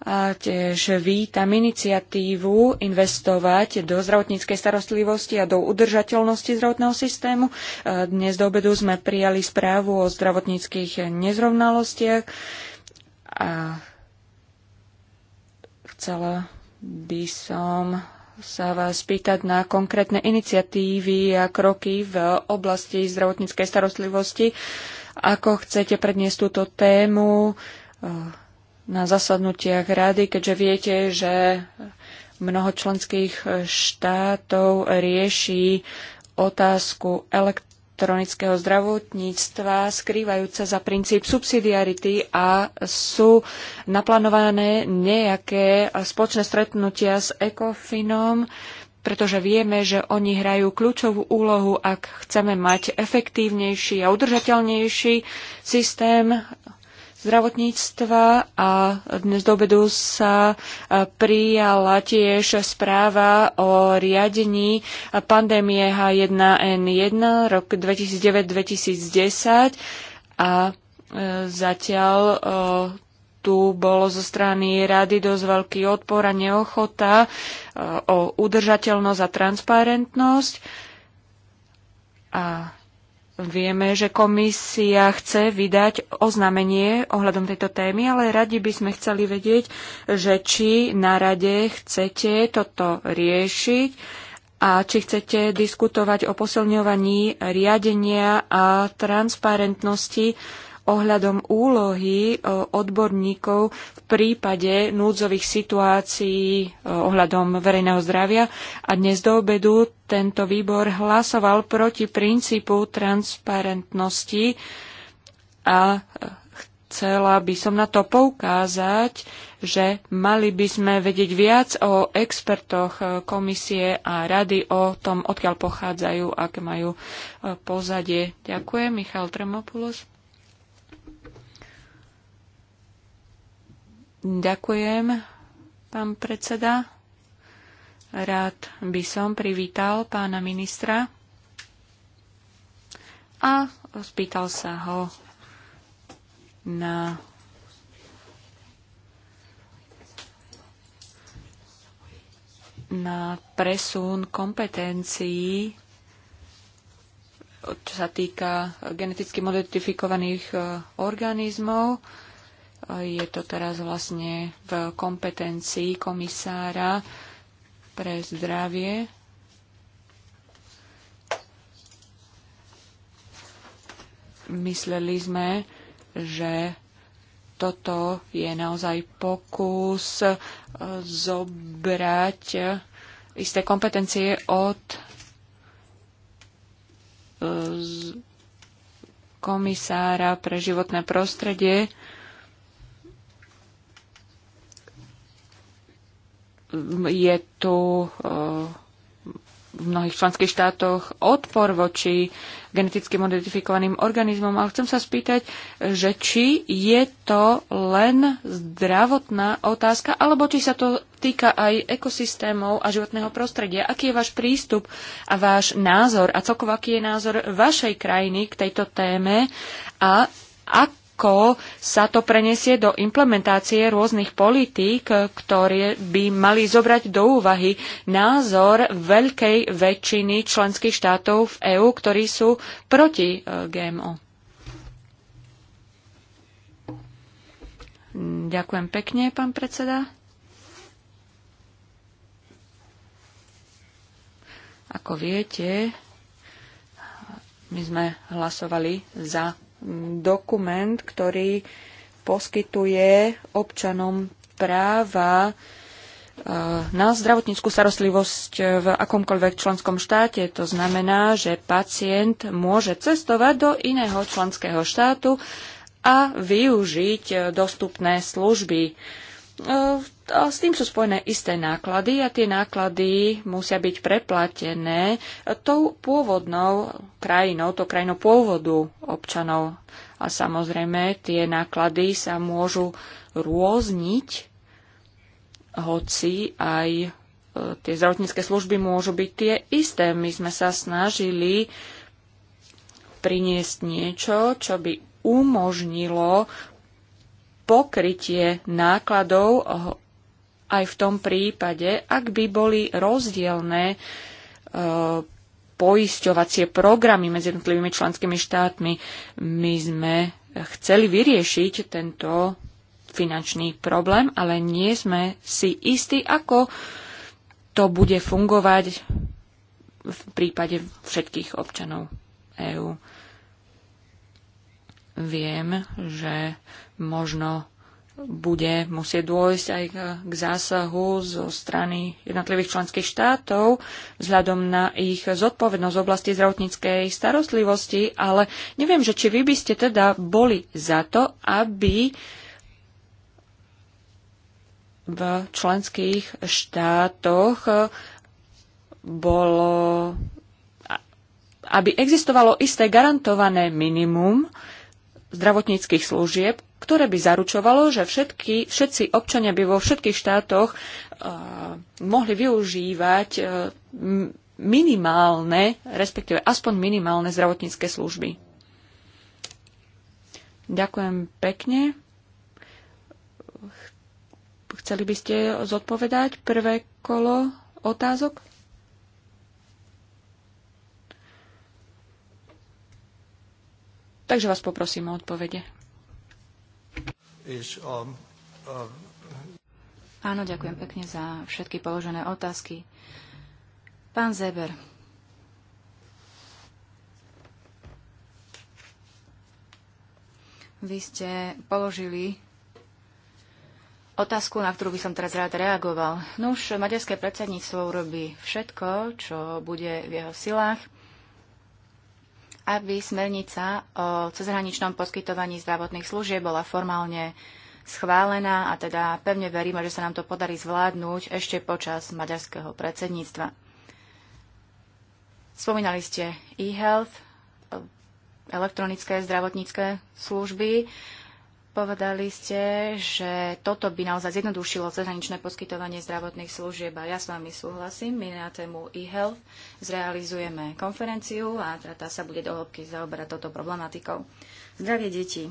A tiež vítam iniciatívu investovať do zdravotníckej starostlivosti a do udržateľnosti zdravotného systému. Dnes do obedu sme prijali správu o zdravotníckých nezrovnalostiach a chcela by som sa vás pýtať na konkrétne iniciatívy a kroky v oblasti zdravotníckej starostlivosti. Ako chcete predniesť túto tému? na zasadnutiach rady, keďže viete, že mnoho členských štátov rieši otázku elektronického zdravotníctva, skrývajúce za princíp subsidiarity a sú naplánované nejaké spoločné stretnutia s ECOFINom, pretože vieme, že oni hrajú kľúčovú úlohu, ak chceme mať efektívnejší a udržateľnejší systém zdravotníctva a dnes do obedu sa e, prijala tiež správa o riadení pandémie H1N1 rok 2009-2010 a e, zatiaľ e, tu bolo zo strany rady dosť veľký odpor a neochota o udržateľnosť a transparentnosť. A Vieme, že komisia chce vydať oznámenie ohľadom tejto témy, ale radi by sme chceli vedieť, že či na rade chcete toto riešiť a či chcete diskutovať o posilňovaní riadenia a transparentnosti ohľadom úlohy e, odborníkov v prípade núdzových situácií e, ohľadom verejného zdravia. A dnes do obedu tento výbor hlasoval proti princípu transparentnosti a e, chcela by som na to poukázať, že mali by sme vedieť viac o expertoch komisie a rady o tom, odkiaľ pochádzajú, aké majú pozadie. Ďakujem, Michal Tremopulos. Ďakujem, pán predseda. Rád by som privítal pána ministra a spýtal sa ho na na presun kompetencií, čo sa týka geneticky modifikovaných eh, organizmov je to teraz vlastne v kompetencii komisára pre zdravie. Mysleli sme, že toto je naozaj pokus eh, zobrať isté kompetencie od eh, komisára pre životné prostredie je tu e, v mnohých členských štátoch odpor voči geneticky modifikovaným organizmom, ale chcem sa spýtať, že či je to len zdravotná otázka, alebo či sa to týka aj ekosystémov a životného prostredia. Aký je váš prístup a váš názor a celkovo aký je názor vašej krajiny k tejto téme a ak ako sa to prenesie do implementácie rôznych politík, ktoré by mali zobrať do úvahy názor veľkej väčšiny členských štátov v EÚ, ktorí sú proti e, GMO. Ďakujem pekne, pán predseda. Ako viete, my sme hlasovali za dokument, ktorý poskytuje občanom práva e, na zdravotníckú starostlivosť v akomkoľvek členskom štáte. To znamená, že pacient môže cestovať do iného členského štátu a využiť e, dostupné služby. E, a s tým sú spojené isté náklady a tie náklady musia byť preplatené tou pôvodnou krajinou, tou krajinou pôvodu občanov. A samozrejme, tie náklady sa môžu rôzniť, hoci aj e, tie zdravotnícke služby môžu byť tie isté. My sme sa snažili priniesť niečo, čo by umožnilo pokrytie nákladov aj v tom prípade, ak by boli rozdielne e, poisťovacie programy medzi jednotlivými členskými štátmi. My sme chceli vyriešiť tento finančný problém, ale nie sme si istí, ako to bude fungovať v prípade všetkých občanov EÚ. Viem, že možno bude musieť dôjsť aj k zásahu zo strany jednotlivých členských štátov vzhľadom na ich zodpovednosť v oblasti zdravotníckej starostlivosti, ale neviem, že či vy by ste teda boli za to, aby v členských štátoch bolo aby existovalo isté garantované minimum zdravotníckých služieb, ktoré by zaručovalo, že všetky, všetci občania by vo všetkých štátoch uh, mohli využívať uh, minimálne, respektíve aspoň minimálne zdravotnícke služby. Ďakujem pekne. Chceli by ste zodpovedať prvé kolo otázok? Takže vás poprosím o odpovede. Um, uh, Áno, ďakujem pekne za všetky položené otázky. Pán Zeber. Vy ste položili otázku, na ktorú by som teraz rád reagoval. Nuž, maďarské predsedníctvo urobí všetko, čo bude v jeho silách – aby smernica o cezhraničnom poskytovaní zdravotných služieb bola formálne schválená a teda pevne veríme, že sa nám to podarí zvládnuť ešte počas maďarského predsedníctva. Spomínali ste e-health, e, elektronické zdravotnícke služby. Povedali ste, že toto by naozaj zjednodušilo cezhraničné poskytovanie zdravotných služieb a ja s vami súhlasím. My na tému e-health zrealizujeme konferenciu a teda tá sa bude do hĺbky zaoberať touto problematikou. Zdravie detí,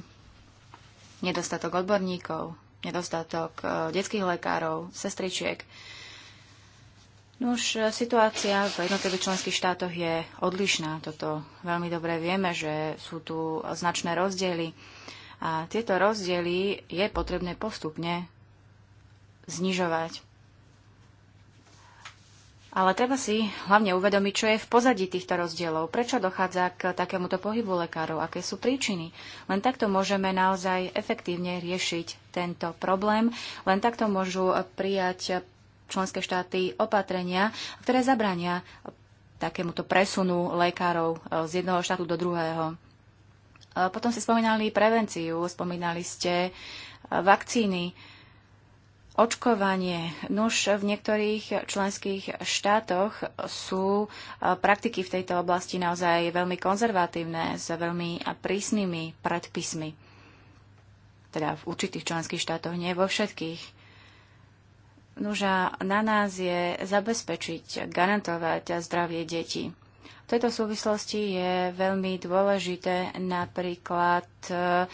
nedostatok odborníkov, nedostatok e, detských lekárov, sestričiek. No už e, situácia v jednotlivých členských štátoch je odlišná. Toto veľmi dobre vieme, že sú tu značné rozdiely a tieto rozdiely je potrebné postupne znižovať. Ale treba si hlavne uvedomiť, čo je v pozadí týchto rozdielov, prečo dochádza k takémuto pohybu lekárov, aké sú príčiny. Len takto môžeme naozaj efektívne riešiť tento problém, len takto môžu prijať členské štáty opatrenia, ktoré zabrania takémuto presunu lekárov e, z jedného štátu do druhého. Potom ste spomínali prevenciu, spomínali ste e, vakcíny, očkovanie. Nuž v niektorých členských štátoch sú e, praktiky v tejto oblasti naozaj veľmi konzervatívne, s veľmi prísnymi predpismi. Teda v určitých členských štátoch, nie vo všetkých. Nuža na nás je zabezpečiť, garantovať zdravie detí. V tejto súvislosti je veľmi dôležité napríklad e,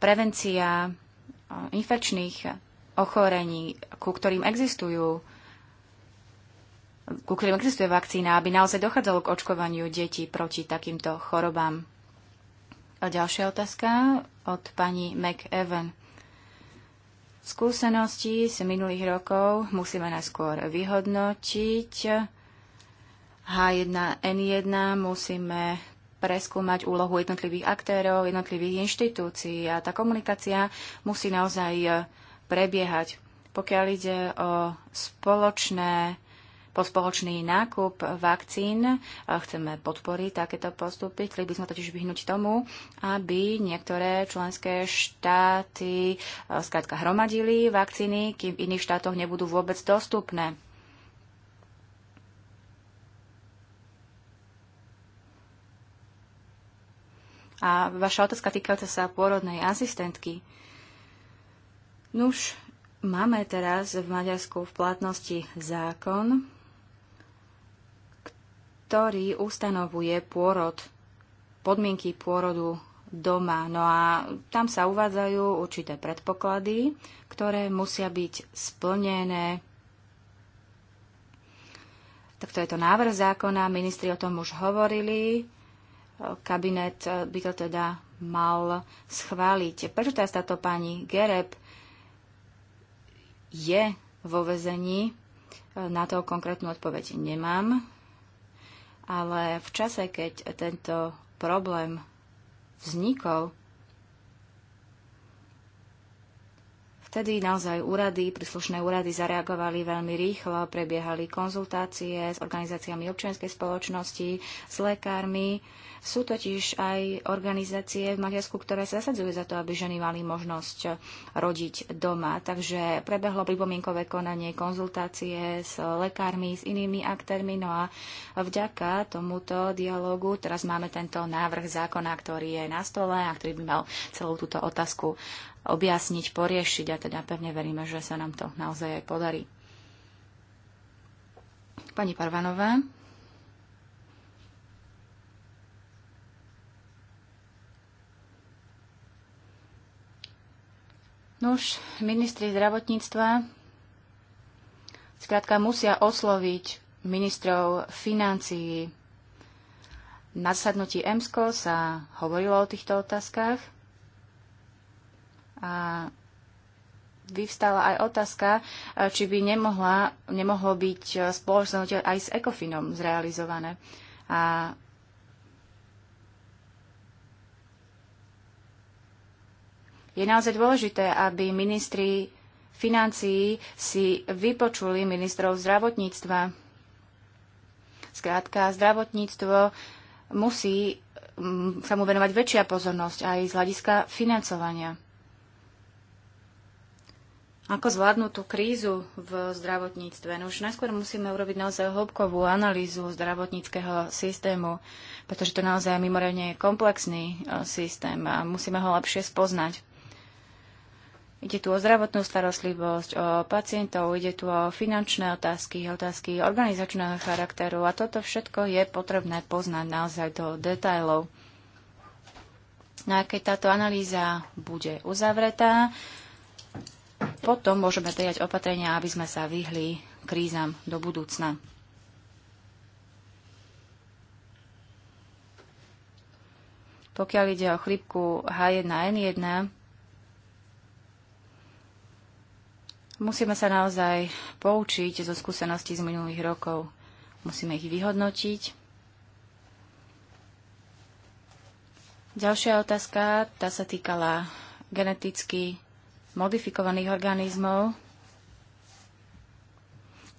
prevencia e, infekčných ochorení, ku ktorým existujú ku ktorým existuje vakcína, aby naozaj dochádzalo k očkovaniu detí proti takýmto chorobám. A ďalšia otázka od pani McEvan. Skúsenosti z minulých rokov musíme najskôr vyhodnotiť H1N1 musíme preskúmať úlohu jednotlivých aktérov, jednotlivých inštitúcií a tá komunikácia musí naozaj e, prebiehať. Pokiaľ ide o spoločné po spoločný nákup vakcín e, chceme podporiť takéto postupy. Chceli by sme totiž vyhnúť tomu, aby niektoré členské štáty e, skrátka hromadili vakcíny, kým v iných štátoch nebudú vôbec dostupné. A vaša otázka týkajúca sa pôrodnej asistentky. Nuž, máme teraz v Maďarsku v platnosti zákon, ktorý ustanovuje pôrod, podmienky pôrodu doma. No a tam sa uvádzajú určité predpoklady, ktoré musia byť splnené. Takto je to návrh zákona, ministri o tom už hovorili kabinet eh, by to teda mal schváliť. Prečo teraz táto pani Gereb je vo vezení? Eh, na to konkrétnu odpoveď nemám, ale v čase, keď tento problém vznikol, Vtedy naozaj úrady, príslušné úrady zareagovali veľmi rýchlo, prebiehali konzultácie s organizáciami občianskej spoločnosti, s lekármi. Sú totiž aj organizácie v Maďarsku, ktoré sa zasadzujú za to, aby ženy mali možnosť rodiť doma. Takže prebehlo pripomienkové konanie, konzultácie s lekármi, s inými aktérmi. No a vďaka tomuto dialogu teraz máme tento návrh zákona, ktorý je na stole a ktorý by mal celú túto otázku objasniť, poriešiť a teda pevne veríme, že sa nám to naozaj aj podarí. Pani Parvanová. Nuž, ministri zdravotníctva skrátka musia osloviť ministrov financií. Na zasadnutí EMSKO sa hovorilo o týchto otázkach. A vyvstala aj otázka, e, či by nemohla, nemohlo byť e, spoločnosť aj s ECOFINom zrealizované. A je naozaj dôležité, aby ministri financií si vypočuli ministrov zdravotníctva. Skrátka, zdravotníctvo musí sa mu venovať väčšia pozornosť aj z hľadiska financovania. Ako zvládnuť tú krízu v zdravotníctve? No už najskôr musíme urobiť naozaj hĺbkovú analýzu zdravotníckého systému, pretože to naozaj mimoriadne je komplexný e, systém a musíme ho lepšie spoznať. Ide tu o zdravotnú starostlivosť, o pacientov, ide tu o finančné otázky, otázky organizačného charakteru a toto všetko je potrebné poznať naozaj do detajlov. No a keď táto analýza bude uzavretá, potom môžeme prijať opatrenia, aby sme sa vyhli krízam do budúcna. Pokiaľ ide o chrypku H1N1, musíme sa naozaj poučiť zo skúseností z minulých rokov. Musíme ich vyhodnotiť. Ďalšia otázka, tá sa týkala geneticky modifikovaných organizmov.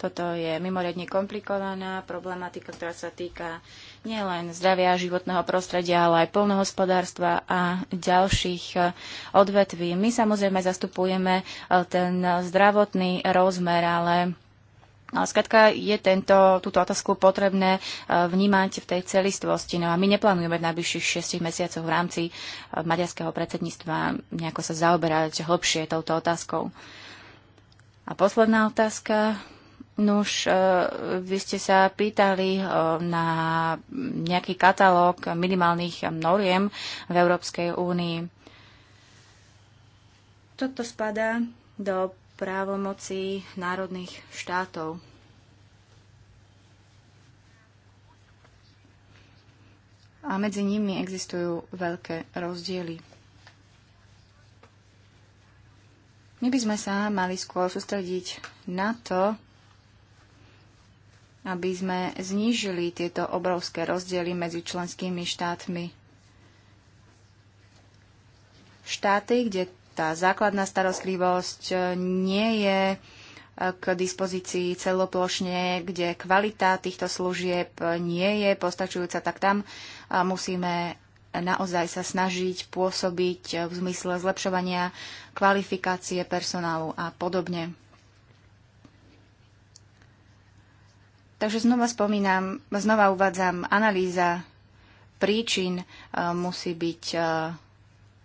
Toto je mimoriadne komplikovaná problematika, ktorá sa týka nielen zdravia životného prostredia, ale aj polnohospodárstva a ďalších eh, odvetví. My samozrejme zastupujeme eh, ten zdravotný rozmer, ale ale skratka je tento, túto otázku potrebné e, vnímať v tej celistvosti. No a my neplánujeme v najbližších 6 mesiacoch v rámci e, maďarského predsedníctva nejako sa zaoberať hlbšie touto otázkou. A posledná otázka. Nuž, e, vy ste sa pýtali na nejaký katalóg minimálnych noriem v Európskej únii. Toto spadá do právomoci národných štátov. A medzi nimi existujú veľké rozdiely. My by sme sa mali skôr sústrediť na to, aby sme znížili tieto obrovské rozdiely medzi členskými štátmi. Štáty, kde tá základná starostlivosť e, nie je e, k dispozícii celoplošne, kde kvalita týchto služieb nie je postačujúca, tak tam e, musíme naozaj sa snažiť pôsobiť v zmysle zlepšovania kvalifikácie personálu a podobne. Takže znova spomínam, znova uvádzam, analýza príčin musí byť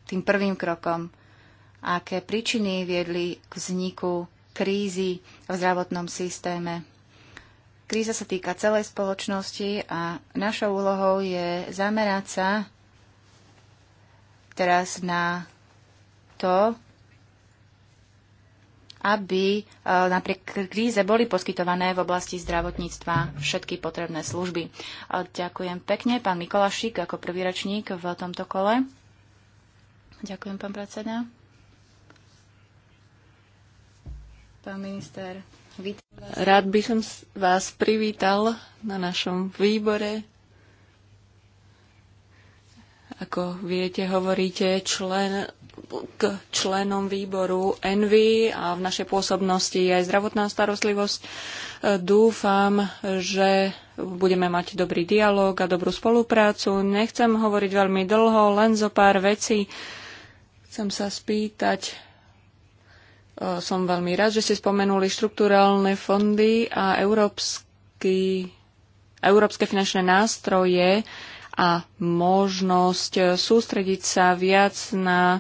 tým prvým krokom aké príčiny viedli k vzniku krízy v zdravotnom systéme. Kríza sa týka celej spoločnosti a našou úlohou je zamerať sa teraz na to, aby e, napriek kríze boli poskytované v oblasti zdravotníctva všetky potrebné služby. E, ďakujem pekne, pán Mikolašik, ako prvý ročník v tomto kole. Ďakujem, pán predseda. Pán minister, vítam vás. Rád by som vás privítal na našom výbore. Ako viete, hovoríte člen, k členom výboru Envy a v našej pôsobnosti je aj zdravotná starostlivosť. E, dúfam, že budeme mať dobrý dialog a dobrú spoluprácu. Nechcem hovoriť veľmi dlho, len zo pár vecí. Chcem sa spýtať, Eh, som veľmi rád, že ste spomenuli štruktúrálne fondy a európsky, európske finančné nástroje a možnosť eh, sústrediť sa viac na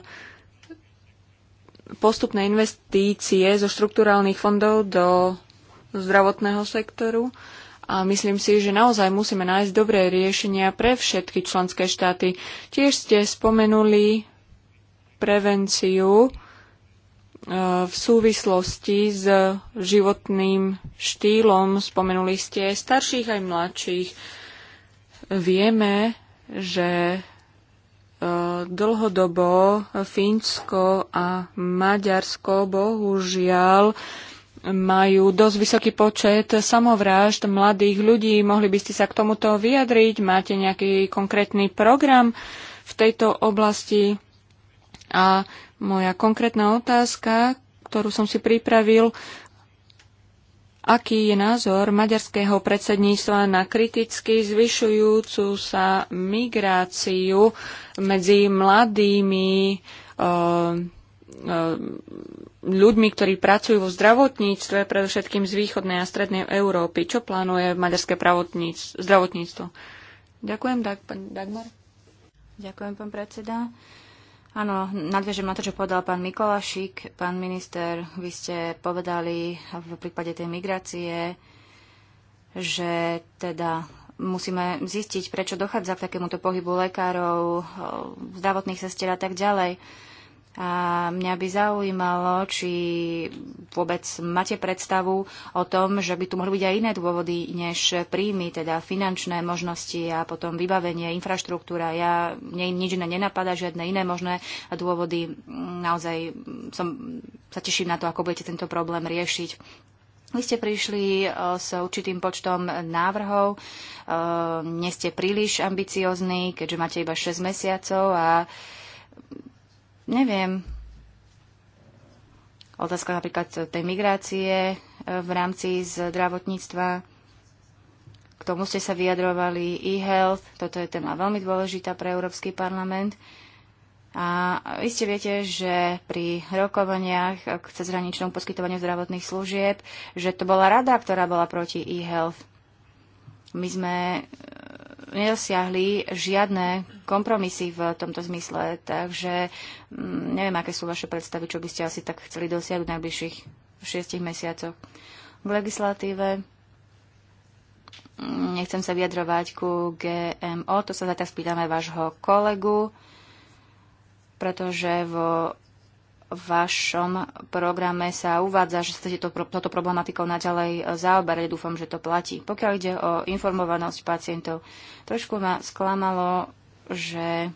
postupné investície zo štruktúrálnych fondov do zdravotného sektoru. A myslím si, že naozaj musíme nájsť dobré riešenia pre všetky členské štáty. Tiež ste spomenuli prevenciu v súvislosti s životným štýlom. Spomenuli ste starších aj mladších. Vieme, že e, dlhodobo Fínsko a Maďarsko bohužiaľ majú dosť vysoký počet samovrážd mladých ľudí. Mohli by ste sa k tomuto vyjadriť? Máte nejaký konkrétny program v tejto oblasti? A moja konkrétna otázka, ktorú som si pripravil, aký je názor maďarského predsedníctva na kriticky zvyšujúcu sa migráciu medzi mladými eh, eh, ľuďmi, ktorí pracujú vo zdravotníctve, predovšetkým z východnej a strednej Európy. Čo plánuje maďarské zdravotníctvo? Ďakujem, Dagmar. Ďakujem, pán predseda. Áno, nadviažem na to, čo povedal pán Mikolašik. Pán minister, vy ste povedali v prípade tej migrácie, že teda musíme zistiť, prečo dochádza k takémuto pohybu lekárov, eh, zdravotných sestier a tak ďalej. A mňa by zaujímalo, či vôbec máte predstavu o tom, že by tu mohli byť aj iné dôvody než príjmy, teda finančné možnosti a potom vybavenie, infraštruktúra. Ja mne nič iné nenapadá, žiadne iné možné dôvody. Naozaj som, sa teším na to, ako budete tento problém riešiť. Vy ste prišli e, s určitým počtom návrhov, e, nie ste príliš ambiciozní, keďže máte iba 6 mesiacov a Neviem. Otázka napríklad tej migrácie eh, v rámci zdravotníctva. K tomu ste sa vyjadrovali e-health. Toto je téma veľmi dôležitá pre Európsky parlament. A vy ste viete, že pri rokovaniach k cezhraničnom poskytovaniu zdravotných služieb, že to bola rada, ktorá bola proti e-health. My sme nedosiahli žiadne kompromisy v tomto zmysle, takže mm, neviem, aké sú vaše predstavy, čo by ste asi tak chceli dosiahnuť v najbližších šiestich mesiacoch. V legislatíve mm, nechcem sa vyjadrovať ku GMO, to sa zatiaľ spýtame vášho kolegu, pretože vo vašom programe sa uvádza, že ste to, toto problematikou naďalej eh, zaoberať. Dúfam, že to platí. Pokiaľ ide o informovanosť pacientov, trošku ma sklamalo, že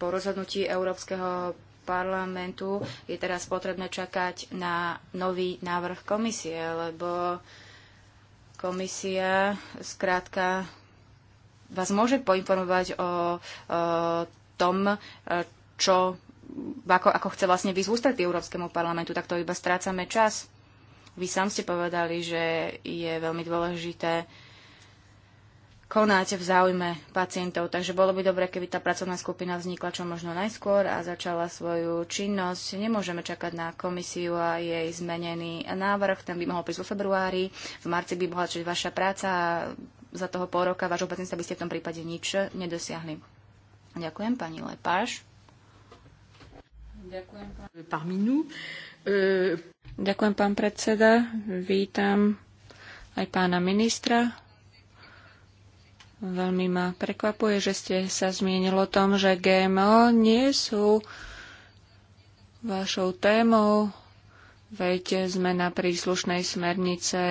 po rozhodnutí Európskeho parlamentu je teraz potrebné čakať na nový návrh komisie, lebo komisia zkrátka vás môže poinformovať o, o eh, tom, eh, čo ako, ako chce vlastne vyzústať Európskemu parlamentu, tak to iba strácame čas. Vy sám ste povedali, že je veľmi dôležité konať v záujme pacientov. Takže bolo by dobre, keby tá pracovná skupina vznikla čo možno najskôr a začala svoju činnosť. Nemôžeme čakať na komisiu a jej zmenený návrh. Ten by mohol prísť vo februári. V marci by mohla začať vaša práca a za toho pol roka vášho pacienta by ste v tom prípade nič nedosiahli. Ďakujem, pani Lepáš. Euh, Ďakujem, pán... predseda. Vítam aj pána ministra. Veľmi ma prekvapuje, že ste sa zmienili o tom, že GMO nie sú vašou témou, veď na príslušnej smernice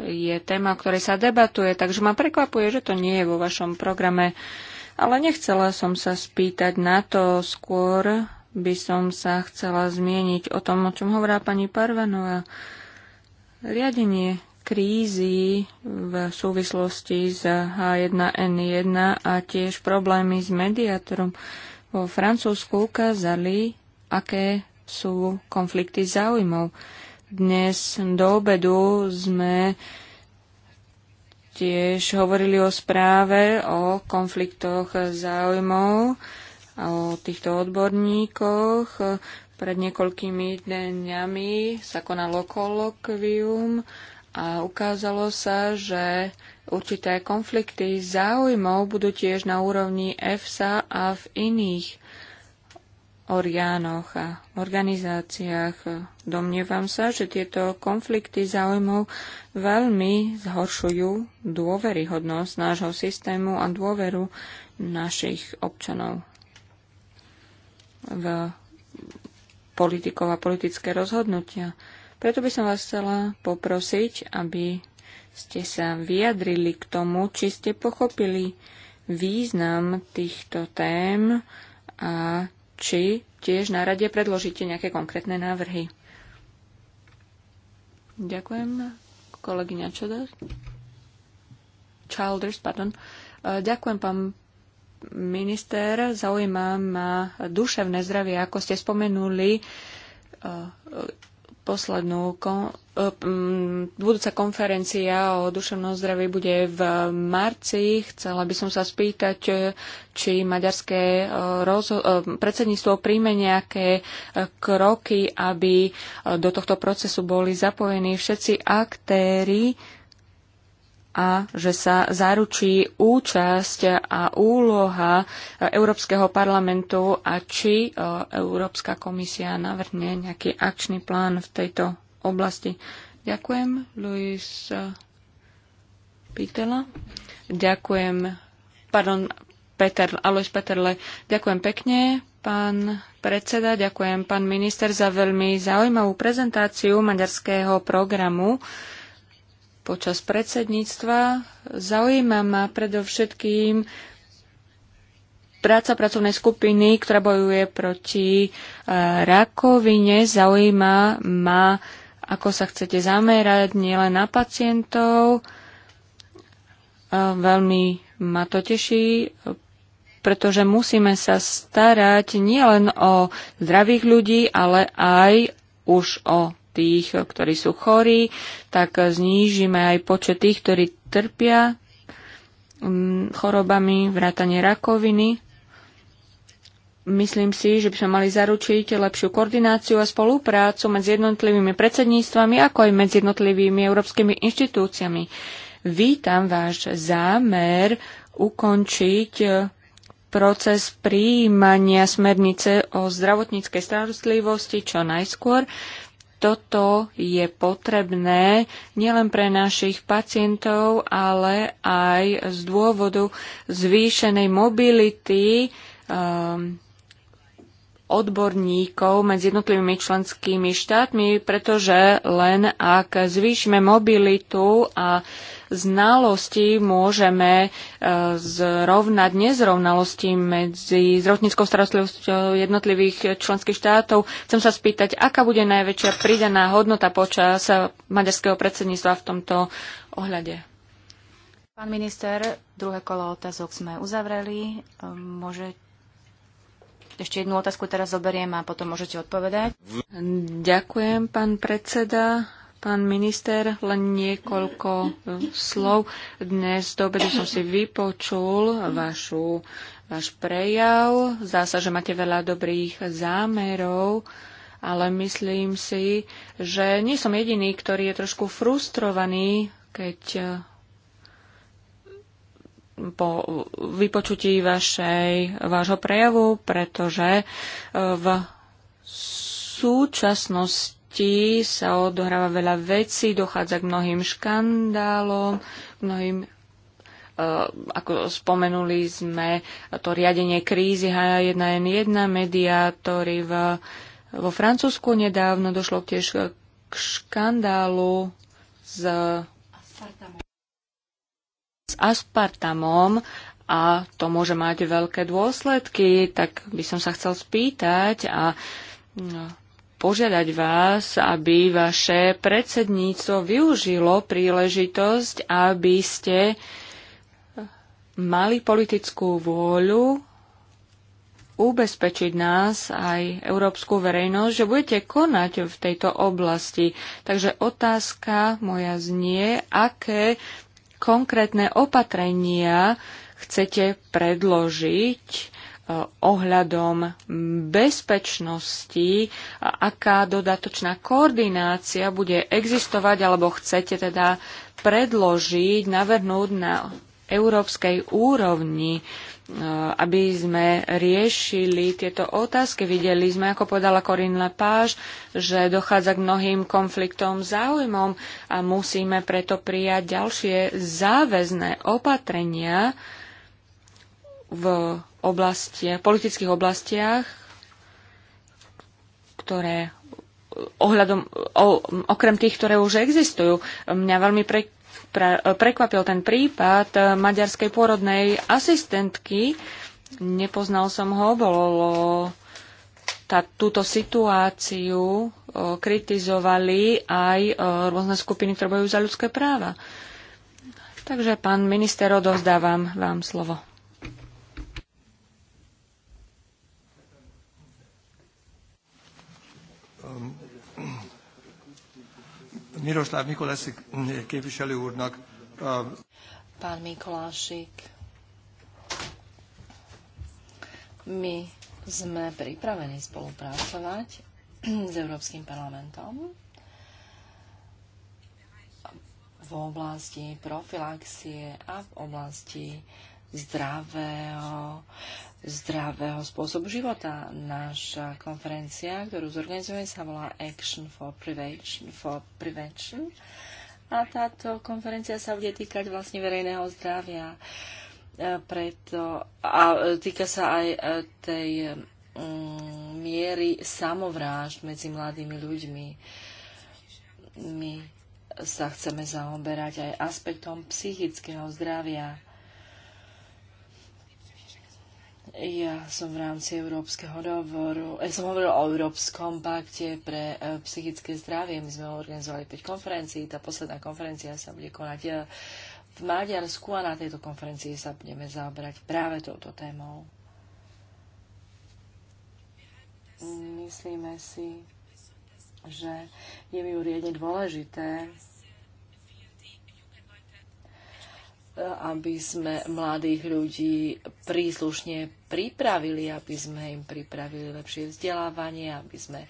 je téma, o ktorej sa debatuje, takže ma prekvapuje, že to nie je vo vašom programe. Ale nechcela som sa spýtať na to skôr, by som sa chcela zmieniť o tom, o čom hovorá pani Parvanová. Riadenie krízy v súvislosti s H1N1 a tiež problémy s mediátorom vo Francúzsku ukázali, aké sú konflikty záujmov. Dnes do obedu sme tiež hovorili o správe o konfliktoch záujmov o týchto odborníkoch. Pred niekoľkými dňami sa konalo kolokvium a ukázalo sa, že určité konflikty záujmov budú tiež na úrovni EFSA a v iných orgánoch a organizáciách. Domnievam sa, že tieto konflikty záujmov veľmi zhoršujú dôveryhodnosť nášho systému a dôveru našich občanov v politikov a politické rozhodnutia. Preto by som vás chcela poprosiť, aby ste sa vyjadrili k tomu, či ste pochopili význam týchto tém a či tiež na rade predložíte nejaké konkrétne návrhy. Ďakujem, kolegyňa Childers, pardon. Ďakujem, pán minister, zaujíma ma duševné zdravie. Ako ste spomenuli, e, poslednú kon, e, budúca konferencia o duševnom zdraví bude v marci. Chcela by som sa spýtať, e, či maďarské predsedníctvo príjme nejaké kroky, aby do tohto procesu boli zapojení všetci aktéry, a že sa zaručí účasť a úloha Európskeho parlamentu a či e, Európska komisia navrhne nejaký akčný plán v tejto oblasti. Ďakujem, Luis e, Pitela. Ďakujem, pardon, Peter, Alois Peterle. Ďakujem pekne, pán predseda, ďakujem pán minister za veľmi zaujímavú prezentáciu maďarského programu. Uh, počas predsedníctva. Zaujíma ma predovšetkým práca pracovnej skupiny, ktorá bojuje proti eh, rakovine. Zaujíma ma, ako sa chcete zamerať nielen na pacientov. Veľmi ma to teší, pretože musíme sa starať nielen o zdravých ľudí, ale aj už o tých, ktorí sú chorí, tak znížime aj počet tých, ktorí trpia mm, chorobami, vrátane rakoviny. Myslím si, že by sme mali zaručiť lepšiu koordináciu a spoluprácu medzi jednotlivými predsedníctvami, ako aj medzi jednotlivými európskymi inštitúciami. Vítam váš zámer ukončiť e, proces príjmania smernice o zdravotníckej starostlivosti čo najskôr toto je potrebné nielen pre našich pacientov, ale aj z dôvodu zvýšenej mobility um, odborníkov medzi jednotlivými členskými štátmi, pretože len ak zvýšime mobilitu a uh, znalosti môžeme e, zrovnať nezrovnalosti medzi zdravotníckou starostlivosťou jednotlivých členských štátov. Chcem sa spýtať, aká bude najväčšia pridaná hodnota počas maďarského predsedníctva v tomto ohľade? Pán minister, druhé kolo otázok sme uzavreli. E, môže ešte jednu otázku teraz zoberiem a potom môžete odpovedať. Ďakujem, pán predseda. Pán minister, len niekoľko e, slov. Dnes do obedu som si vypočul vašu, váš prejav. Zdá sa, že máte veľa dobrých zámerov, ale myslím si, že nie som jediný, ktorý je trošku frustrovaný, keď e, po vypočutí vašej, vášho prejavu, pretože e, v súčasnosti spoločnosti sa odohráva veľa vecí, dochádza k mnohým škandálom, mnohým e, ako spomenuli sme to riadenie krízy H1N1, mediátory v, vo Francúzsku nedávno došlo tiež k škandálu s, s aspartamom a to môže mať veľké dôsledky, tak by som sa chcel spýtať a no, požiadať vás, aby vaše predsedníctvo využilo príležitosť, aby ste mali politickú vôľu ubezpečiť nás aj európsku verejnosť, že budete konať v tejto oblasti. Takže otázka moja znie, aké konkrétne opatrenia chcete predložiť ohľadom bezpečnosti, aká dodatočná koordinácia bude existovať, alebo chcete teda predložiť, navrhnúť na európskej úrovni, e, aby sme riešili tieto otázky. Videli sme, ako povedala Corinne Lepage, že dochádza k mnohým konfliktom záujmom a musíme preto prijať ďalšie záväzné opatrenia v oblastiach, politických oblastiach, ktoré ohľadom, o, okrem tých, ktoré už existujú. Mňa veľmi pre, pre, prekvapil ten prípad eh, maďarskej pôrodnej asistentky. Nepoznal som ho, bolo tá, túto situáciu o, eh, kritizovali aj o, eh, rôzne skupiny, ktoré bojujú za ľudské práva. Takže, pán minister, odovzdávam vám slovo. Miroslav Mikolászik mm, képviselő úrnak. Pán Mikolásik, my sme pripravení spolupracovať s Európskym parlamentom v oblasti profilaxie a v oblasti zdravého, zdravého spôsobu života. Naša konferencia, ktorú zorganizujeme, sa volá Action for Prevention, for Prevention a táto konferencia sa bude týkať vlastne verejného zdravia. E, preto, a e, týka sa aj e, tej mm, miery samovrážd medzi mladými ľuďmi. My sa chceme zaoberať aj aspektom psychického zdravia Ja som v rámci Európskeho dohovoru, ja som hovoril o Európskom pakte pre e, psychické zdravie. My sme organizovali 5 konferencií. Tá posledná konferencia sa bude konať e, v Maďarsku a na tejto konferencii sa budeme zaoberať práve touto témou. Myslíme si, že je mi mimoriadne dôležité aby sme mladých ľudí príslušne pripravili, aby sme im pripravili lepšie vzdelávanie, aby sme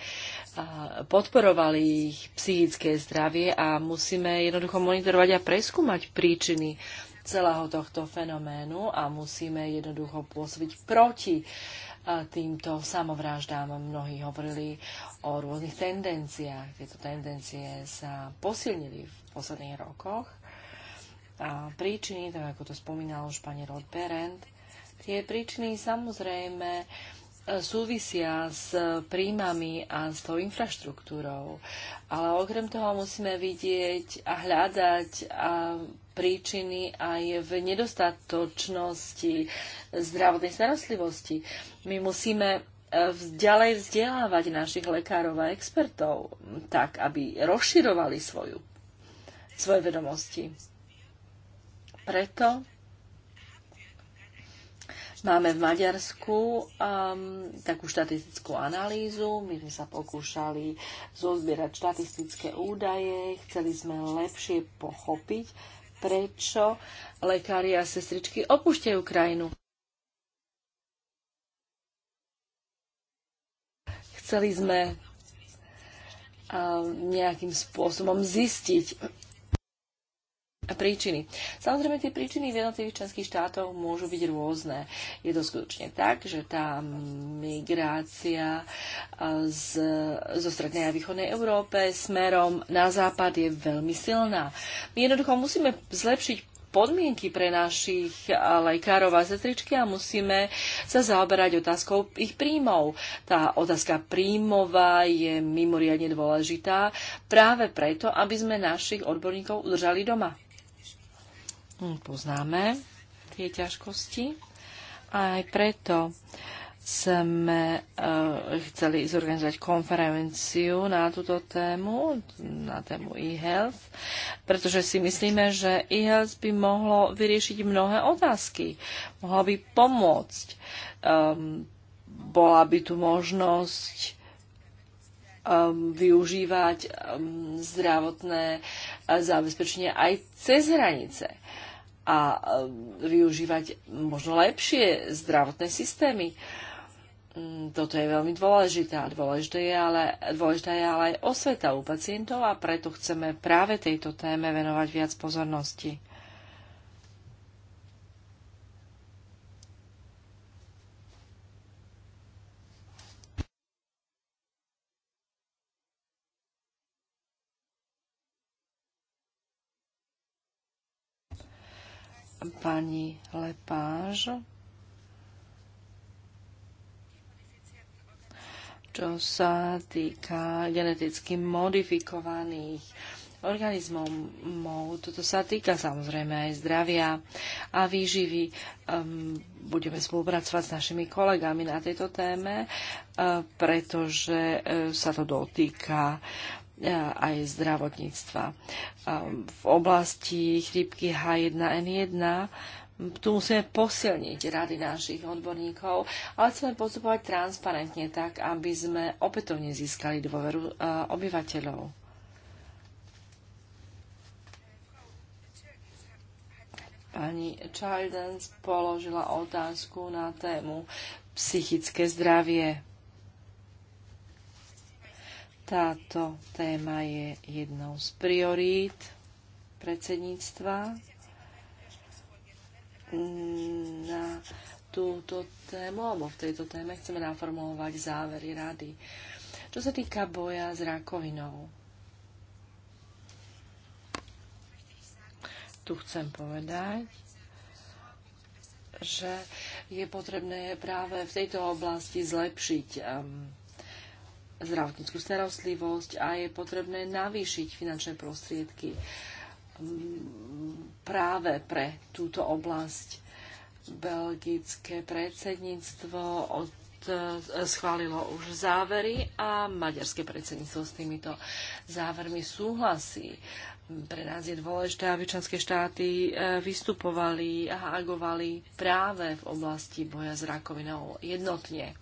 podporovali ich psychické zdravie a musíme jednoducho monitorovať a preskúmať príčiny celého tohto fenoménu a musíme jednoducho pôsobiť proti týmto samovraždám. Mnohí hovorili o rôznych tendenciách. Tieto tendencie sa posilnili v posledných rokoch príčiny, tak ako to spomínal už pani Rod Berend. Tie príčiny samozrejme e, súvisia s príjmami a s tou infraštruktúrou. Ale okrem toho musíme vidieť a hľadať a príčiny aj v nedostatočnosti zdravotnej starostlivosti. My musíme e, ďalej vzdelávať našich lekárov a expertov tak, aby rozširovali svoju, svoje vedomosti preto máme v Maďarsku um, takú štatistickú analýzu. My sme sa pokúšali zozbierať štatistické údaje, chceli sme lepšie pochopiť, prečo lekári a sestričky opúšťajú krajinu. Chceli sme um, nejakým spôsobom zistiť, príčiny. Samozrejme, tie príčiny v jednotlivých členských štátoch môžu byť rôzne. Je to skutočne tak, že tá migrácia z, zo strednej a východnej Európe smerom na západ je veľmi silná. My jednoducho musíme zlepšiť podmienky pre našich lekárov a sestričky a musíme sa zaoberať otázkou ich príjmov. Tá otázka príjmová je mimoriadne dôležitá práve preto, aby sme našich odborníkov udržali doma. Hm, poznáme tie ťažkosti. A aj preto sme uh, chceli zorganizovať konferenciu na túto tému, na tému e-health, pretože si myslíme, že e-health by mohlo vyriešiť mnohé otázky, mohlo by pomôcť. Um, bola by tu možnosť um, využívať um, zdravotné eh, zabezpečenie aj cez hranice a využívať možno lepšie zdravotné systémy. Mm, toto je veľmi dôležité a dôležité je ale, dôležité je ale aj osveta u pacientov a preto chceme práve tejto téme venovať viac pozornosti. pani Lepáž. Čo sa týka geneticky modifikovaných organizmov, toto sa týka samozrejme aj zdravia a výživy. Ehm, budeme spolupracovať s našimi kolegami na tejto téme, eh, pretože eh, sa to dotýka aj zdravotníctva. V oblasti chrípky H1N1 tu musíme posilniť rady našich odborníkov, ale chceme postupovať transparentne tak, aby sme opätovne získali dôveru obyvateľov. Pani Childens položila otázku na tému psychické zdravie. Táto téma je jednou z priorít predsedníctva. Na túto tému, alebo v tejto téme chceme naformulovať závery rady. Čo sa týka boja s rakovinou, tu chcem povedať, že je potrebné práve v tejto oblasti zlepšiť um, zdravotnickú starostlivosť a je potrebné navýšiť finančné prostriedky mm, práve pre túto oblasť. Belgické predsedníctvo od e, schválilo už závery a maďarské predsedníctvo s týmito závermi súhlasí. Pre nás je dôležité, aby členské štáty e, vystupovali a agovali práve v oblasti boja s rakovinou jednotne.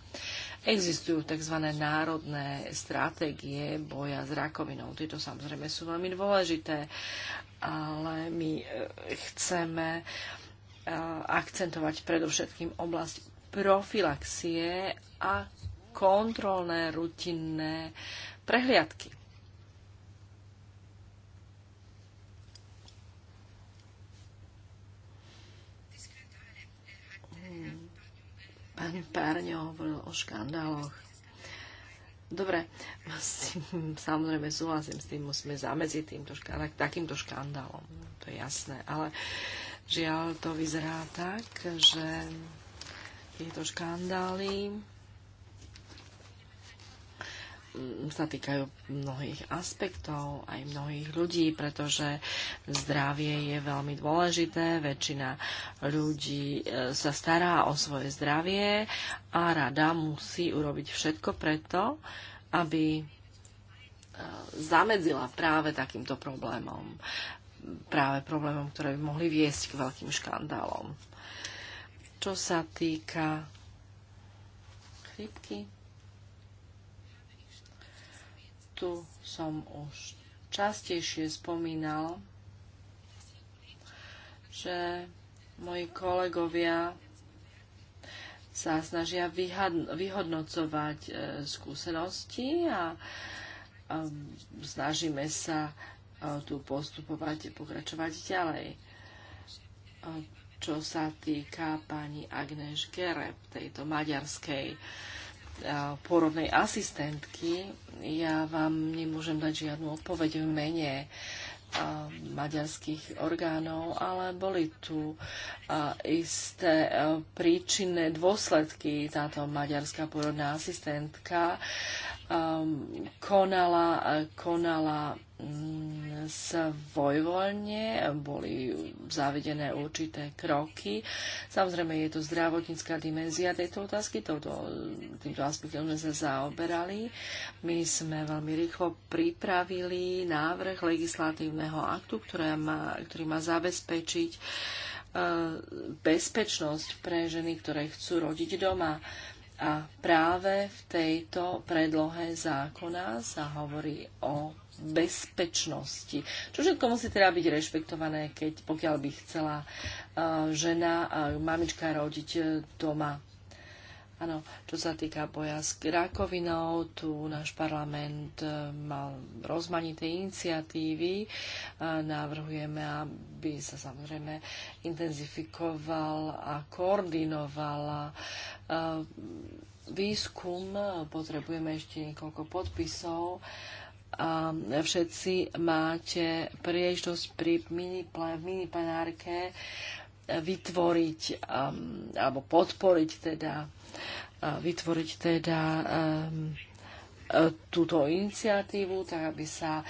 Existujú tzv. národné stratégie boja s rakovinou. Tieto samozrejme sú veľmi dôležité, ale my e, chceme e, akcentovať predovšetkým oblasť profilaxie a kontrolné rutinné prehliadky. Pán Párňo hovoril o škandáloch. Dobre, samozrejme súhlasím s tým, musíme zamedziť týmto škandál, takýmto škandálom, to je jasné, ale žiaľ to vyzerá tak, že tieto škandály sa týkajú mnohých aspektov, aj mnohých ľudí, pretože zdravie je veľmi dôležité. Väčšina ľudí e, sa stará o svoje zdravie a rada musí urobiť všetko preto, aby e, zamedzila práve takýmto problémom. Práve problémom, ktoré by mohli viesť k veľkým škandálom. Čo sa týka chrypky, tu som už častejšie spomínal, že moji kolegovia sa snažia vyhodnocovať e, skúsenosti a um, snažíme sa e, tu postupovať a pokračovať ďalej. E, čo sa týka pani Agnes Gereb, tejto maďarskej pôrodnej asistentky. Ja vám nemôžem dať žiadnu odpoveď v mene maďarských orgánov, ale boli tu isté e, príčinné dôsledky. Táto maďarská porodná asistentka konala, konala vojvolne boli zavedené určité kroky. Samozrejme je to zdravotnícká dimenzia tejto otázky, touto, týmto aspektom sme sa zaoberali. My sme veľmi rýchlo pripravili návrh legislatívneho aktu, ktorý má, ktorý má zabezpečiť e, bezpečnosť pre ženy, ktoré chcú rodiť doma. A práve v tejto predlohe zákona sa hovorí o bezpečnosti. Čo všetko musí teda byť rešpektované, keď pokiaľ by chcela uh, žena, mamička rodiť uh, doma. Áno, čo sa týka boja s rakovinou, tu náš parlament uh, mal rozmanité iniciatívy. Navrhujeme, aby sa samozrejme intenzifikoval a koordinovala výskum. Potrebujeme ešte niekoľko podpisov a všetci máte príležitosť pri mini, mini plenárke vytvoriť um, alebo podporiť teda uh, vytvoriť teda um, e, túto iniciatívu, tak aby sa uh,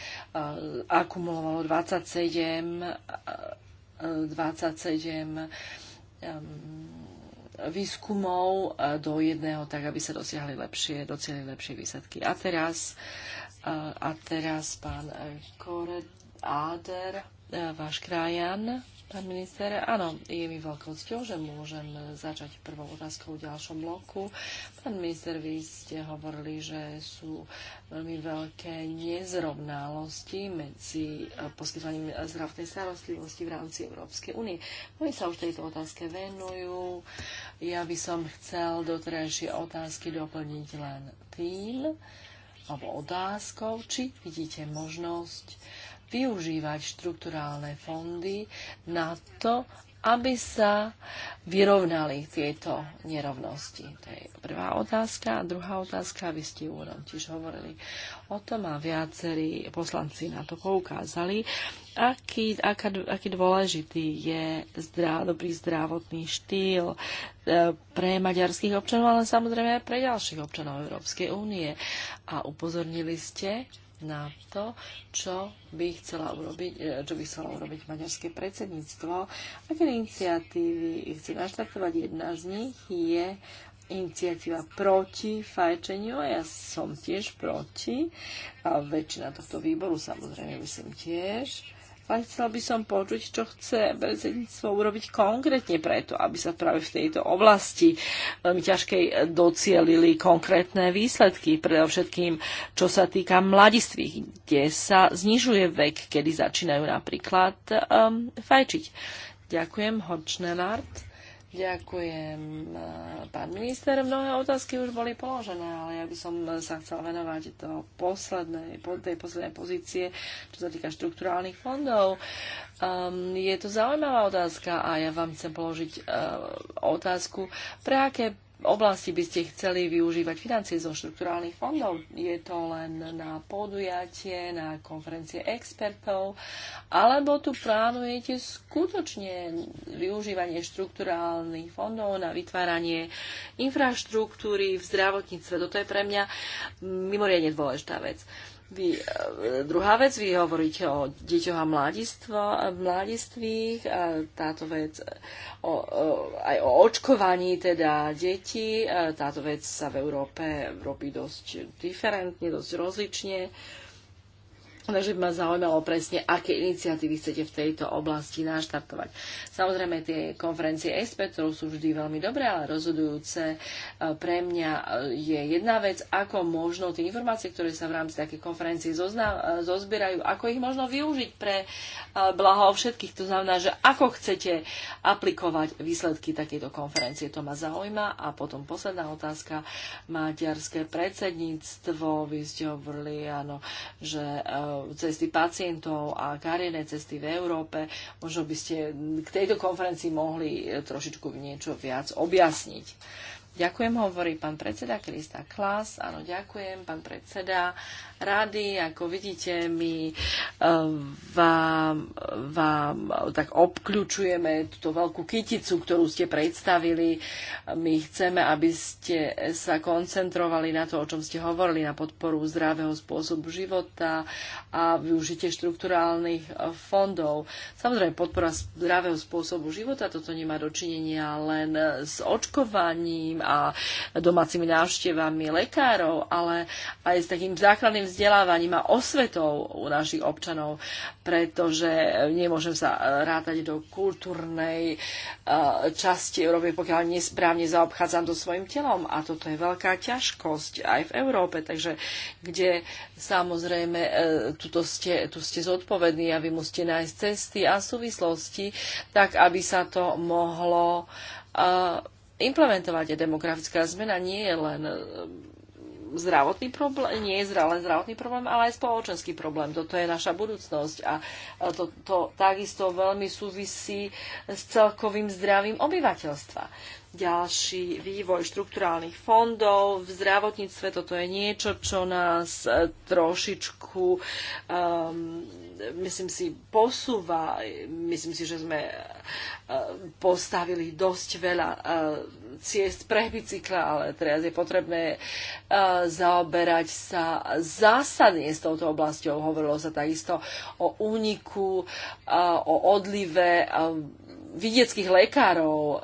akumulovalo 27, uh, 27 um, výskumov e, do jedného, tak aby sa dosiahli lepšie, dosiahli lepšie výsledky. A teraz a teraz pán e, Áder, e, váš krajan, pán minister. Áno, je mi veľkou cťou, že môžem e, začať prvou otázkou v ďalšom bloku. Pán minister, vy ste hovorili, že sú veľmi veľké nezrovnalosti medzi poskytovaním zdravotnej starostlivosti v rámci Európskej únie. Oni sa už tejto otázke venujú. Ja by som chcel doterajšie otázky doplniť len tým, alebo otázkou, či vidíte možnosť využívať štrukturálne fondy na to, aby sa vyrovnali tieto nerovnosti. To je prvá otázka. A druhá otázka, vy ste úvodom tiež hovorili o tom a viacerí poslanci na to poukázali, aký, aká, aký dôležitý je zdrá, dobrý zdravotný štýl e, pre maďarských občanov, ale samozrejme aj pre ďalších občanov Európskej únie. A upozornili ste, na to, čo by chcela urobiť, e, čo by chcela urobiť maďarské predsedníctvo. Aké iniciatívy chce naštartovať? Jedna z nich je iniciatíva proti fajčeniu ja som tiež proti. A väčšina tohto výboru samozrejme myslím tiež ale chcel by som počuť, čo chce predsedníctvo urobiť konkrétne preto, aby sa práve v tejto oblasti eh, veľmi ťažkej eh, docielili konkrétne výsledky, predovšetkým čo sa týka mladistvých, kde sa znižuje vek, kedy začínajú napríklad um, fajčiť. Ďakujem, Horčnenard. Ďakujem, eh, pán minister. Mnohé otázky už boli položené, ale ja by som sa chcel venovať do poslednej, tej poslednej pozície, čo sa týka štruktúrálnych fondov. Um, je to zaujímavá otázka a ja vám chcem položiť uh, otázku, pre aké oblasti by ste chceli využívať financie zo štrukturálnych fondov. Je to len na podujatie, na konferencie expertov, alebo tu plánujete skutočne využívanie štrukturálnych fondov na vytváranie infraštruktúry v zdravotníctve. Toto je pre mňa mimoriadne dôležitá vec. Uh, vy, e, druhá vec, vy hovoríte o deťoch a e, mladistvých, a táto vec e, o, o, aj o očkovaní teda detí, táto vec sa v Európe robí dosť diferentne, dosť rozlične. Uh, Takže by ma zaujímalo presne, aké iniciatívy chcete v tejto oblasti naštartovať. Samozrejme, tie konferencie ktorú sú vždy veľmi dobré, ale rozhodujúce e, pre mňa e, je jedna vec, ako možno tie informácie, ktoré sa v rámci takej konferencie zozna, e, zozbierajú, ako ich možno využiť pre blaho všetkých. To znamená, že ako chcete aplikovať výsledky takejto konferencie. To ma zaujíma. A potom posledná otázka. Maďarské predsedníctvo, vy ste hovorili, áno, že cesty pacientov a kariérne cesty v Európe. Možno by ste k tejto konferencii mohli trošičku niečo viac objasniť. Ďakujem, hovorí pán predseda Krista Klas. Áno, ďakujem, pán predseda rady. Ako vidíte, my eh, vám, vám tak obkľúčujeme túto veľkú kyticu, ktorú ste predstavili. My chceme, aby ste sa koncentrovali na to, o čom ste hovorili, na podporu zdravého spôsobu života a využite štrukturálnych eh, fondov. Samozrejme, podpora zdravého spôsobu života, toto nemá dočinenia len s očkovaním, a domácimi návštevami lekárov, ale aj s takým základným vzdelávaním a osvetou u našich občanov, pretože nemôžem sa rátať do kultúrnej e, časti Európy, pokiaľ nesprávne zaobchádzam so svojim telom. A toto je veľká ťažkosť aj v Európe, takže kde samozrejme e, tuto ste, tu ste zodpovední a vy musíte nájsť cesty a súvislosti, tak aby sa to mohlo e, implementovať. je demografická zmena nie je len e, zdravotný problém, nie je len zdravotný problém, ale aj spoločenský problém. Toto je naša budúcnosť a e, to, to takisto veľmi súvisí s celkovým zdravím obyvateľstva ďalší vývoj štrukturálnych fondov v zdravotníctve. Toto je niečo, čo nás e, trošičku, um, myslím si, posúva. Myslím si, že sme e, postavili dosť veľa uh, ciest pre bicykla, ale teraz je potrebné uh, zaoberať sa zásadne s touto oblasťou. Hovorilo sa takisto o úniku, uh, o odlive vidieckých lekárov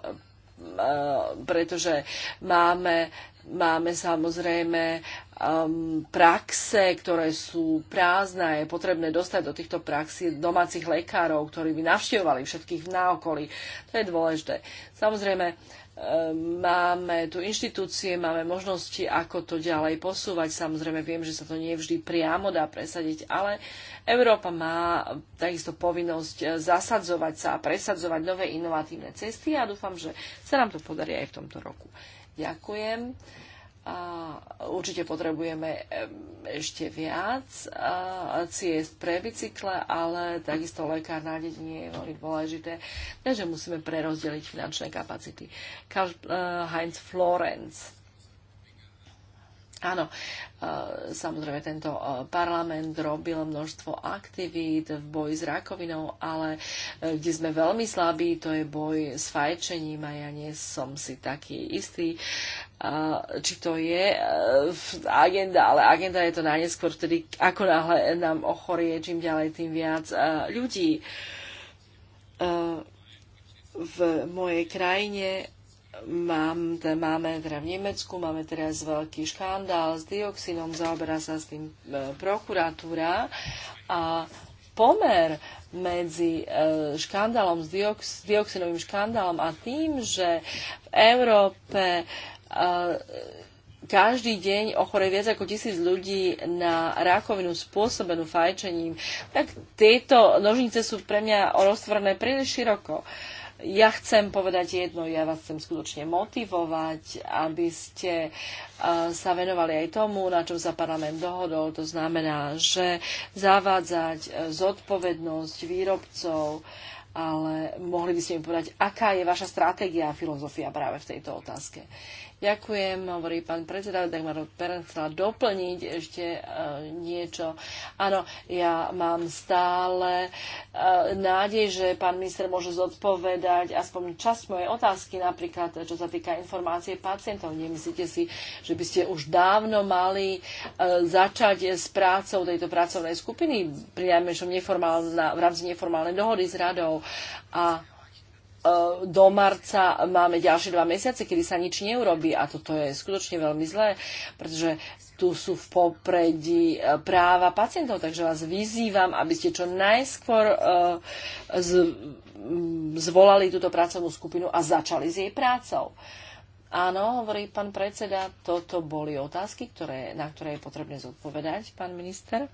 Eh, pretože máme, máme samozrejme ehm, praxe, ktoré sú prázdne. Je potrebné dostať do týchto praxí domácich lekárov, ktorí by navštevovali všetkých v náokolí. To je dôležité. Samozrejme, máme tu inštitúcie, máme možnosti, ako to ďalej posúvať. Samozrejme, viem, že sa to nie vždy priamo dá presadiť, ale Európa má takisto povinnosť zasadzovať sa a presadzovať nové inovatívne cesty a dúfam, že sa nám to podarí aj v tomto roku. Ďakujem a určite potrebujeme ešte viac ciest pre bicykle, ale takisto lekár na dedine je veľmi dôležité, takže musíme prerozdeliť finančné kapacity. E, Heinz Florenz Áno, e, samozrejme tento e, parlament robil množstvo aktivít v boji s rakovinou, ale e, kde sme veľmi slabí, to je boj s fajčením a ja nie som si taký istý, či to je agenda, ale agenda je to najneskôr vtedy, ako náhle nám ochorie čím ďalej, tým viac ľudí. V mojej krajine Mám, máme teda v Nemecku, máme teraz veľký škandál s dioxinom, zaoberá sa s tým e, prokuratúra a pomer medzi e, škandálom s diox, dioxinovým škandálom a tým, že v Európe e, každý deň ochore viac ako tisíc ľudí na rakovinu spôsobenú fajčením, tak tieto nožnice sú pre mňa roztvorené príliš široko. E, ja chcem povedať jedno, ja vás chcem skutočne motivovať, aby ste e, sa venovali aj tomu, na čom sa parlament dohodol. To znamená, že zavádzať e, zodpovednosť výrobcov, ale mohli by ste mi povedať, aká je vaša stratégia a filozofia práve v tejto otázke. Ďakujem, hovorí pán predseda, tak ma chcela doplniť ešte e, niečo. Áno, ja mám stále e, nádej, že pán minister môže zodpovedať aspoň časť mojej otázky, napríklad čo sa týka informácie pacientov. Nemyslíte si, že by ste už dávno mali e, začať s prácou tejto pracovnej skupiny, pri najmenšom v rámci neformálnej dohody s radou a E, do marca máme ďalšie dva mesiace, kedy sa nič neurobí a toto je skutočne veľmi zlé, pretože tu sú v popredí e, práva pacientov, takže vás vyzývam, aby ste čo najskôr e, zvolali túto pracovnú skupinu a začali s jej prácou. Áno, hovorí pán predseda, toto boli otázky, ktoré, na ktoré je potrebné zodpovedať, pán minister.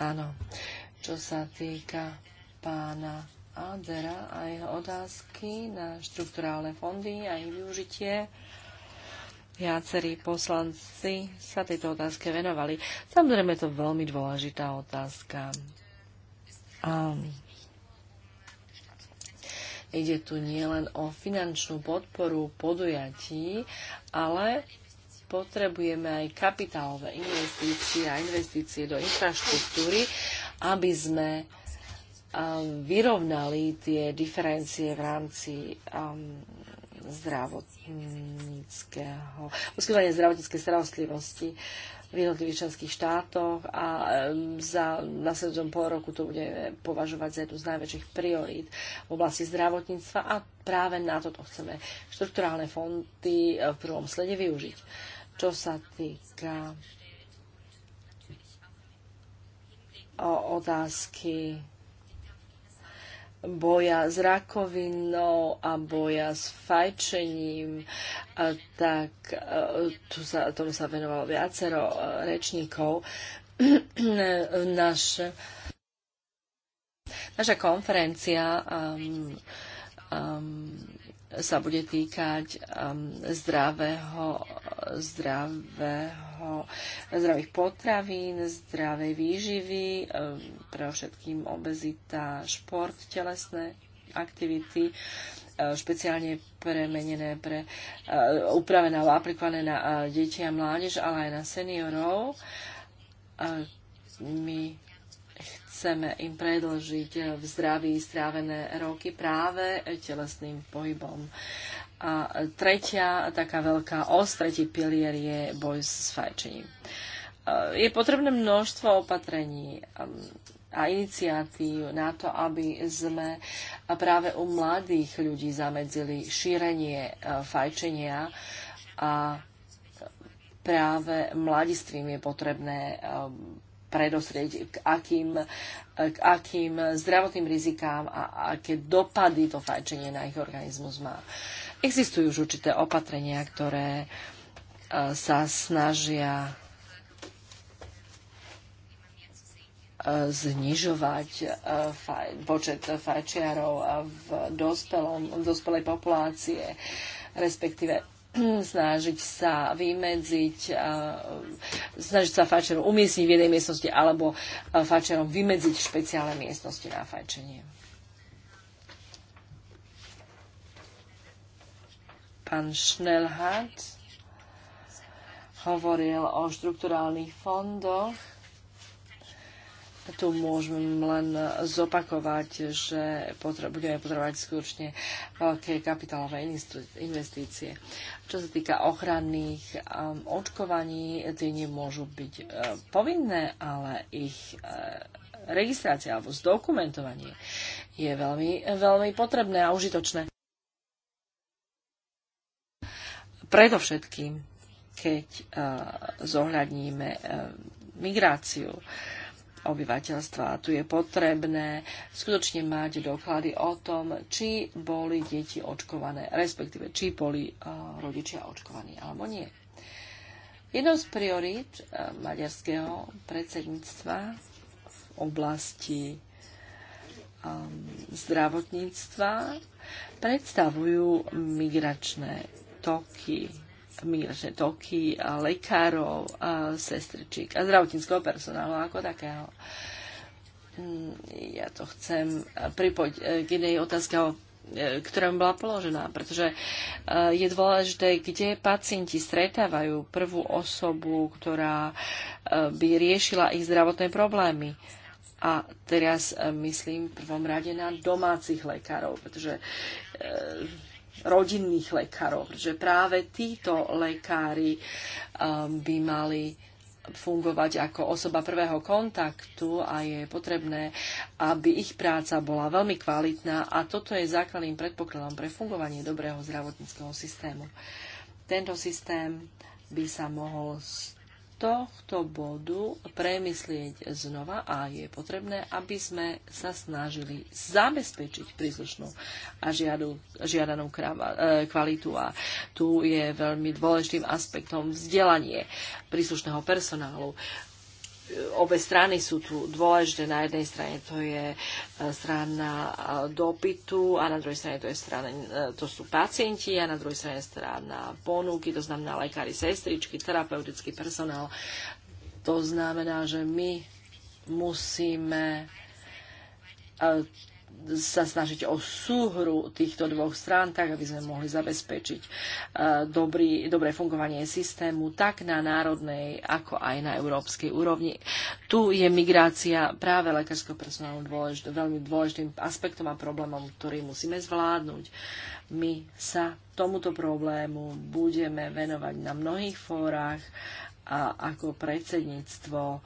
Áno. Čo sa týka pána Adera a jeho otázky na štruktúrálne fondy a ich využitie, viacerí poslanci sa tejto otázke venovali. Samozrejme, je to veľmi dôležitá otázka. A ide tu nielen o finančnú podporu podujatí, ale potrebujeme aj kapitálové investície a investície do infraštruktúry, aby sme vyrovnali tie diferencie v rámci um, zdravotníckého, poskytovania zdravotníckej starostlivosti v jednotlivých členských štátoch a za následujúcom pol roku to budeme považovať za jednu z najväčších priorít v oblasti zdravotníctva a práve na toto chceme štrukturálne fondy e, v prvom slede využiť čo sa týka o otázky boja s rakovinou a boja s fajčením, a e, tak e, tu sa, tomu sa venovalo viacero e, rečníkov. Naš, naša konferencia um, um, sa bude týkať um, zdravého, zdravého, zdravých potravín, zdravej výživy, um, pre všetkým obezita, šport, telesné aktivity, uh, špeciálne premenené, pre, uh, upravené alebo aplikované na uh, deti a mládež, ale aj na seniorov. Uh, my chceme im predlžiť v zdraví strávené roky práve telesným pohybom. A tretia taká veľká os, tretí pilier je boj s fajčením. Je potrebné množstvo opatrení um, a iniciatív na to, aby sme práve u mladých ľudí zamedzili šírenie uh, fajčenia a práve mladistvím je potrebné um, predostrieť, k akým, k akým zdravotným rizikám a aké dopady to fajčenie na ich organizmus má. Existujú už určité opatrenia, ktoré e, sa snažia e, znižovať e, počet fajčiarov v, dospelom, v dospelej populácie, respektíve snažiť sa vymedziť, snažiť sa fajčerom umiestniť v jednej miestnosti alebo fajčerom vymedziť špeciálne miestnosti na fajčenie. Pán Schnellhardt hovoril o štrukturálnych fondoch tu môžem len zopakovať, že potre- budeme potrebovať skutočne veľké kapitálové investície. Čo sa týka ochranných um, očkovaní, tie nemôžu byť uh, povinné, ale ich uh, registrácia alebo zdokumentovanie je veľmi, veľmi potrebné a užitočné. Predovšetkým, keď uh, zohľadníme uh, migráciu, uh, obyvateľstva. A tu je potrebné skutočne mať doklady o tom, či boli deti očkované, respektíve či boli eh, rodičia očkovaní alebo nie. Jednou z priorít eh, maďarského predsedníctva v oblasti ehm, zdravotníctva predstavujú migračné toky migračné toky lekárov, a sestričík a zdravotníckého personálu ako takého. Mm, ja to chcem pripojiť eh, k inej otázke eh, ktorá mi bola položená, pretože eh, je dôležité, kde pacienti stretávajú prvú osobu, ktorá by riešila ich zdravotné problémy. A teraz myslím v prvom rade na domácich lekárov, pretože rodinných lekárov, že práve títo lekári um, by mali fungovať ako osoba prvého kontaktu a je potrebné, aby ich práca bola veľmi kvalitná a toto je základným predpokladom pre fungovanie dobrého zdravotníckého systému. Tento systém by sa mohol tohto bodu premyslieť znova a je potrebné, aby sme sa snažili zabezpečiť príslušnú a žiadu, žiadanú e, kvalitu. A tu je veľmi dôležitým aspektom vzdelanie príslušného personálu obe strany sú tu dôležité. Na jednej strane to je e, strana e, dopytu a na druhej strane to, je strana, e, to sú pacienti a na druhej strane strana ponúky, to znamená lekári, sestričky, terapeutický personál. To znamená, že my musíme sa snažiť o súhru týchto dvoch strán, tak aby sme mohli zabezpečiť e, dobrý, dobré fungovanie systému tak na národnej, ako aj na európskej úrovni. Tu je migrácia práve lekárskeho personálu dôležit, veľmi dôležitým aspektom a problémom, ktorý musíme zvládnuť. My sa tomuto problému budeme venovať na mnohých fórach a ako predsedníctvo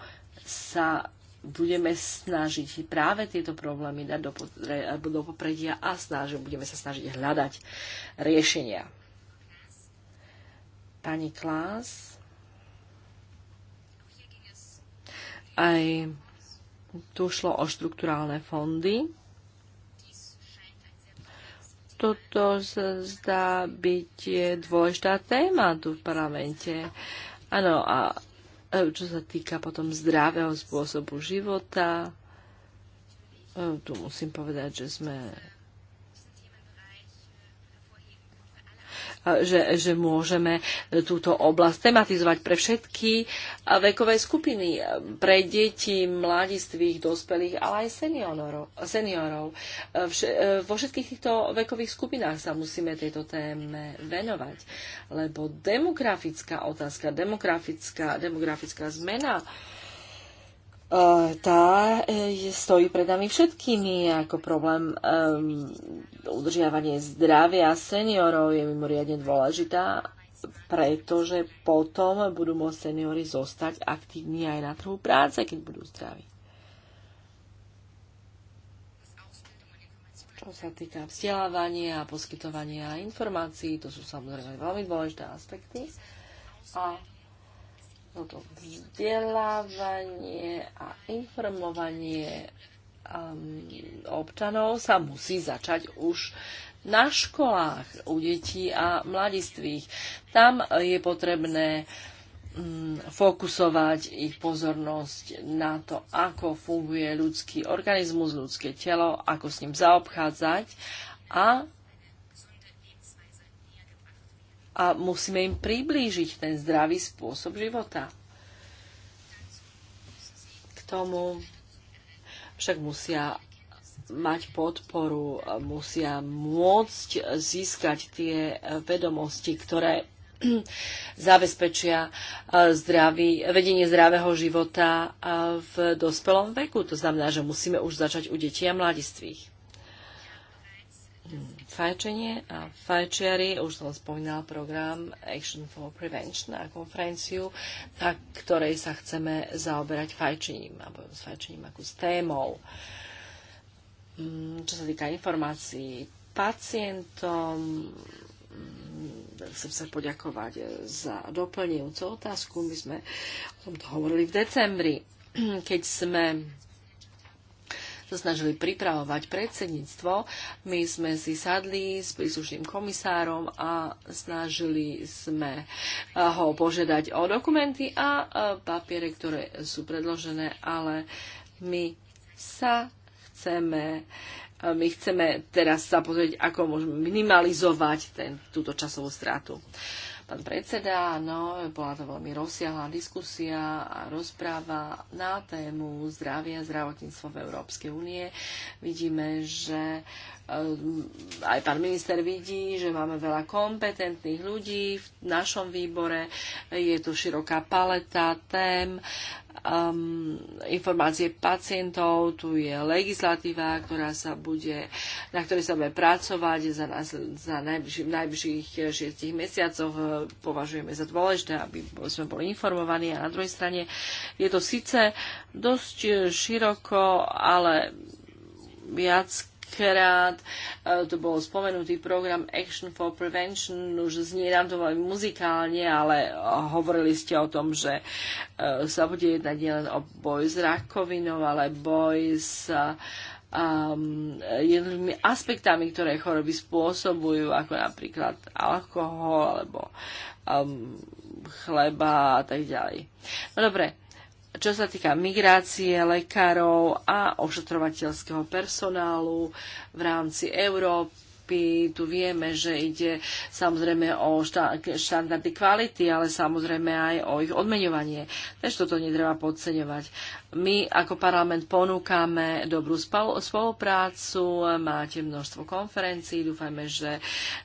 sa budeme snažiť práve tieto problémy dať do, potre, do popredia a snažiť, budeme sa snažiť hľadať riešenia. Pani Klás. Aj tu šlo o štruktúrálne fondy. Toto sa zdá byť dôležitá téma tu v parlamente. Áno, a E, čo sa týka potom zdravého spôsobu života, e, tu musím povedať, že sme že, že môžeme e, túto oblasť tematizovať pre všetky e, vekové skupiny, e, pre deti, mladistvých, dospelých, ale aj seniorov. seniorov. Vo všetkých týchto vekových skupinách sa musíme tejto téme venovať, lebo demografická otázka, demografická, demografická zmena, E, tá e, stojí pred nami všetkými ako problém. Um, udržiavanie zdravia seniorov je mimoriadne dôležitá, pretože potom budú môcť seniory zostať aktívni aj na trhu práce, keď budú zdraví. Čo sa týka vzdelávania a poskytovania informácií, to sú samozrejme veľmi dôležité aspekty. A toto vzdelávanie a informovanie um, občanov sa musí začať už na školách u detí a mladistvých. Tam je potrebné mm, fokusovať ich pozornosť na to, ako funguje ľudský organizmus, ľudské telo, ako s ním zaobchádzať a a musíme im priblížiť ten zdravý spôsob života. K tomu však musia mať podporu, musia môcť získať tie vedomosti, ktoré zabezpečia eh, zdravý, vedenie zdravého života eh, v dospelom veku. To znamená, že musíme už začať u detí a mladistvých fajčenie a fajčiari, už som spomínal program Action for Prevention a konferenciu, na ktorej sa chceme zaoberať fajčením, alebo s fajčením ako s témou. Mm, čo sa týka informácií pacientom, mm, chcem sa poďakovať za doplňujúcu otázku. My sme o tom hovorili v decembri, keď sme sa snažili pripravovať predsedníctvo. My sme si sadli s príslušným komisárom a snažili sme eh, ho požiadať o dokumenty a eh, papiere, ktoré sú predložené, ale my sa chceme eh, my chceme teraz sa pozrieť, ako môžeme minimalizovať ten, túto časovú stratu. Uh, pán predseda. Áno, bola to veľmi rozsiahla diskusia a rozpráva na tému zdravia a zdravotníctvo v Európskej únie. Vidíme, že ehm, aj pán minister vidí, že máme veľa kompetentných ľudí v našom výbore. Je tu široká paleta tém um, informácie pacientov, tu je legislatíva, ktorá sa bude, na ktorej sa bude pracovať za, nás, za najbližších, najbližších šiestich mesiacoch. Považujeme za dôležité, aby sme boli informovaní a na druhej strane je to síce dosť široko, ale viac krát. E, to bol spomenutý program Action for Prevention, už znie nám to veľmi muzikálne, ale e, hovorili ste o tom, že e, sa bude jednať nielen o boj s rakovinou, ale boj s um, jednými aspektami, ktoré choroby spôsobujú, ako napríklad alkohol alebo um, chleba a tak ďalej. No dobre, čo sa týka migrácie lekárov a ošetrovateľského personálu v rámci Európy, Európy. Tu vieme, že ide samozrejme o štandardy kvality, ale samozrejme aj o ich odmeňovanie. Takže toto netreba podceňovať. My ako parlament ponúkame dobrú spoluprácu, máte množstvo konferencií, dúfajme, že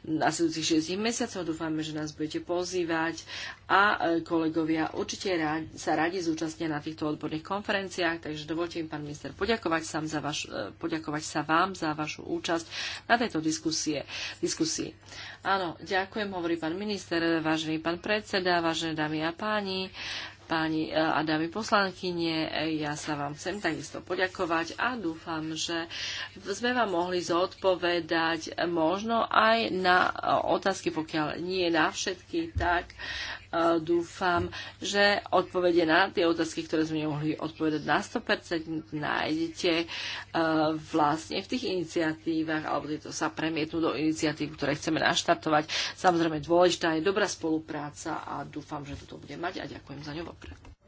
na nasledujúcich 6 mesiacov dúfajme, že nás budete pozývať a e, kolegovia určite sa radi zúčastnia na týchto odborných konferenciách, takže dovolte im, pán minister, poďakovať, sám za vaš, e, poďakovať sa vám za vašu účasť na tejto diskusii diskusie, diskusii. Áno, ďakujem, hovorí pán minister, vážený pán predseda, vážené dámy a páni, páni e, a dámy poslankyne, e, ja sa vám chcem takisto poďakovať a dúfam, že sme vám mohli zodpovedať možno aj na e, otázky, pokiaľ nie na všetky, tak dúfam, že odpovede na tie otázky, ktoré sme nemohli odpovedať na 100%, nájdete e, vlastne v tých iniciatívach, alebo tieto sa premietnú do iniciatív, ktoré chceme naštartovať. Samozrejme, dôležitá je dobrá spolupráca a dúfam, že toto bude mať a ďakujem za ňu vopred.